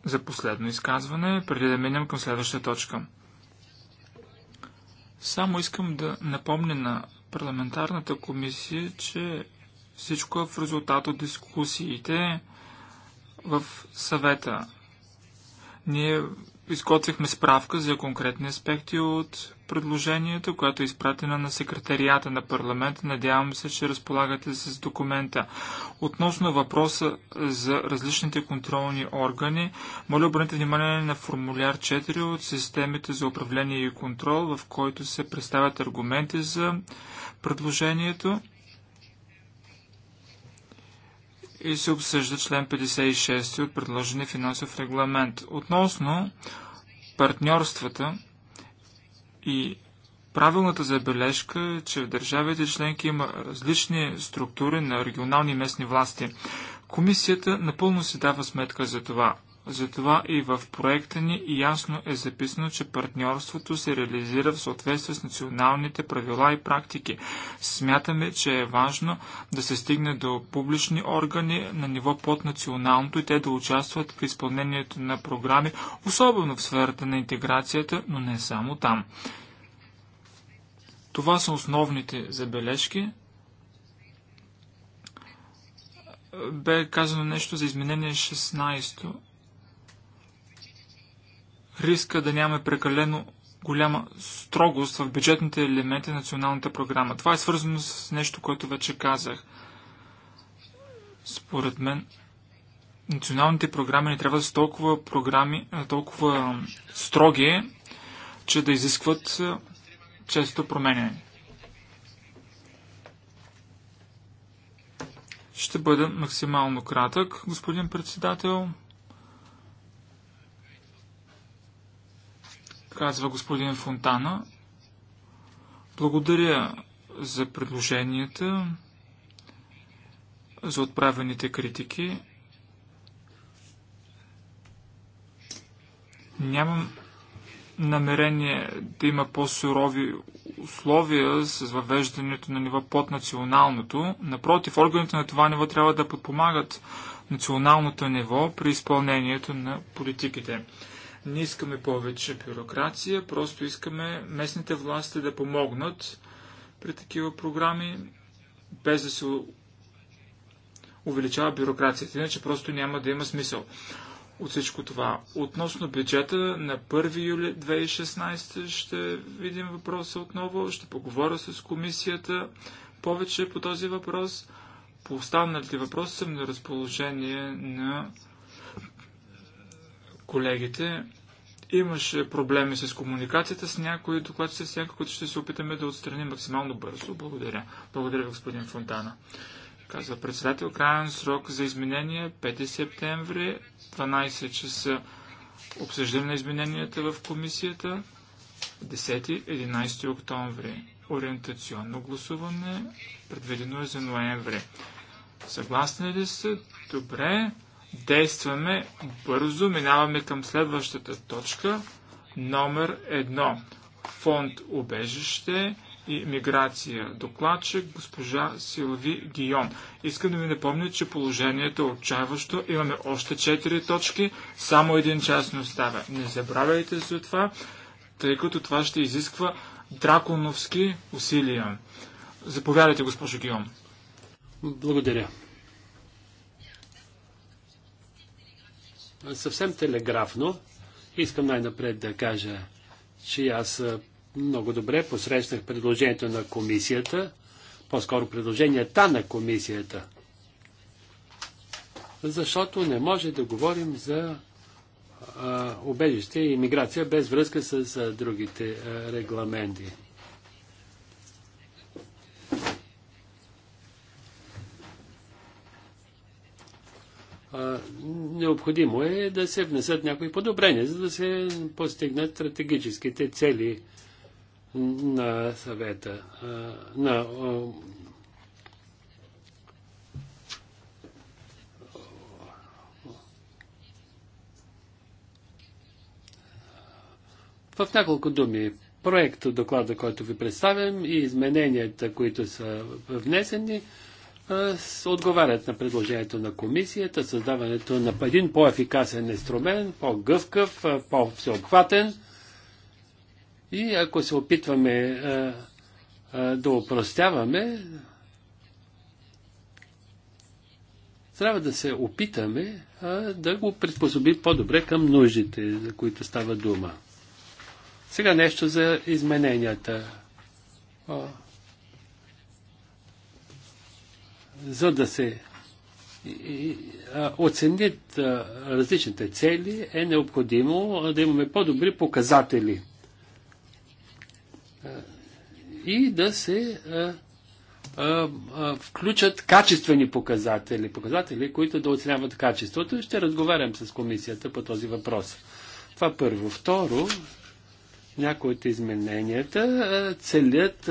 за последно изказване, преди да минем към следващата точка. Само искам да напомня на парламентарната комисия, че всичко е в резултат от дискусиите в съвета. Ние изготвихме справка за конкретни аспекти от предложението, което е изпратена на секретарията на парламента. Надявам се, че разполагате с документа. Относно въпроса за различните контролни органи, моля обърнете внимание на формуляр 4 от системите за управление и контрол, в който се представят аргументи за предложението и се обсъжда член 56 от предложения финансов регламент. Относно партньорствата и правилната забележка е, че в държавите членки има различни структури на регионални и местни власти. Комисията напълно си дава сметка за това. Затова и в проекта ни ясно е записано, че партньорството се реализира в съответствие с националните правила и практики. Смятаме, че е важно да се стигне до публични органи на ниво под националното и те да участват в изпълнението на програми, особено в сферата на интеграцията, но не само там. Това са основните забележки. Бе казано нещо за изменение 16 риска да нямаме прекалено голяма строгост в бюджетните елементи на националната програма. Това е свързано с нещо, което вече казах. Според мен, националните програми не трябва да са толкова, програми, толкова строги, че да изискват често променяне. Ще бъда максимално кратък, господин председател. казва господин Фонтана. Благодаря за предложенията, за отправените критики. Нямам намерение да има по-сурови условия с въвеждането на ниво под националното. Напротив, органите на това ниво трябва да подпомагат националното ниво при изпълнението на политиките. Не искаме повече бюрокрация, просто искаме местните власти да помогнат при такива програми, без да се увеличава бюрокрацията. Иначе просто няма да има смисъл от всичко това. Относно бюджета на 1 юли 2016 ще видим въпроса отново, ще поговоря с комисията повече по този въпрос. По останалите въпроси съм на разположение на колегите. Имаше проблеми с комуникацията с някои докладчици, с някои, които ще се опитаме да отстраним максимално бързо. Благодаря. Благодаря, господин Фонтана. Казва председател, крайен срок за изменение 5 септември, 12 часа обсъждане на измененията в комисията, 10-11 октомври. Ориентационно гласуване, предведено е за ноември. Съгласни ли са? Добре. Действаме бързо, минаваме към следващата точка, номер едно. Фонд обежище и миграция. Докладчик госпожа Силви Гион. Искам да ви напомня, че положението е отчаяващо. Имаме още 4 точки, само един час не оставя. Не забравяйте за това, тъй като това ще изисква драконовски усилия. Заповядайте, госпожо Гион. Благодаря. Съвсем телеграфно искам най-напред да кажа, че аз много добре посрещнах предложението на комисията, по-скоро предложенията на комисията. Защото не може да говорим за а, убежище и иммиграция без връзка с а, другите а, регламенти. необходимо е да се внесат някои подобрения, за да се постигнат стратегическите цели на съвета, на В няколко думи, проект от доклада, който ви представям и измененията, които са внесени, отговарят на предложението на комисията, създаването на един по-ефикасен инструмент, по-гъвкав, по-всеобхватен. И ако се опитваме да упростяваме, трябва да се опитаме да го приспособим по-добре към нуждите, за които става дума. Сега нещо за измененията. за да се оценят различните цели, е необходимо да имаме по-добри показатели и да се включат качествени показатели, показатели, които да оценяват качеството. Ще разговарям с комисията по този въпрос. Това първо. Второ, някои от измененията целят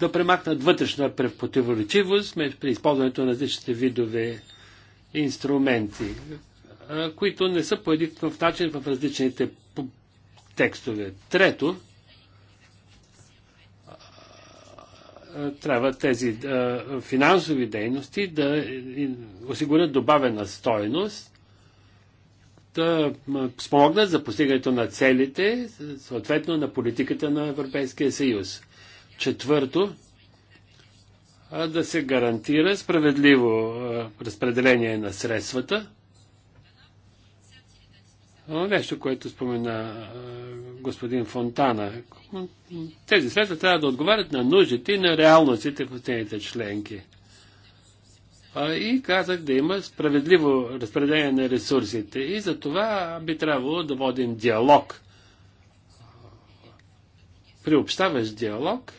да премахнат вътрешна противоречивост при използването на различните видове инструменти, които не са по едикъв начин в различните текстове. Трето, трябва тези финансови дейности да осигурят добавена стойност, да спомогнат за постигането на целите, съответно на политиката на Европейския съюз. Четвърто, да се гарантира справедливо разпределение на средствата. Нещо, което спомена господин Фонтана. Тези средства трябва да отговарят на нуждите и на реалностите в страните членки. И казах да има справедливо разпределение на ресурсите. И за това би трябвало да водим диалог приобщаващ диалог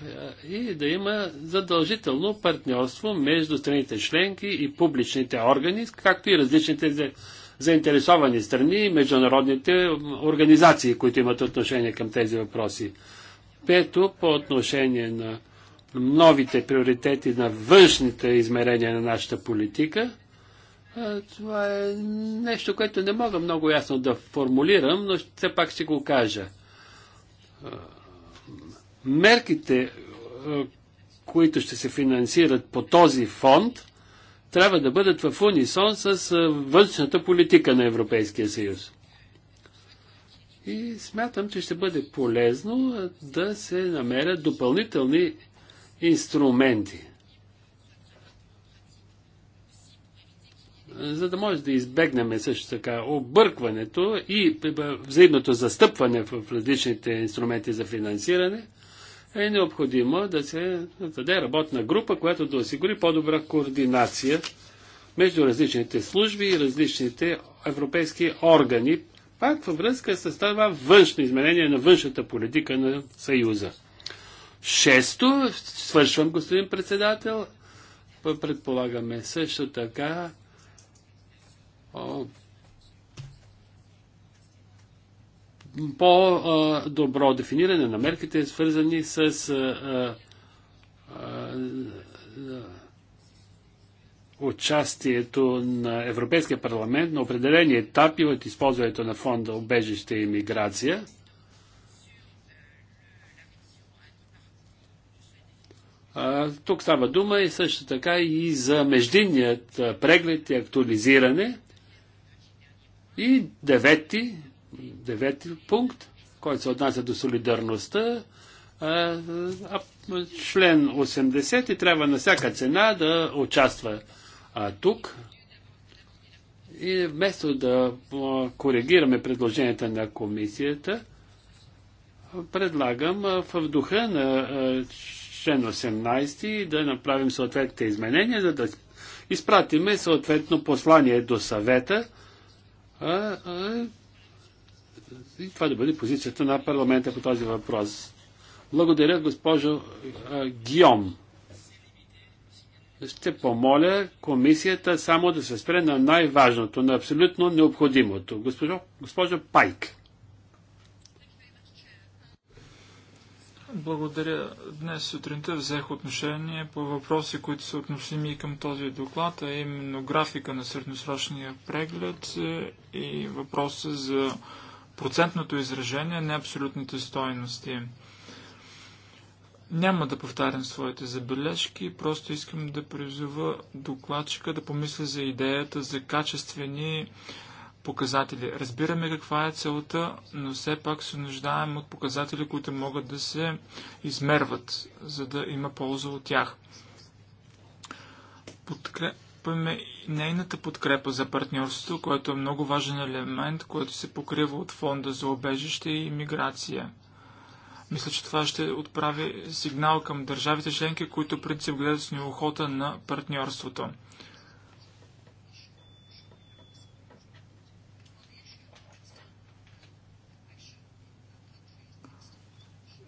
е, и да има задължително партньорство между страните членки и публичните органи, както и различните заинтересовани страни и международните организации, които имат отношение към тези въпроси. Пето, по отношение на новите приоритети на външните измерения на нашата политика, е, това е нещо, което не мога много ясно да формулирам, но все пак ще го кажа е, мерките, е, които ще се финансират по този фонд, трябва да бъдат в унисон с е, външната политика на Европейския съюз. И смятам, че ще бъде полезно е, да се намерят допълнителни инструменти. За да може да избегнем също така объркването и взаимното застъпване в различните инструменти за финансиране – е необходимо да се даде работна група, която да осигури по-добра координация между различните служби и различните европейски органи, пак във връзка с това външно изменение на външната политика на Съюза. Шесто, свършвам, господин председател, предполагаме също така по-добро дефиниране на мерките, свързани с а, а, участието на Европейския парламент на определени етапи от използването на фонда Обежище и миграция. тук става дума и също така и за междинният преглед и актуализиране. И девети девети пункт, който се отнася до солидарността, член 80 и трябва на всяка цена да участва а, тук. И вместо да коригираме предложенията на комисията, предлагам в духа на член 18 да направим съответните изменения, за да изпратиме съответно послание до съвета, това да бъде позицията на парламента по този въпрос. Благодаря, госпожо Гиом. Ще помоля комисията само да се спре на най-важното, на абсолютно необходимото. Госпожо, госпожо Пайк. Благодаря. Днес сутринта взех отношение по въпроси, които са относими и към този доклад, а именно графика на средносрочния преглед е, и въпроса за процентното изражение, не абсолютните стоености. Няма да повтарям своите забележки, просто искам да призова докладчика да помисля за идеята за качествени показатели. Разбираме каква е целта, но все пак се нуждаем от показатели, които могат да се измерват, за да има полза от тях. Подкреп изискваме нейната подкрепа за партньорството, което е много важен елемент, който се покрива от фонда за обежище и миграция. Мисля, че това ще отправи сигнал към държавите членки, които принцип гледат с неохота на партньорството.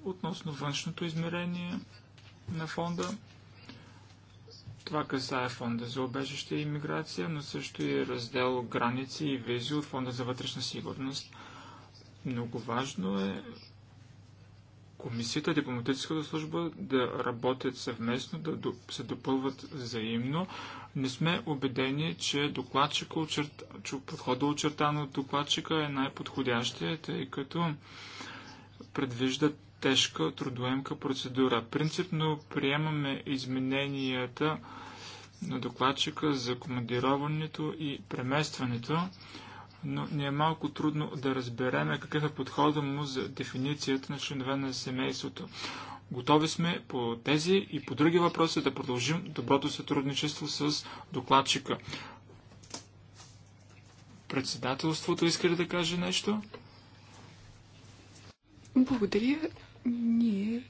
Относно външното измерение на фонда, това касае фонда за обежище и миграция, но също и раздел граници и визи от фонда за вътрешна сигурност. Много важно е комисията, дипломатическата служба да работят съвместно, да се допълват взаимно. Не сме убедени, че докладчика, подхода очертан от докладчика е най-подходящия, тъй като предвижда тежка трудоемка процедура. Принципно приемаме измененията на докладчика за командироването и преместването, но ни е малко трудно да разбереме какъв е подходът му за дефиницията на членове на семейството. Готови сме по тези и по други въпроси да продължим доброто сътрудничество с докладчика. Председателството иска ли да каже нещо? Благодаря. Ние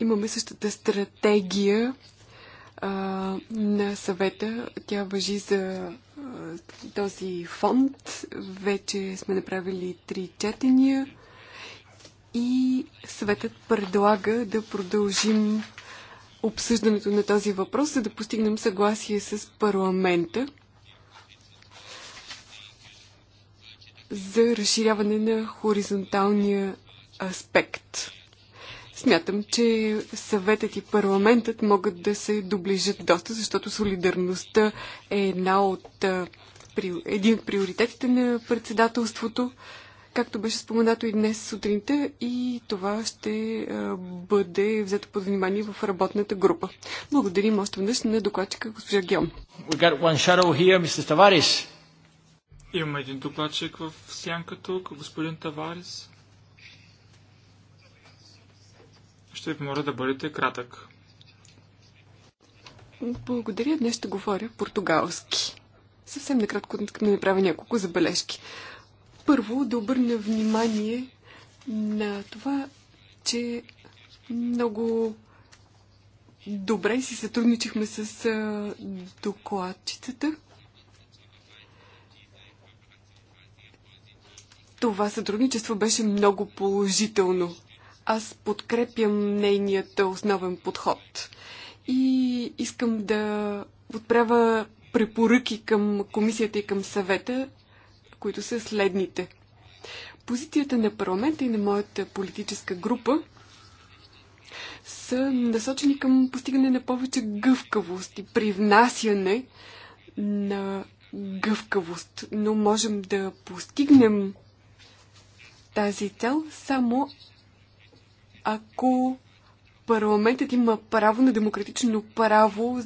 имаме същата стратегия а, на съвета. Тя въжи за а, този фонд. Вече сме направили три четения и съветът предлага да продължим обсъждането на този въпрос, за да постигнем съгласие с парламента за разширяване на хоризонталния аспект. Смятам, че съветът и парламентът могат да се доближат доста, защото солидарността е една от, един от приоритетите на председателството, както беше споменато и днес сутринта, и това ще бъде взето под внимание в работната група. Благодарим още веднъж на докладчика госпожа Геом. Имаме един докладчик в сянка тук, господин Таварис. ви моля да бъдете кратък. Благодаря. Днес ще говоря португалски. Съвсем накратко искам да направя няколко забележки. Първо, да обърна внимание на това, че много добре си сътрудничихме с докладчицата. Това сътрудничество беше много положително. Аз подкрепям нейният основен подход и искам да отправя препоръки към комисията и към съвета, които са следните. Позицията на парламента и на моята политическа група са насочени към постигане на повече гъвкавост и привнасяне на гъвкавост. Но можем да постигнем тази цел само ако парламентът има право на демократично право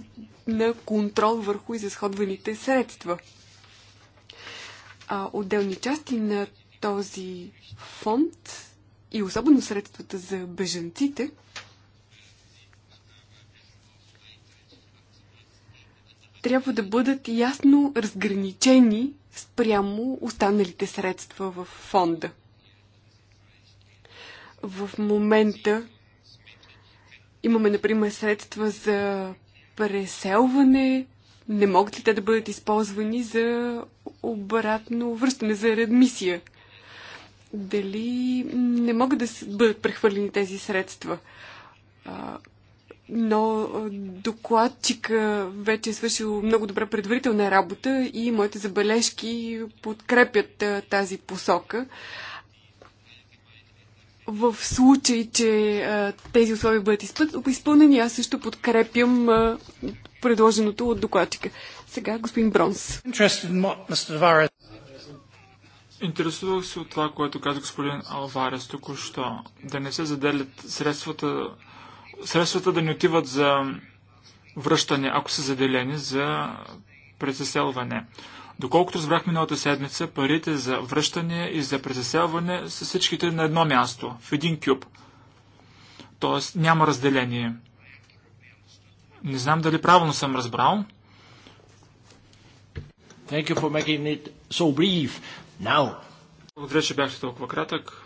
на контрол върху изразходваните средства. А отделни части на този фонд и особено средствата за бежанците трябва да бъдат ясно разграничени спрямо останалите средства в фонда. В момента имаме, например, средства за преселване. Не могат ли те да бъдат използвани за обратно връщане, за редмисия? Дали не могат да бъдат прехвърлени тези средства? но докладчика вече е свършил много добра предварителна работа и моите забележки подкрепят тази посока в случай, че а, тези условия бъдат изпълнени, аз също подкрепям а, предложеното от докладчика. Сега господин Бронс. Интересувах се от това, което каза господин Алварес току-що. Да не се заделят средствата, средствата да не отиват за връщане, ако са заделени за презаселване. Доколкото разбрах миналата седмица, парите за връщане и за презаселване са всичките на едно място, в един кюб. Тоест няма разделение. Не знам дали правилно съм разбрал. Thank you for making it so brief. Now. Благодаря, че бяхте толкова кратък.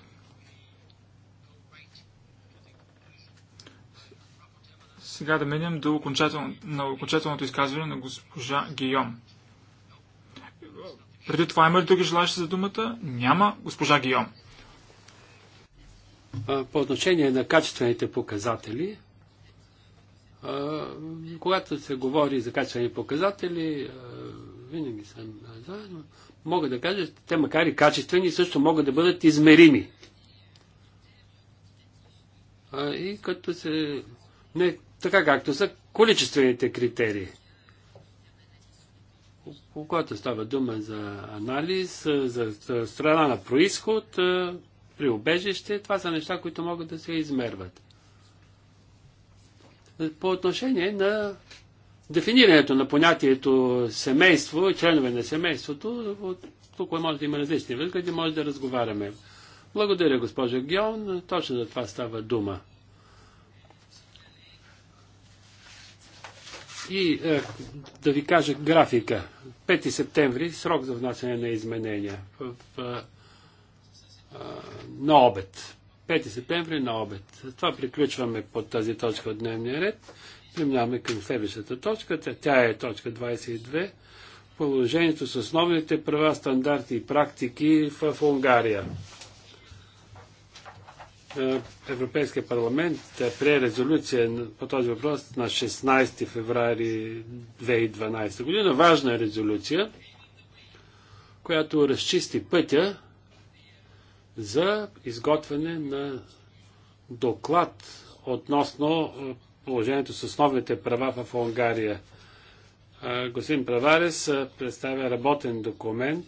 Сега да минем до окончателно, на окончателното изказване на госпожа Гийом. Преди това има ли други желащи за думата? Няма. Госпожа Гиом. По отношение на качествените показатели, когато се говори за качествени показатели, винаги съм заедно, мога да кажа, че те макар и качествени, също могат да бъдат измерими. И като се... Не, така както са количествените критерии когато става дума за анализ, за страна на происход, при убежище, това са неща, които могат да се измерват. По отношение на дефинирането на понятието семейство, членове на семейството, тук може да има различни възгледи, може да разговаряме. Благодаря, госпожа Геон. Точно за това става дума. И е, да ви кажа графика. 5 септември, срок за внасяне на изменения. В, в, в, е, е, на обед. 5 септември на обед. Това приключваме под тази точка от дневния ред. Преминаваме към следващата точка. Тя е точка 22. Положението с основните права, стандарти и практики в Унгария. Е, Европейския парламент е, прие резолюция по този въпрос на 16 феврари 2012 година. Важна е резолюция, която разчисти пътя за изготвяне на доклад относно положението с основните права в Унгария. Господин Праварес представя работен документ,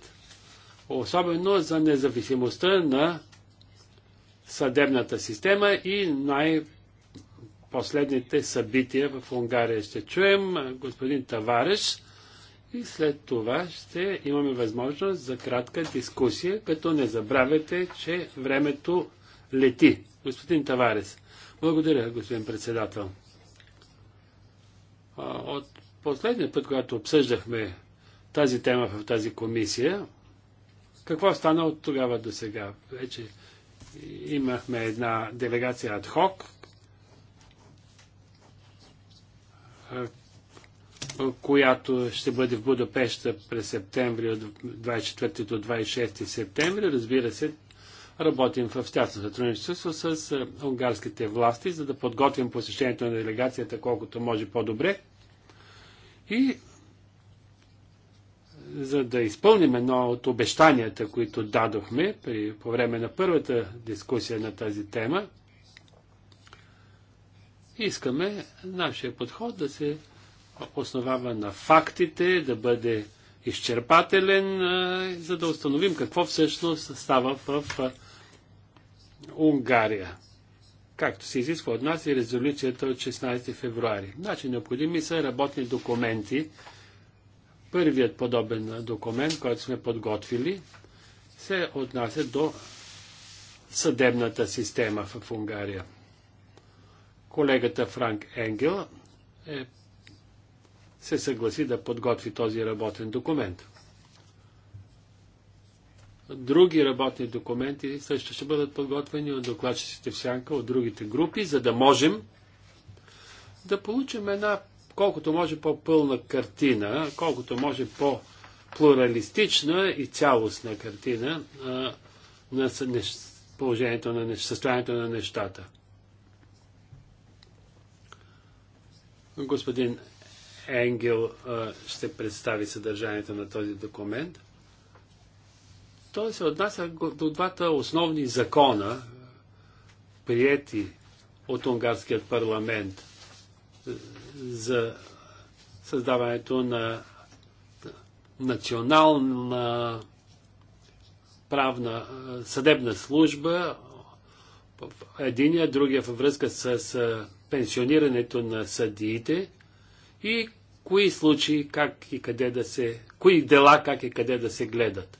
особено за независимостта на съдебната система и най- последните събития в Унгария. Ще чуем господин Тавареш и след това ще имаме възможност за кратка дискусия, като не забравяйте, че времето лети. Господин Таварес. Благодаря, господин председател. От последния път, когато обсъждахме тази тема в тази комисия, какво стана от тогава до сега? Вече имахме една делегация ад хок, която ще бъде в Будапешта през септември от 24 до 26 септември. Разбира се, работим в тясно сътрудничество с унгарските власти, за да подготвим посещението на делегацията колкото може по-добре. И за да изпълним едно от обещанията, които дадохме при, по време на първата дискусия на тази тема, искаме нашия подход да се основава на фактите, да бъде изчерпателен, за да установим какво всъщност става в Унгария. Както се изисква от нас и резолюцията от 16 февруари. Значи необходими са работни документи, Първият подобен документ, който сме подготвили, се отнася до съдебната система в Унгария. Колегата Франк Енгел е, се съгласи да подготви този работен документ. Други работни документи също ще бъдат подготвени от докладчиците в сянка, от другите групи, за да можем да получим една колкото може по-пълна картина, колкото може по-плуралистична и цялостна картина а, на положението на нещ, състоянието на нещата. Господин Енгел а, ще представи съдържанието на този документ. Той се отнася до двата основни закона, приети от унгарският парламент – за създаването на национална правна съдебна служба. Единия, другия във връзка с пенсионирането на съдиите и кои случаи, как и къде да се, кои дела, как и къде да се гледат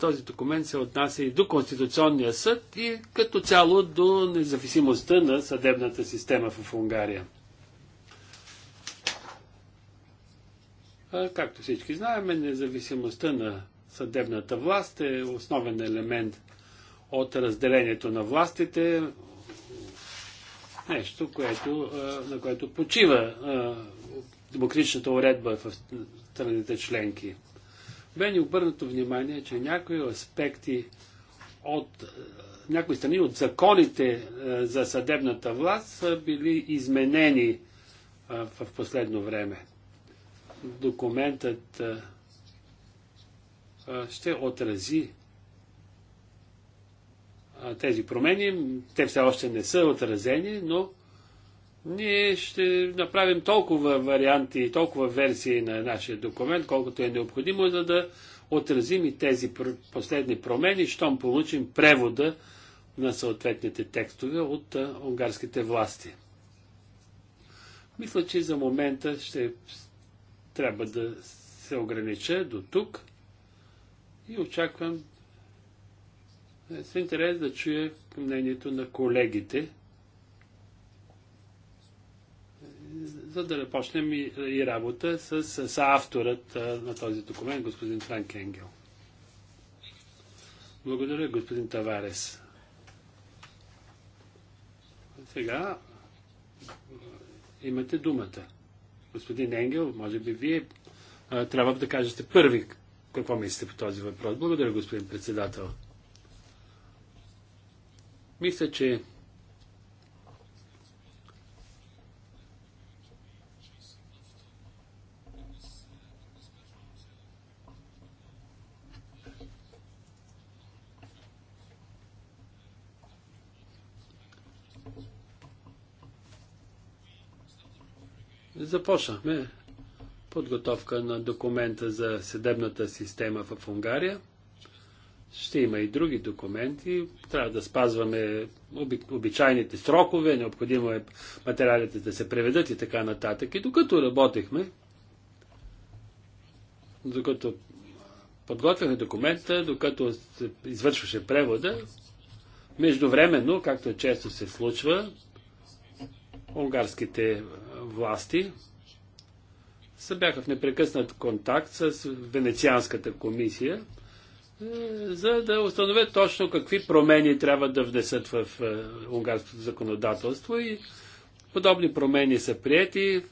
този документ се отнася и до Конституционния съд и като цяло до независимостта на съдебната система в Унгария. Както всички знаем, независимостта на съдебната власт е основен елемент от разделението на властите, нещо, което, на което почива демократичната уредба в страните членки. Бе ни обърнато внимание, че някои аспекти от е, някои страни от законите е, за съдебната власт са били изменени е, в последно време. Документът ще отрази тези промени. Те все още не са отразени, но ние ще направим толкова варианти, толкова версии на нашия документ, колкото е необходимо, за да отразим и тези последни промени, щом получим превода на съответните текстове от унгарските власти. Мисля, че за момента ще трябва да се огранича до тук и очаквам е, с интерес да чуя мнението на колегите за да започнем и, и работа с, с авторът на този документ, господин Франк Енгел. Благодаря, господин Таварес. Сега имате думата. Господин Енгел, може би вие а, трябва да кажете първи какво мислите по този въпрос. Благодаря, господин председател. Мисля, че започнахме подготовка на документа за съдебната система в Унгария. Ще има и други документи. Трябва да спазваме обичайните срокове, необходимо е материалите да се преведат и така нататък. И докато работехме, докато подготвяхме документа, докато се извършваше превода, междувременно, както често се случва, унгарските власти са бяха в непрекъснат контакт с Венецианската комисия, е, за да установят точно какви промени трябва да внесат в е, унгарското законодателство и подобни промени са приети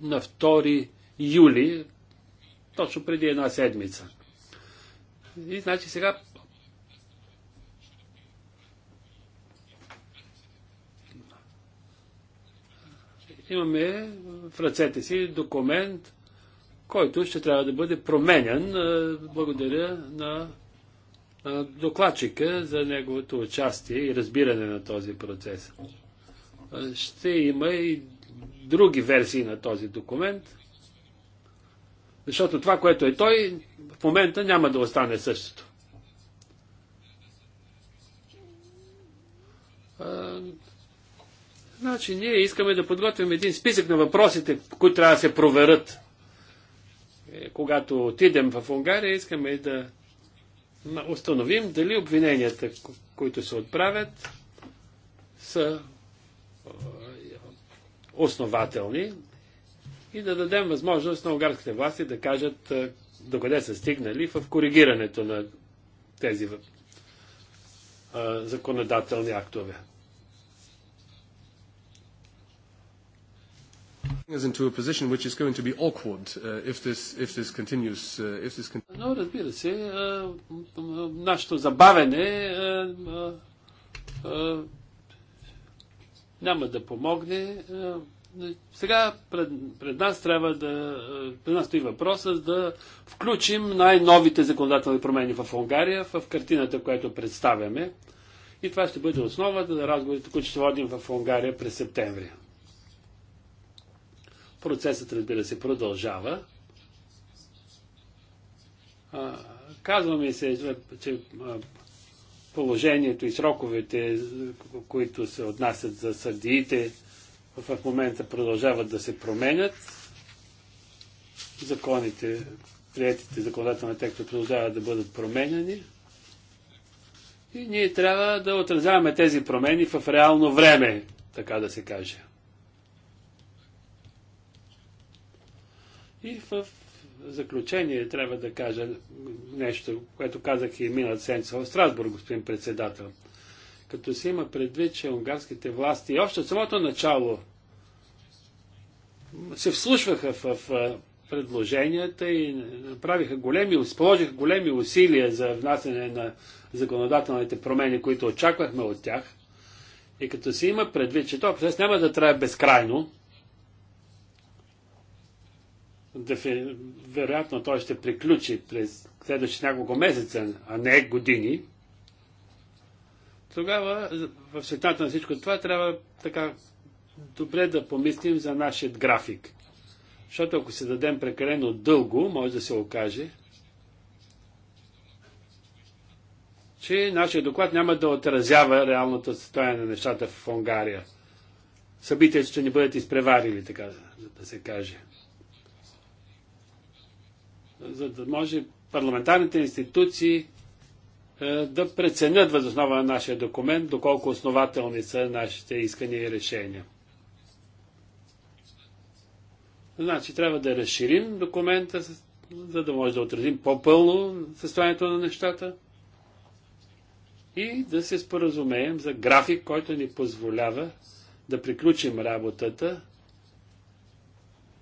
на 2 юли, точно преди една седмица. И значи сега имаме в ръцете си документ, който ще трябва да бъде променен. Благодаря на докладчика за неговото участие и разбиране на този процес. Ще има и други версии на този документ, защото това, което е той, в момента няма да остане същото. Значи ние искаме да подготвим един списък на въпросите, които трябва да се проверят. Е, когато отидем в Унгария, искаме да установим дали обвиненията, които се отправят, са е, основателни и да дадем възможност на унгарските власти да кажат е, докъде са стигнали в коригирането на тези законодателни актове. Но uh, uh, разбира се, нашето забавене няма да помогне. Сега пред, пред нас трябва да. Пред нас стои въпроса да включим най-новите законодателни промени в Унгария в картината, която представяме. И това ще бъде основата за разговорите, които ще водим в Унгария през септември. Процесът, разбира се, продължава. А, казва ми се, че положението и сроковете, които се отнасят за съдиите, в момента продължават да се променят. Законите, приятите законодателни текстове продължават да бъдат променени. И ние трябва да отразяваме тези промени в реално време, така да се каже. И в заключение трябва да кажа нещо, което казах и миналата седмица в Страсбург, господин председател. Като се има предвид, че унгарските власти още от самото начало се вслушваха в, предложенията и направиха големи, положиха големи усилия за внасяне на законодателните промени, които очаквахме от тях. И като се има предвид, че този процес няма да трябва безкрайно, вероятно той ще приключи през следващите няколко месеца, а не години, тогава в светлината на всичко това трябва така добре да помислим за нашия график. Защото ако се дадем прекалено дълго, може да се окаже, че нашия доклад няма да отразява реалното състояние на нещата в Унгария. Събитията ще ни бъдат изпреварили, така да се каже за да може парламентарните институции е, да преценят възоснова на нашия документ, доколко основателни са нашите искания и решения. Значи трябва да разширим документа, за да може да отразим по-пълно състоянието на нещата и да се споразумеем за график, който ни позволява да приключим работата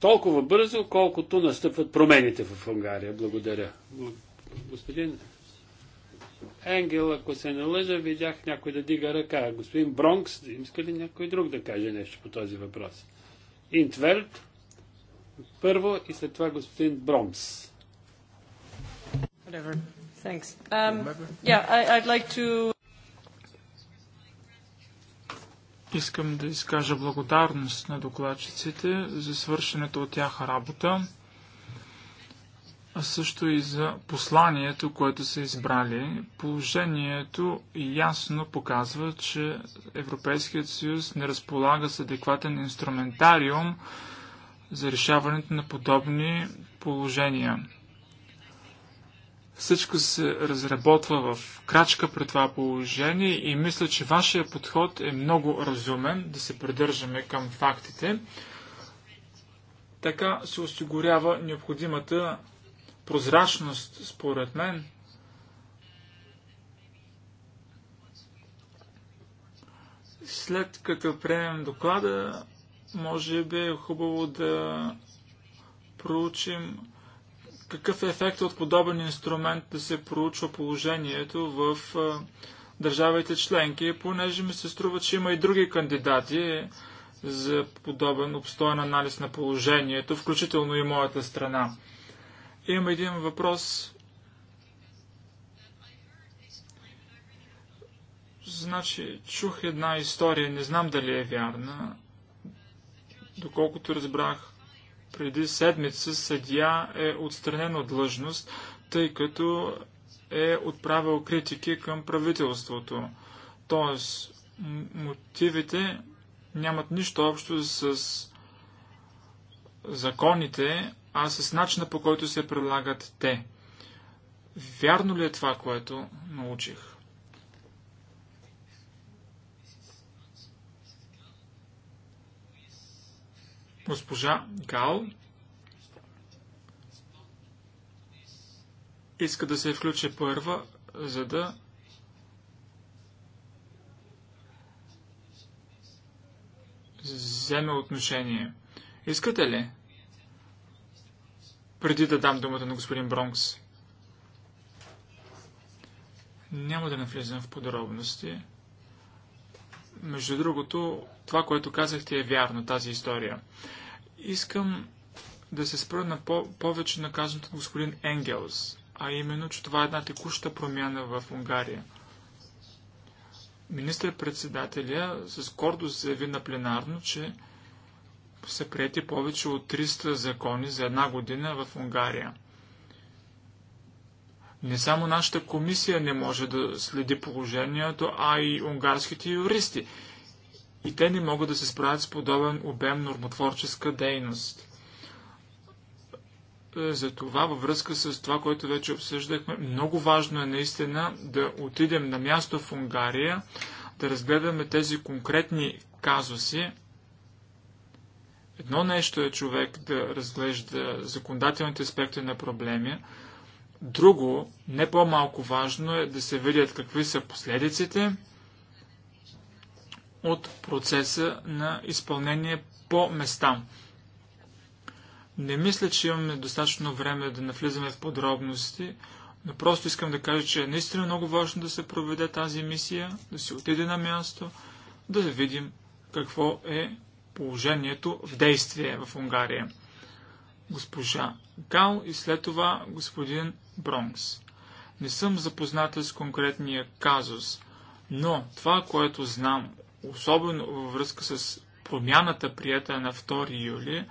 толкова бързо, колкото настъпват промените в Унгария. Благодаря. Господин Енгел, ако се не лъжа, видях някой да дига ръка. Господин Бронкс, иска ли някой друг да каже нещо по този въпрос? Интверд, първо и след това господин Бронкс. Whatever. Thanks. Um, yeah, I, I'd like to... Искам да изкажа благодарност на докладчиците за свършената от тях работа, а също и за посланието, което са избрали. Положението ясно показва, че Европейският съюз не разполага с адекватен инструментариум за решаването на подобни положения. Всичко се разработва в крачка при това положение и мисля, че вашия подход е много разумен да се придържаме към фактите. Така се осигурява необходимата прозрачност, според мен, след като приемем доклада, може би е хубаво да проучим какъв е ефектът от подобен инструмент да се проучва положението в държавите членки, понеже ми се струва, че има и други кандидати за подобен обстоен анализ на положението, включително и моята страна. Имам един въпрос. Значи, чух една история, не знам дали е вярна. Доколкото разбрах, преди седмица съдия е отстранен от длъжност, тъй като е отправил критики към правителството. Тоест, мотивите нямат нищо общо с законите, а с начина по който се предлагат те. Вярно ли е това, което научих? Госпожа Гал иска да се включи първа, за да вземе отношение. Искате ли? Преди да дам думата на господин Бронкс. Няма да навлизам в подробности. Между другото, това, което казахте е вярно, тази история. Искам да се спра на по- повече на казаното господин Енгелс, а именно, че това е една текуща промяна в Унгария. Министър-председателя с гордост заяви на пленарно, че са прияти повече от 300 закони за една година в Унгария. Не само нашата комисия не може да следи положението, а и унгарските юристи и те не могат да се справят с подобен обем нормотворческа дейност. Е, затова във връзка с това, което вече обсъждахме, много важно е наистина да отидем на място в Унгария, да разгледаме тези конкретни казуси. Едно нещо е човек да разглежда законодателните аспекти на проблеми, друго, не по-малко важно е да се видят какви са последиците, от процеса на изпълнение по местам. Не мисля, че имаме достатъчно време да навлизаме в подробности, но просто искам да кажа, че е наистина много важно да се проведе тази мисия, да се отиде на място, да видим какво е положението в действие в Унгария. Госпожа Гал и след това господин Бронкс. Не съм запозната с конкретния казус, но това, което знам особено във връзка с промяната прията на 2 юли,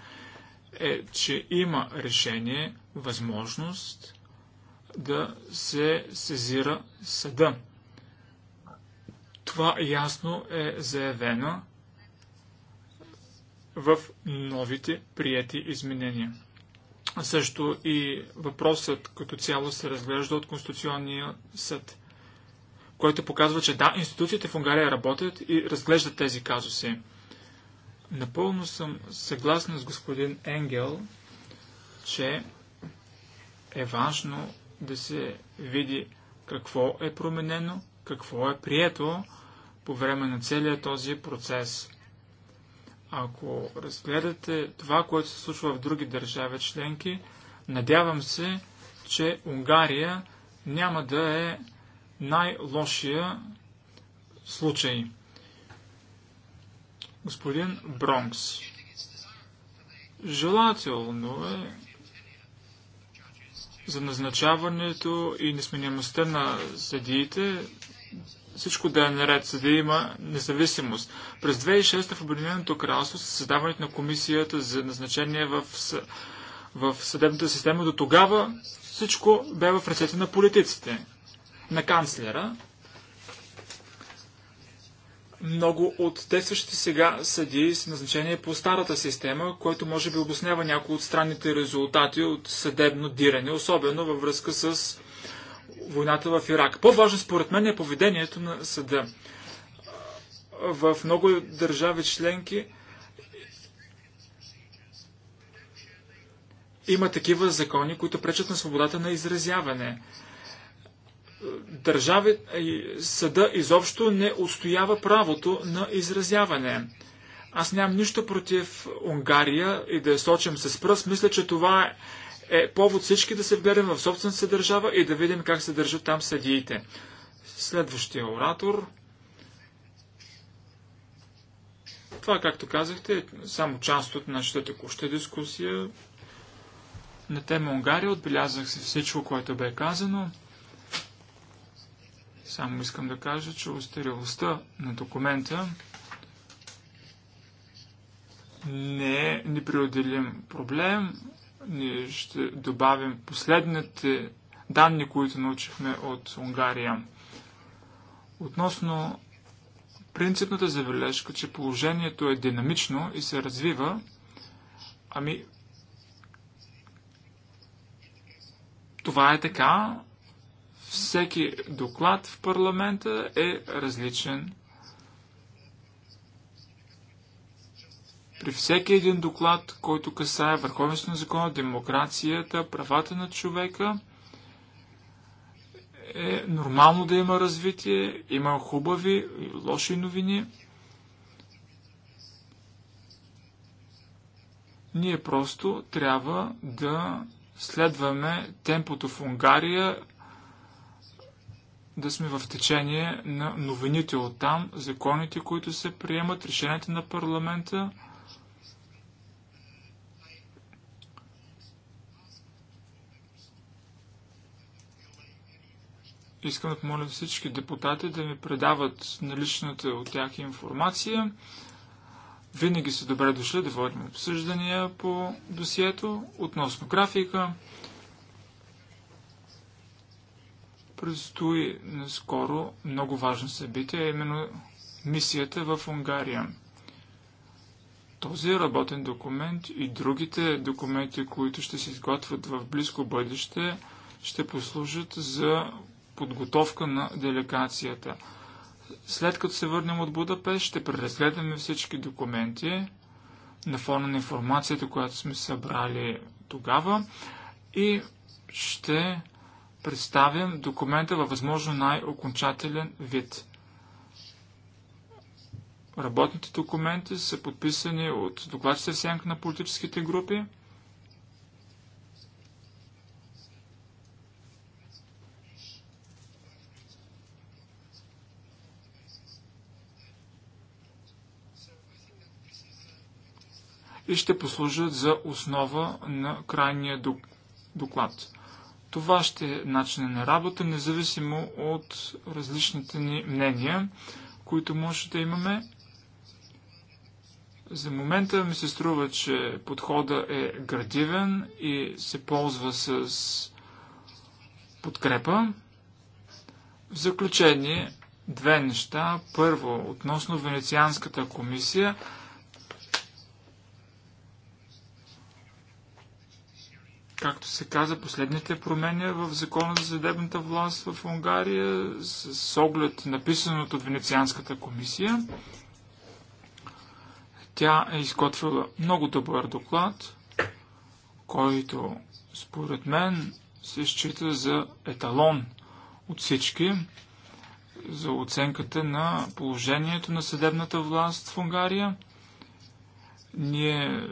е, че има решение, възможност да се сезира съда. Това ясно е заявено в новите прияти изменения. Също и въпросът като цяло се разглежда от Конституционния съд което показва, че да, институциите в Унгария работят и разглеждат тези казуси. Напълно съм съгласен с господин Енгел, че е важно да се види какво е променено, какво е прието по време на целия този процес. Ако разгледате това, което се случва в други държави членки, надявам се, че Унгария няма да е най-лошия случай. Господин Бронкс. Желателно е за назначаването и несменимостта на съдиите всичко да е наред, за да има независимост. През 2006 в Обединеното кралство със създаването на комисията за назначение в, в съдебната система до тогава всичко бе в ръцете на политиците на канцлера. Много от действащите сега съди с назначение по старата система, което може би обяснява някои от странните резултати от съдебно диране, особено във връзка с войната в Ирак. По-важно според мен е поведението на съда. В много държави членки има такива закони, които пречат на свободата на изразяване държави, съда изобщо не устоява правото на изразяване. Аз нямам нищо против Унгария и да я сочим с пръст. Мисля, че това е повод всички да се вгледам в собствената си държава и да видим как се държат там съдиите. Следващия оратор. Това, както казахте, е само част от нашата текуща дискусия. На тема Унгария отбелязах се всичко, което бе казано. Само искам да кажа, че устарелостта на документа не е непреоделим проблем. Ние ще добавим последните данни, които научихме от Унгария. Относно принципната забележка, че положението е динамично и се развива, ами това е така всеки доклад в парламента е различен. При всеки един доклад, който касае върховенство на закона, демокрацията, правата на човека, е нормално да има развитие, има хубави и лоши новини. Ние просто трябва да следваме темпото в Унгария да сме в течение на новините от там, законите, които се приемат, решенията на парламента. Искам да помоля всички депутати да ми предават наличната от тях информация. Винаги са добре дошли да водим обсъждания по досието относно графика. Предстои наскоро много важно събитие, именно мисията в Унгария. Този работен документ и другите документи, които ще се изготвят в близко бъдеще, ще послужат за подготовка на делегацията. След като се върнем от Будапешт, ще преразгледаме всички документи на фона на информацията, която сме събрали тогава и ще представим документа във възможно най-окончателен вид. Работните документи са подписани от докладчите в на политическите групи. и ще послужат за основа на крайния доклад. Това ще е начин на работа, независимо от различните ни мнения, които може да имаме. За момента ми се струва, че подхода е градивен и се ползва с подкрепа. В заключение, две неща. Първо, относно Венецианската комисия – Както се каза, последните промени в закона за съдебната власт в Унгария с оглед написаното от Венецианската комисия. Тя е изготвила много добър доклад, който според мен се счита за еталон от всички за оценката на положението на съдебната власт в Унгария. Ние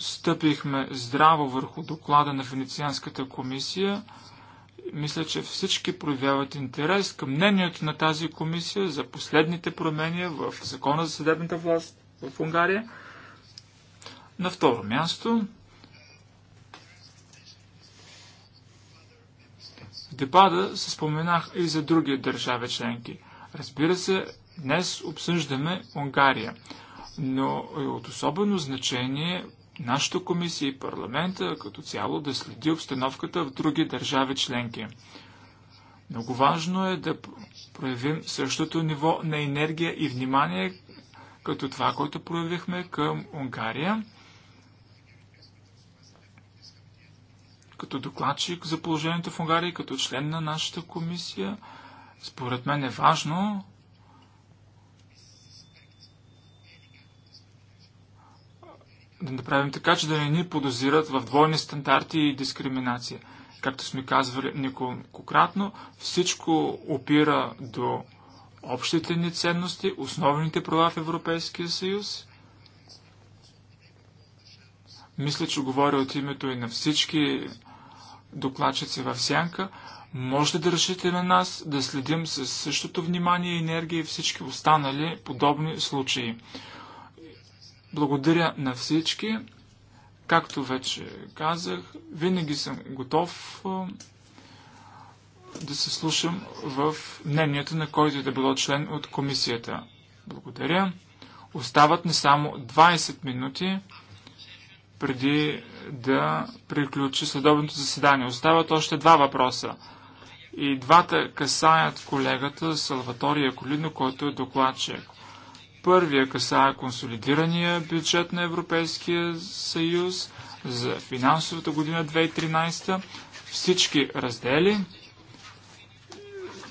стъпихме здраво върху доклада на Венецианската комисия. Мисля, че всички проявяват интерес към мнението на тази комисия за последните промени в Закона за съдебната власт в Унгария. На второ място, в дебада се споменах и за други държави членки. Разбира се, днес обсъждаме Унгария, но е от особено значение нашата комисия и парламента като цяло да следи обстановката в други държави членки. Много важно е да проявим същото ниво на енергия и внимание като това, което проявихме към Унгария. Като докладчик за положението в Унгария, като член на нашата комисия, според мен е важно да направим така, че да не ни подозират в двойни стандарти и дискриминация. Както сме казвали неколкократно, всичко опира до общите ни ценности, основните права в Европейския съюз. Мисля, че говоря от името и на всички докладчици в Сянка. може да решите на нас да следим със същото внимание и енергия всички останали подобни случаи. Благодаря на всички. Както вече казах, винаги съм готов да се слушам в мнението на който е да било член от комисията. Благодаря. Остават ни само 20 минути преди да приключи следобното заседание. Остават още два въпроса. И двата касаят колегата Салватория Колино, който е докладчик. Първия касае консолидирания бюджет на Европейския съюз за финансовата година 2013. Всички раздели.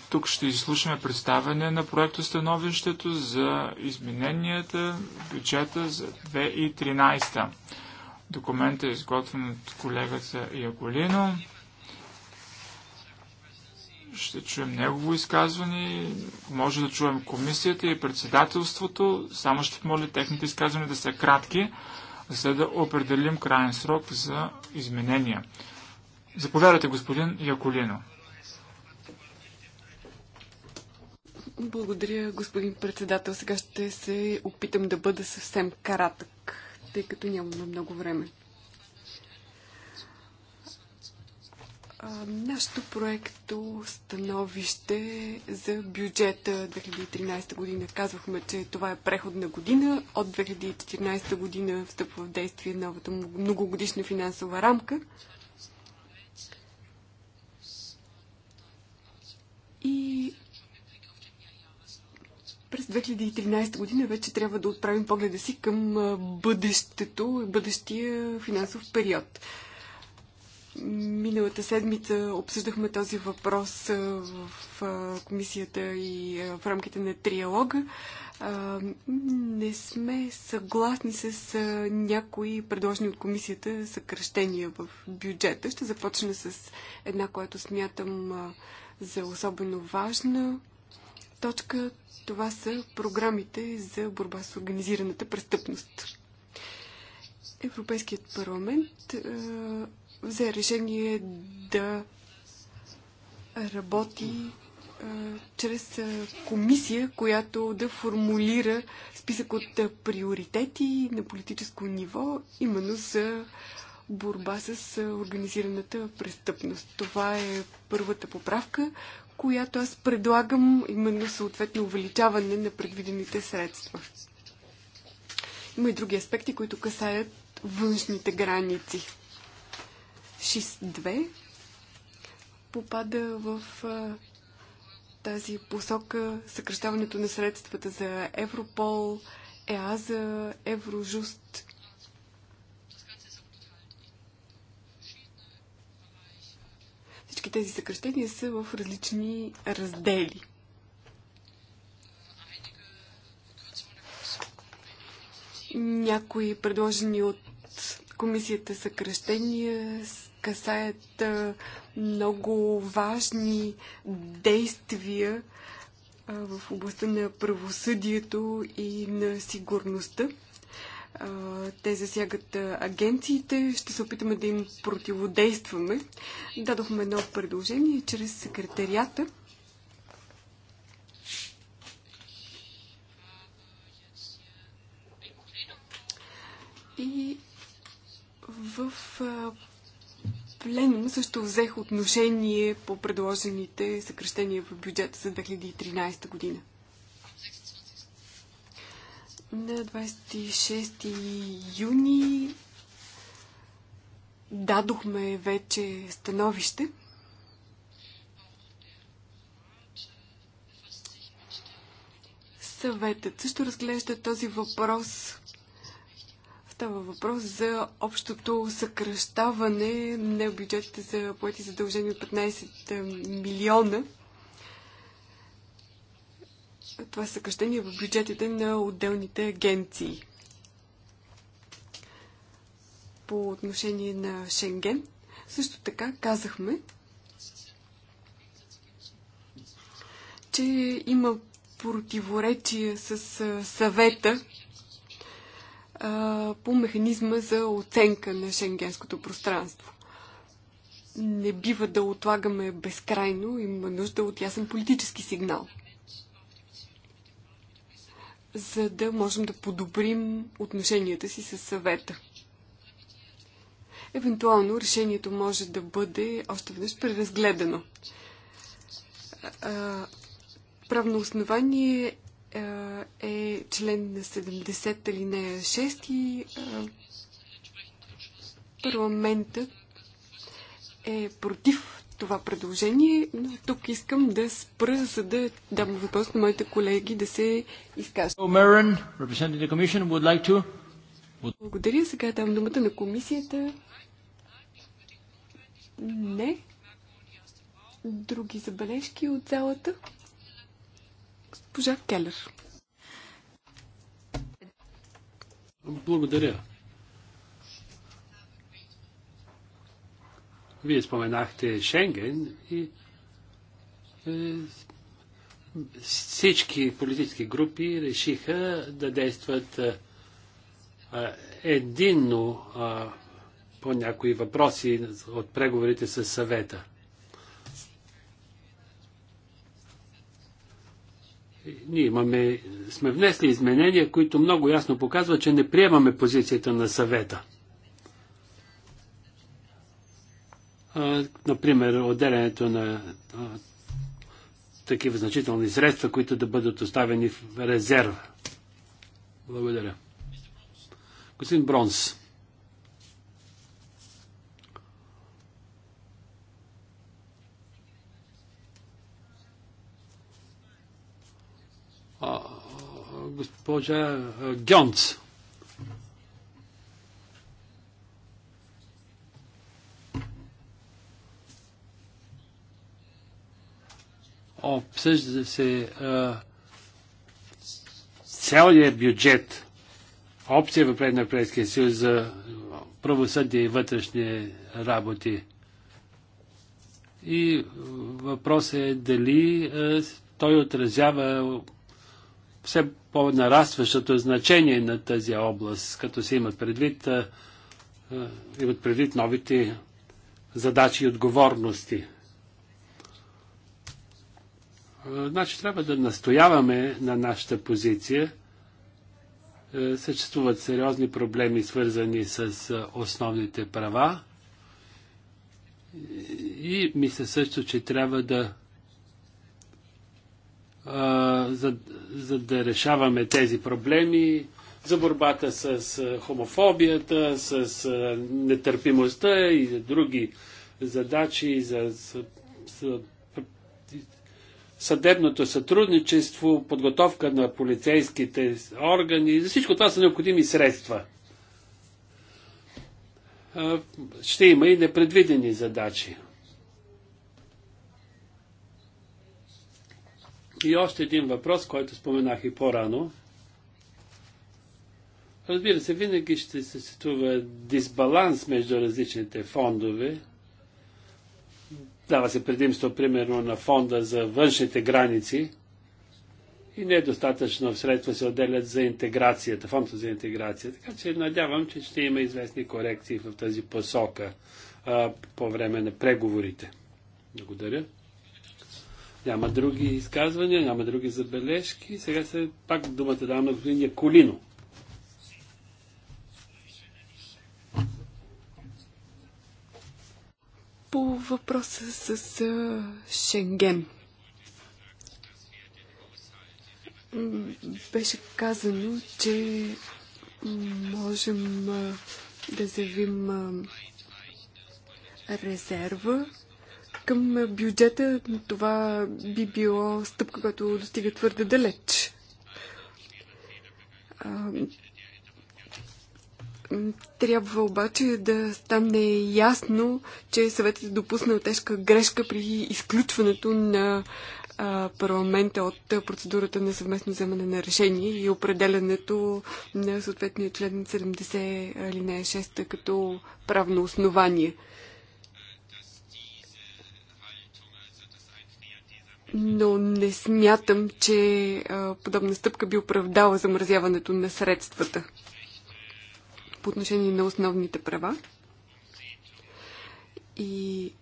Тук ще изслушаме представяне на проекта становището за измененията в бюджета за 2013. Документът е изготвен от колегата Яколино. Ще чуем негово изказване, може да чуем комисията и председателството. Само ще помоля техните изказвания да са кратки, за да определим крайен срок за изменения. Заповядайте, господин Яколино. Благодаря, господин председател. Сега ще се опитам да бъда съвсем кратък, тъй като нямаме много време. нашето проекто становище за бюджета 2013 година. Казвахме, че това е преходна година. От 2014 година встъпва в действие новата многогодишна финансова рамка. И през 2013 година вече трябва да отправим погледа си към бъдещето, бъдещия финансов период. Миналата седмица обсъждахме този въпрос в комисията и в рамките на триалога. Не сме съгласни с някои предложени от комисията съкръщения в бюджета. Ще започна с една, която смятам за особено важна точка. Това са програмите за борба с организираната престъпност. Европейският парламент взе решение да работи а, чрез комисия, която да формулира списък от а, приоритети на политическо ниво, именно за борба с а, организираната престъпност. Това е първата поправка, която аз предлагам именно съответно увеличаване на предвидените средства. Има и други аспекти, които касаят външните граници. 6.2 попада в тази посока съкръщаването на средствата за Европол, ЕАЗа, Еврожуст. Всички тези съкръщения са в различни раздели. Някои предложени от комисията съкръщения касаят много важни действия в областта на правосъдието и на сигурността. Те засягат агенциите. Ще се опитаме да им противодействаме. Дадохме едно предложение чрез секретарията. И в пленум също взех отношение по предложените съкрещения в бюджета за 2013 година. На 26 юни дадохме вече становище. Съветът също разглежда този въпрос Става въпрос за общото съкръщаване на бюджетите за плати задължения от 15 милиона. Това е съкръщение в бюджетите на отделните агенции. По отношение на Шенген, също така казахме, че има противоречия с е, съвета а, по механизма за оценка на шенгенското пространство. Не бива да отлагаме безкрайно, има нужда от ясен политически сигнал, за да можем да подобрим отношенията си с съвета. Евентуално решението може да бъде още веднъж преразгледано правно основание е, е член на 70 алинея 6 и е, парламентът е против това предложение, но тук искам да спра, за да дам въпрос на моите колеги да се изкажат. Благодаря. Сега давам думата на комисията. Не. Други забележки от залата? Госпожа Келер. Благодаря. Вие споменахте Шенген и е, всички политически групи решиха да действат е, единно е, по някои въпроси от преговорите с съвета. Ние имаме, сме внесли изменения, които много ясно показват, че не приемаме позицията на съвета. А, например, отделянето на а, такива значителни средства, които да бъдат оставени в резерва. Благодаря. Господин Бронс. госпожа Гьонц. Обсъжда се целият бюджет, общия в на Европейския съюз за правосъдие и вътрешни работи. И въпросът е дали а, той отразява все по-нарастващото значение на тази област, като се имат предвид, имат предвид новите задачи и отговорности. Значи трябва да настояваме на нашата позиция. Е, съществуват сериозни проблеми, свързани с основните права. И мисля също, че трябва да за, за да решаваме тези проблеми, за борбата с хомофобията, с нетърпимостта и за други задачи, за, за, за съдебното сътрудничество, подготовка на полицейските органи. За всичко това са необходими средства. Ще има и непредвидени задачи. И още един въпрос, който споменах и по-рано. Разбира се, винаги ще се ситува дисбаланс между различните фондове. Дава се предимство, примерно, на фонда за външните граници и недостатъчно средства се отделят за интеграцията, фонда за интеграция. Така че надявам, че ще има известни корекции в тази посока а, по време на преговорите. Благодаря. Няма други изказвания, няма други забележки. Сега се пак думата давам на господин Яколино. По въпроса с Шенген. Беше казано, че можем да заявим резерва към бюджета, това би било стъпка, която достига твърде далеч. Трябва обаче да стане ясно, че съветът е допуснал тежка грешка при изключването на парламента от процедурата на съвместно вземане на решение и определенето на съответния член 70 алинея 6 като правно основание. но не смятам, че подобна стъпка би оправдала замразяването на средствата по отношение на основните права. И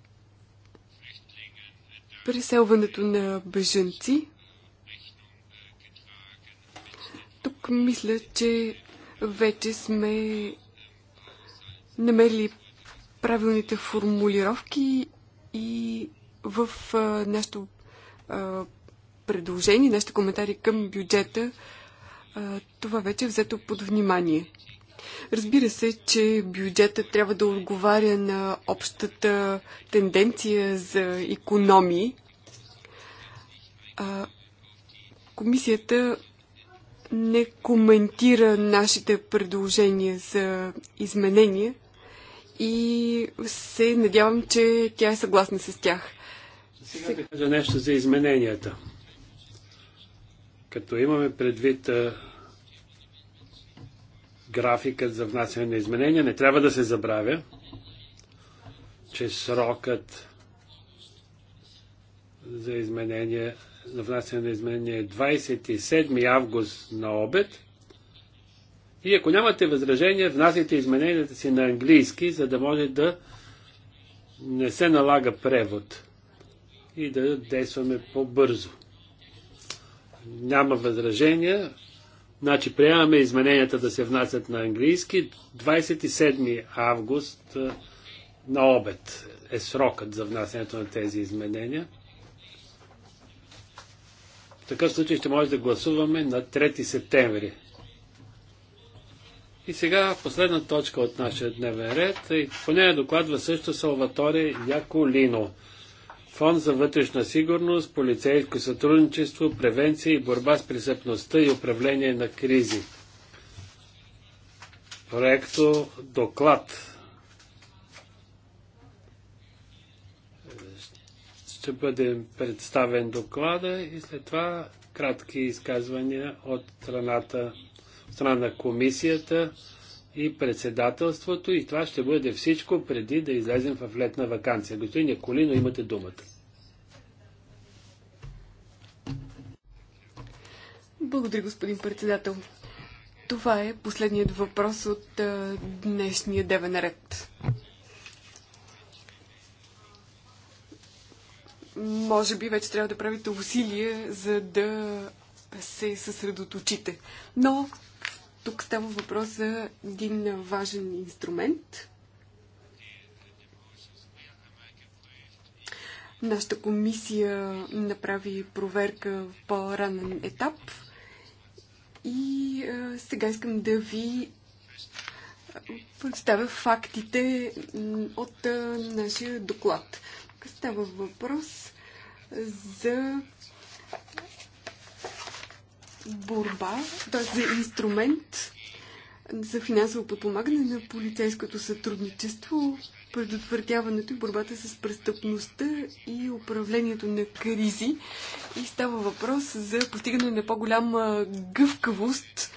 преселването на бежанци. Тук мисля, че вече сме намерили правилните формулировки и в нашето предложения, нашите коментари към бюджета, това вече е взето под внимание. Разбира се, че бюджетът трябва да отговаря на общата тенденция за економии. Комисията не коментира нашите предложения за изменения и се надявам, че тя е съгласна с тях. Сега ще кажа нещо за измененията. Като имаме предвид графикът за внасяне на изменения, не трябва да се забравя, че срокът за изменение, за внасяне на изменение е 27 август на обед. И ако нямате възражение, внасяйте измененията си на английски, за да може да не се налага превод и да действаме по-бързо. Няма възражения. Значи приемаме измененията да се внасят на английски. 27 август на обед е срокът за внасянето на тези изменения. В такъв случай ще може да гласуваме на 3 септември. И сега последна точка от нашия дневен ред. И по нея докладва също Салваторе Яколино. Фонд за вътрешна сигурност, полицейско сътрудничество, превенция и борба с престъпността и управление на кризи. Проекто доклад. Ще бъде представен доклада и след това кратки изказвания от страната, страна на комисията и председателството и това ще бъде всичко преди да излезем в летна вакансия. Господин Яколино, имате думата. Благодаря, господин председател. Това е последният въпрос от а, днешния девен ред. Може би вече трябва да правите усилие, за да се съсредоточите. Но тук става въпрос за един важен инструмент. Нашата комисия направи проверка в по-ранен етап и а, сега искам да ви представя фактите от а, нашия доклад. Става въпрос за борба, т.е. за инструмент за финансово подпомагане на полицейското сътрудничество, предотвратяването и борбата с престъпността и управлението на кризи. И става въпрос за постигане на по-голяма гъвкавост,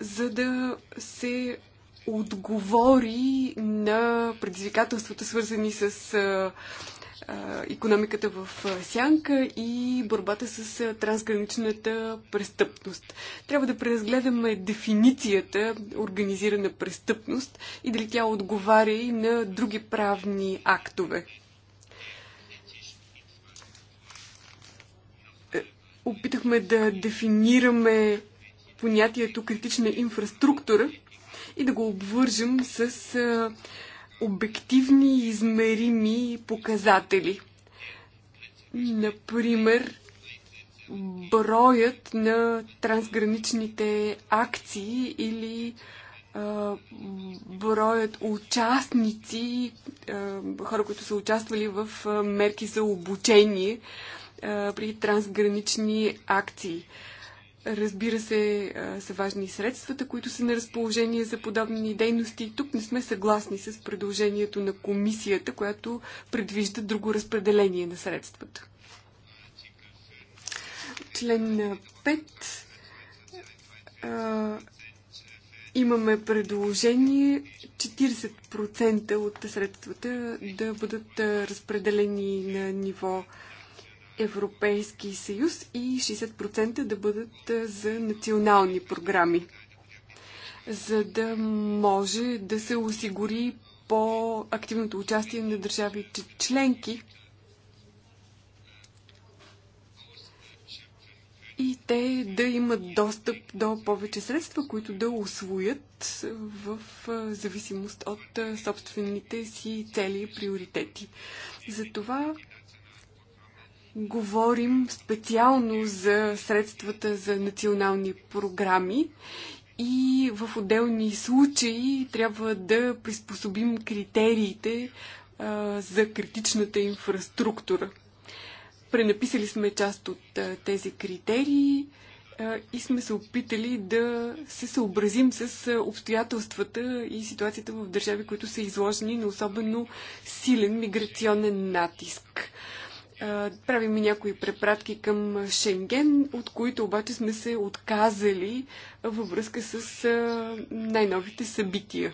за да се отговори на предизвикателствата, свързани с економиката в сянка и борбата с трансграничната престъпност. Трябва да преразгледаме дефиницията организирана престъпност и дали тя отговаря и на други правни актове. Е, опитахме да дефинираме понятието критична инфраструктура и да го обвържем с обективни и измерими показатели. Например, броят на трансграничните акции или а, броят участници, а, хора, които са участвали в мерки за обучение а, при трансгранични акции. А, Разбира се, са важни средствата, които са на разположение за подобни дейности. Тук не сме съгласни с предложението на комисията, която предвижда друго разпределение на средствата. Член 5. А, имаме предложение 40% от средствата да бъдат разпределени на ниво а, Европейски съюз и 60% да бъдат за национални програми, за да може да се осигури по-активното участие на държавите членки и те да имат достъп до повече средства, които да освоят в зависимост от собствените си цели и приоритети. Затова говорим специално за средствата за национални програми и в отделни случаи трябва да приспособим критериите а, за критичната инфраструктура. Пренаписали сме част от а, тези критерии а, и сме се опитали да се съобразим с обстоятелствата и ситуацията в държави, които са изложени на особено силен миграционен натиск правим някои препратки към Шенген, от които обаче сме се отказали във връзка с най-новите събития.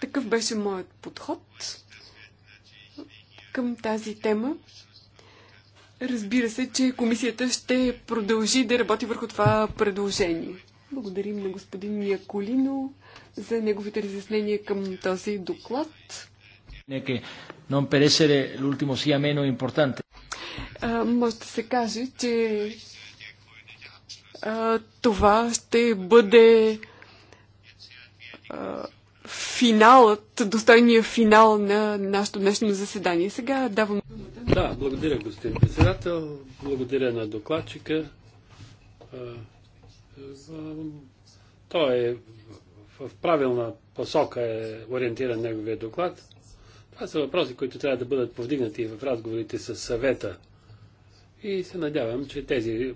Такъв беше моят подход към тази тема. Разбира се, че комисията ще продължи да работи върху това предложение. Благодарим на господин Яколино за неговите разяснения към този доклад може да се каже, че а, това ще бъде а, финалът, достойният финал на нашето днешно заседание. Сега давам Да, благодаря, господин председател. Благодаря на докладчика. Той е в правилна посока е ориентиран неговия доклад. Това са въпроси, които трябва да бъдат повдигнати в разговорите с съвета. И се надявам, че тези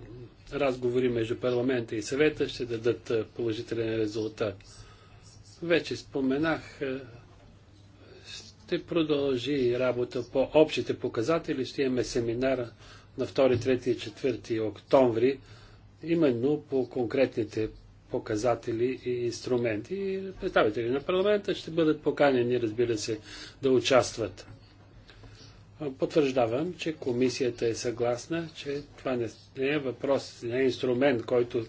разговори между парламента и съвета ще дадат положителен резултат. Вече споменах, ще продължи работа по общите показатели. Ще имаме семинар на 2, 3 и 4 октомври, именно по конкретните показатели и инструменти. И представители на парламента ще бъдат поканени, разбира се, да участват. Потвърждавам, че комисията е съгласна, че това не е въпрос, не е инструмент, който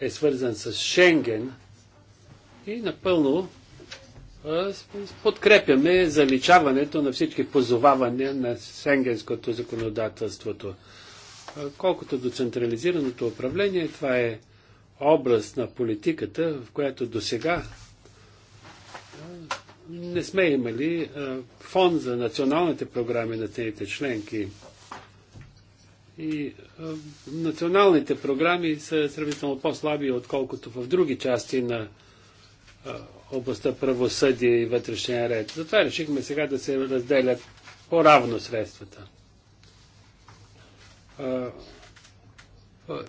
е свързан с Шенген и напълно подкрепяме заличаването на всички позовавания на Шенгенското законодателството. Колкото до централизираното управление, това е област на политиката, в която до сега не сме имали фонд за националните програми на страните членки. И националните програми са сравнително по-слаби, отколкото в други части на областта правосъдие и вътрешен ред. Затова решихме сега да се разделят по-равно средствата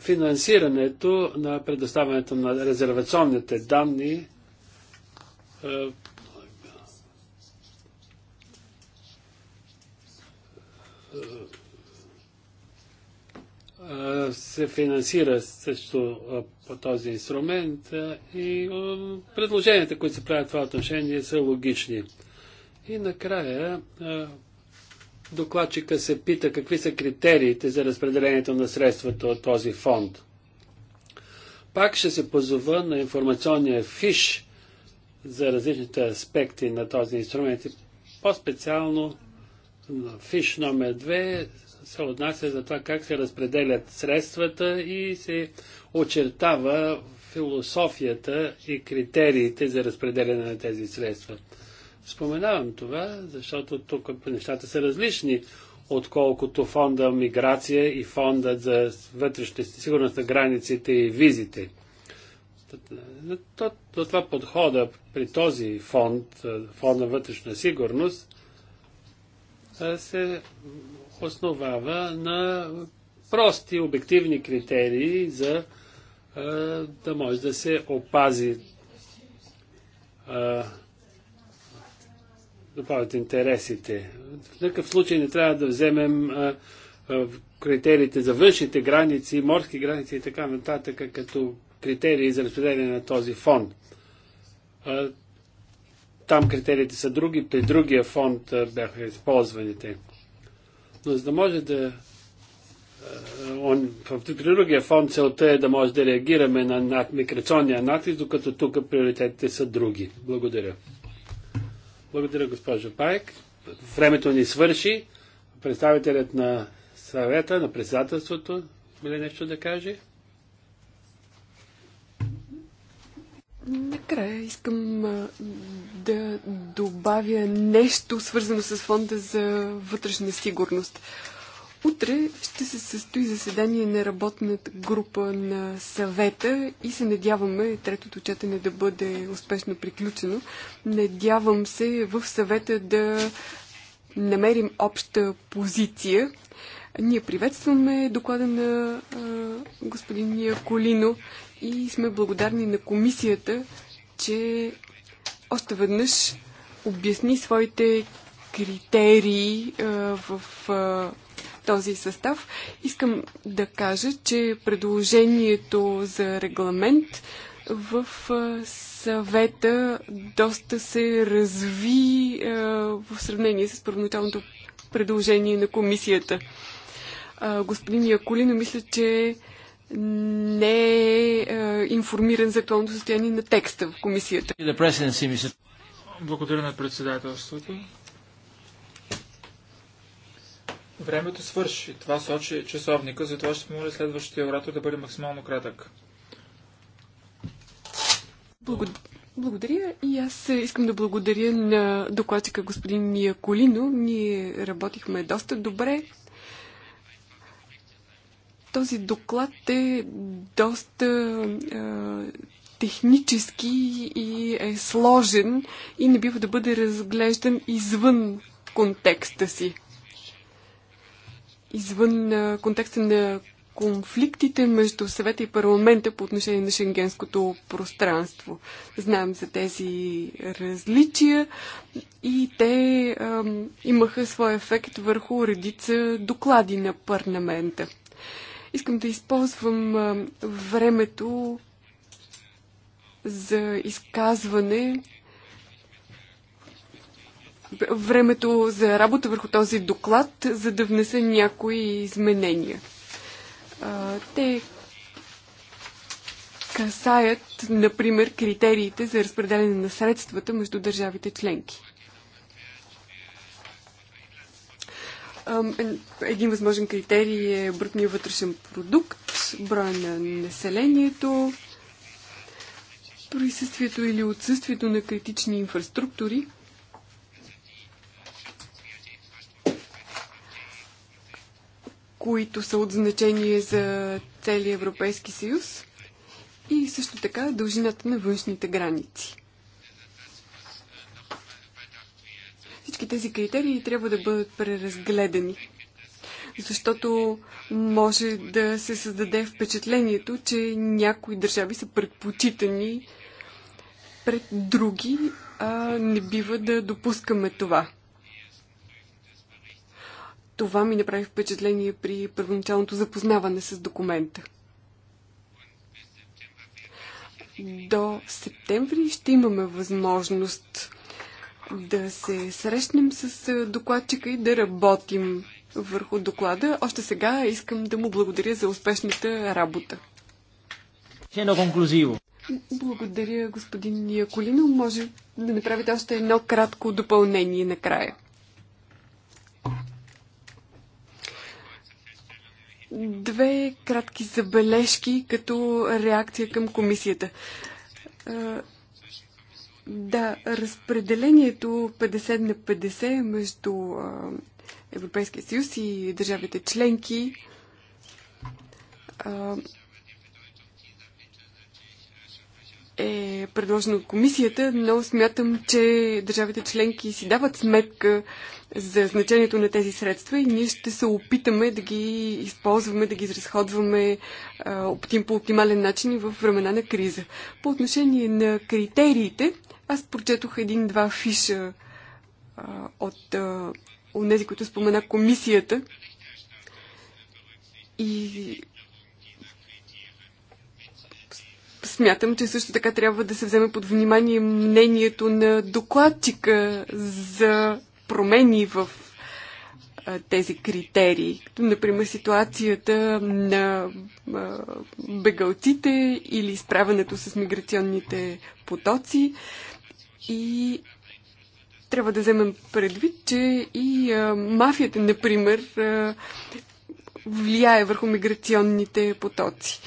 финансирането на предоставянето на резервационните данни е, е, се финансира също е, по този инструмент и предложенията, които се правят в това отношение, са логични. И накрая Докладчика се пита какви са критериите за разпределението на средствата от този фонд. Пак ще се позова на информационния фиш за различните аспекти на този инструмент. По-специално фиш номер 2 се отнася за това как се разпределят средствата и се очертава философията и критериите за разпределяне на тези средства. Споменавам това, защото тук нещата са различни, отколкото фонда миграция и фонда за вътрешна сигурност на границите и визите. До това подхода при този фонд, фонда вътрешна сигурност, се основава на прости обективни критерии за да може да се опази добавят интересите. В такъв случай не трябва да вземем а, а, критериите за външните граници, морски граници и така нататък, като критерии за разпределение на този фонд. А, там критериите са други, при другия фонд а, бяха използваните. Но за да може да он, в другия фонд целта е да може да реагираме на миграционния натиск, докато тук приоритетите са други. Благодаря. Благодаря, госпожо Паек. Времето ни свърши. Представителят на съвета, на председателството, има ли нещо да каже? Накрая искам да добавя нещо свързано с фонда за вътрешна сигурност. Утре ще се състои заседание на работната група на съвета и се надяваме третото четене да бъде успешно приключено. Надявам се в съвета да намерим обща позиция. Ние приветстваме доклада на а, господин Колино и сме благодарни на комисията, че още веднъж обясни своите критерии а, в а, този състав. Искам да кажа, че предложението за регламент в съвета доста се разви в сравнение с първоначалното предложение на комисията. господин Якулин, мисля, че не е, е информиран за актуалното състояние на текста в комисията. Благодаря на председателството. Времето свърши. Това сочи часовника, затова ще помоля следващия оратор да бъде максимално кратък. Благодаря. Благодаря и аз искам да благодаря на докладчика господин Мия Колино. Ние работихме доста добре. Този доклад е доста е, технически и е сложен и не бива да бъде разглеждан извън контекста си извън контекста на конфликтите между съвета и парламента по отношение на шенгенското пространство. Знаем за тези различия и те а, имаха своя ефект върху редица доклади на парламента. Искам да използвам а, времето за изказване времето за работа върху този доклад, за да внеса някои изменения. Те касаят, например, критериите за разпределение на средствата между държавите членки. Един възможен критерий е брутния вътрешен продукт, броя на населението, присъствието или отсъствието на критични инфраструктури – които са от значение за целия Европейски съюз и също така дължината на външните граници. Всички тези критерии трябва да бъдат преразгледани, защото може да се създаде впечатлението, че някои държави са предпочитани пред други, а не бива да допускаме това. Това ми направи впечатление при първоначалното запознаване с документа. До септември ще имаме възможност да се срещнем с докладчика и да работим върху доклада. Още сега искам да му благодаря за успешната работа. Благодаря, господин Яколино. Може да направите още едно кратко допълнение накрая. Две кратки забележки като реакция към комисията. Да, разпределението 50 на 50 между Европейския съюз и държавите членки е предложено от комисията, но смятам, че държавите членки си дават сметка за значението на тези средства и ние ще се опитаме да ги използваме, да ги изразходваме по оптимален начин и в времена на криза. По отношение на критериите, аз прочетох един-два фиша от тези, които спомена комисията и Смятам, че също така трябва да се вземе под внимание мнението на докладчика за промени в тези критерии. Например, ситуацията на бегалците или справянето с миграционните потоци. И трябва да вземем предвид, че и мафията, например, влияе върху миграционните потоци.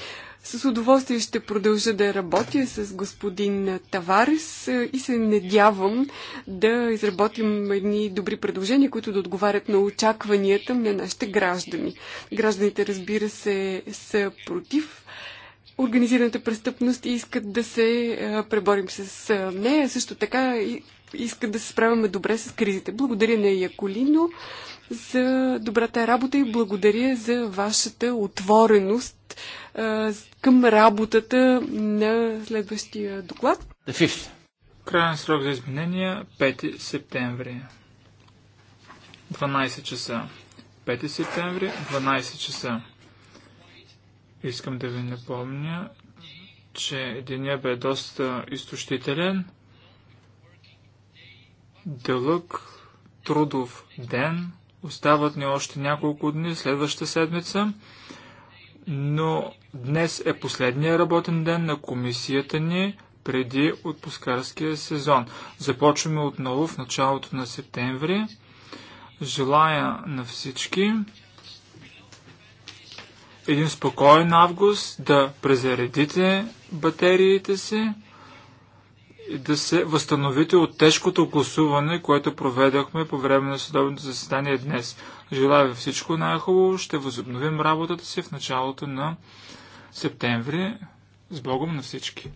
С удоволствие ще продължа да работя с господин Таварес е, и се надявам да изработим едни добри предложения, които да отговарят на очакванията на нашите граждани. Гражданите, разбира се, са против организираната престъпност и искат да се е, преборим с е, нея. Също така искат да се справяме добре с кризите. Благодаря на Яколино за добрата работа и благодаря за вашата отвореност а, към работата на следващия доклад. Крайен срок за изменения 5 септември. 12 часа. 5 септември, 12 часа. Искам да ви напомня, че деня бе доста изтощителен, дълъг трудов ден. Остават ни още няколко дни, следващата седмица, но днес е последния работен ден на комисията ни преди отпускарския сезон. Започваме отново в началото на септември. Желая на всички един спокоен август, да презаредите батериите си да се възстановите от тежкото гласуване, което проведахме по време на съдобното заседание днес. Желая ви всичко най-хубаво. Ще възобновим работата си в началото на септември. С Богом на всички!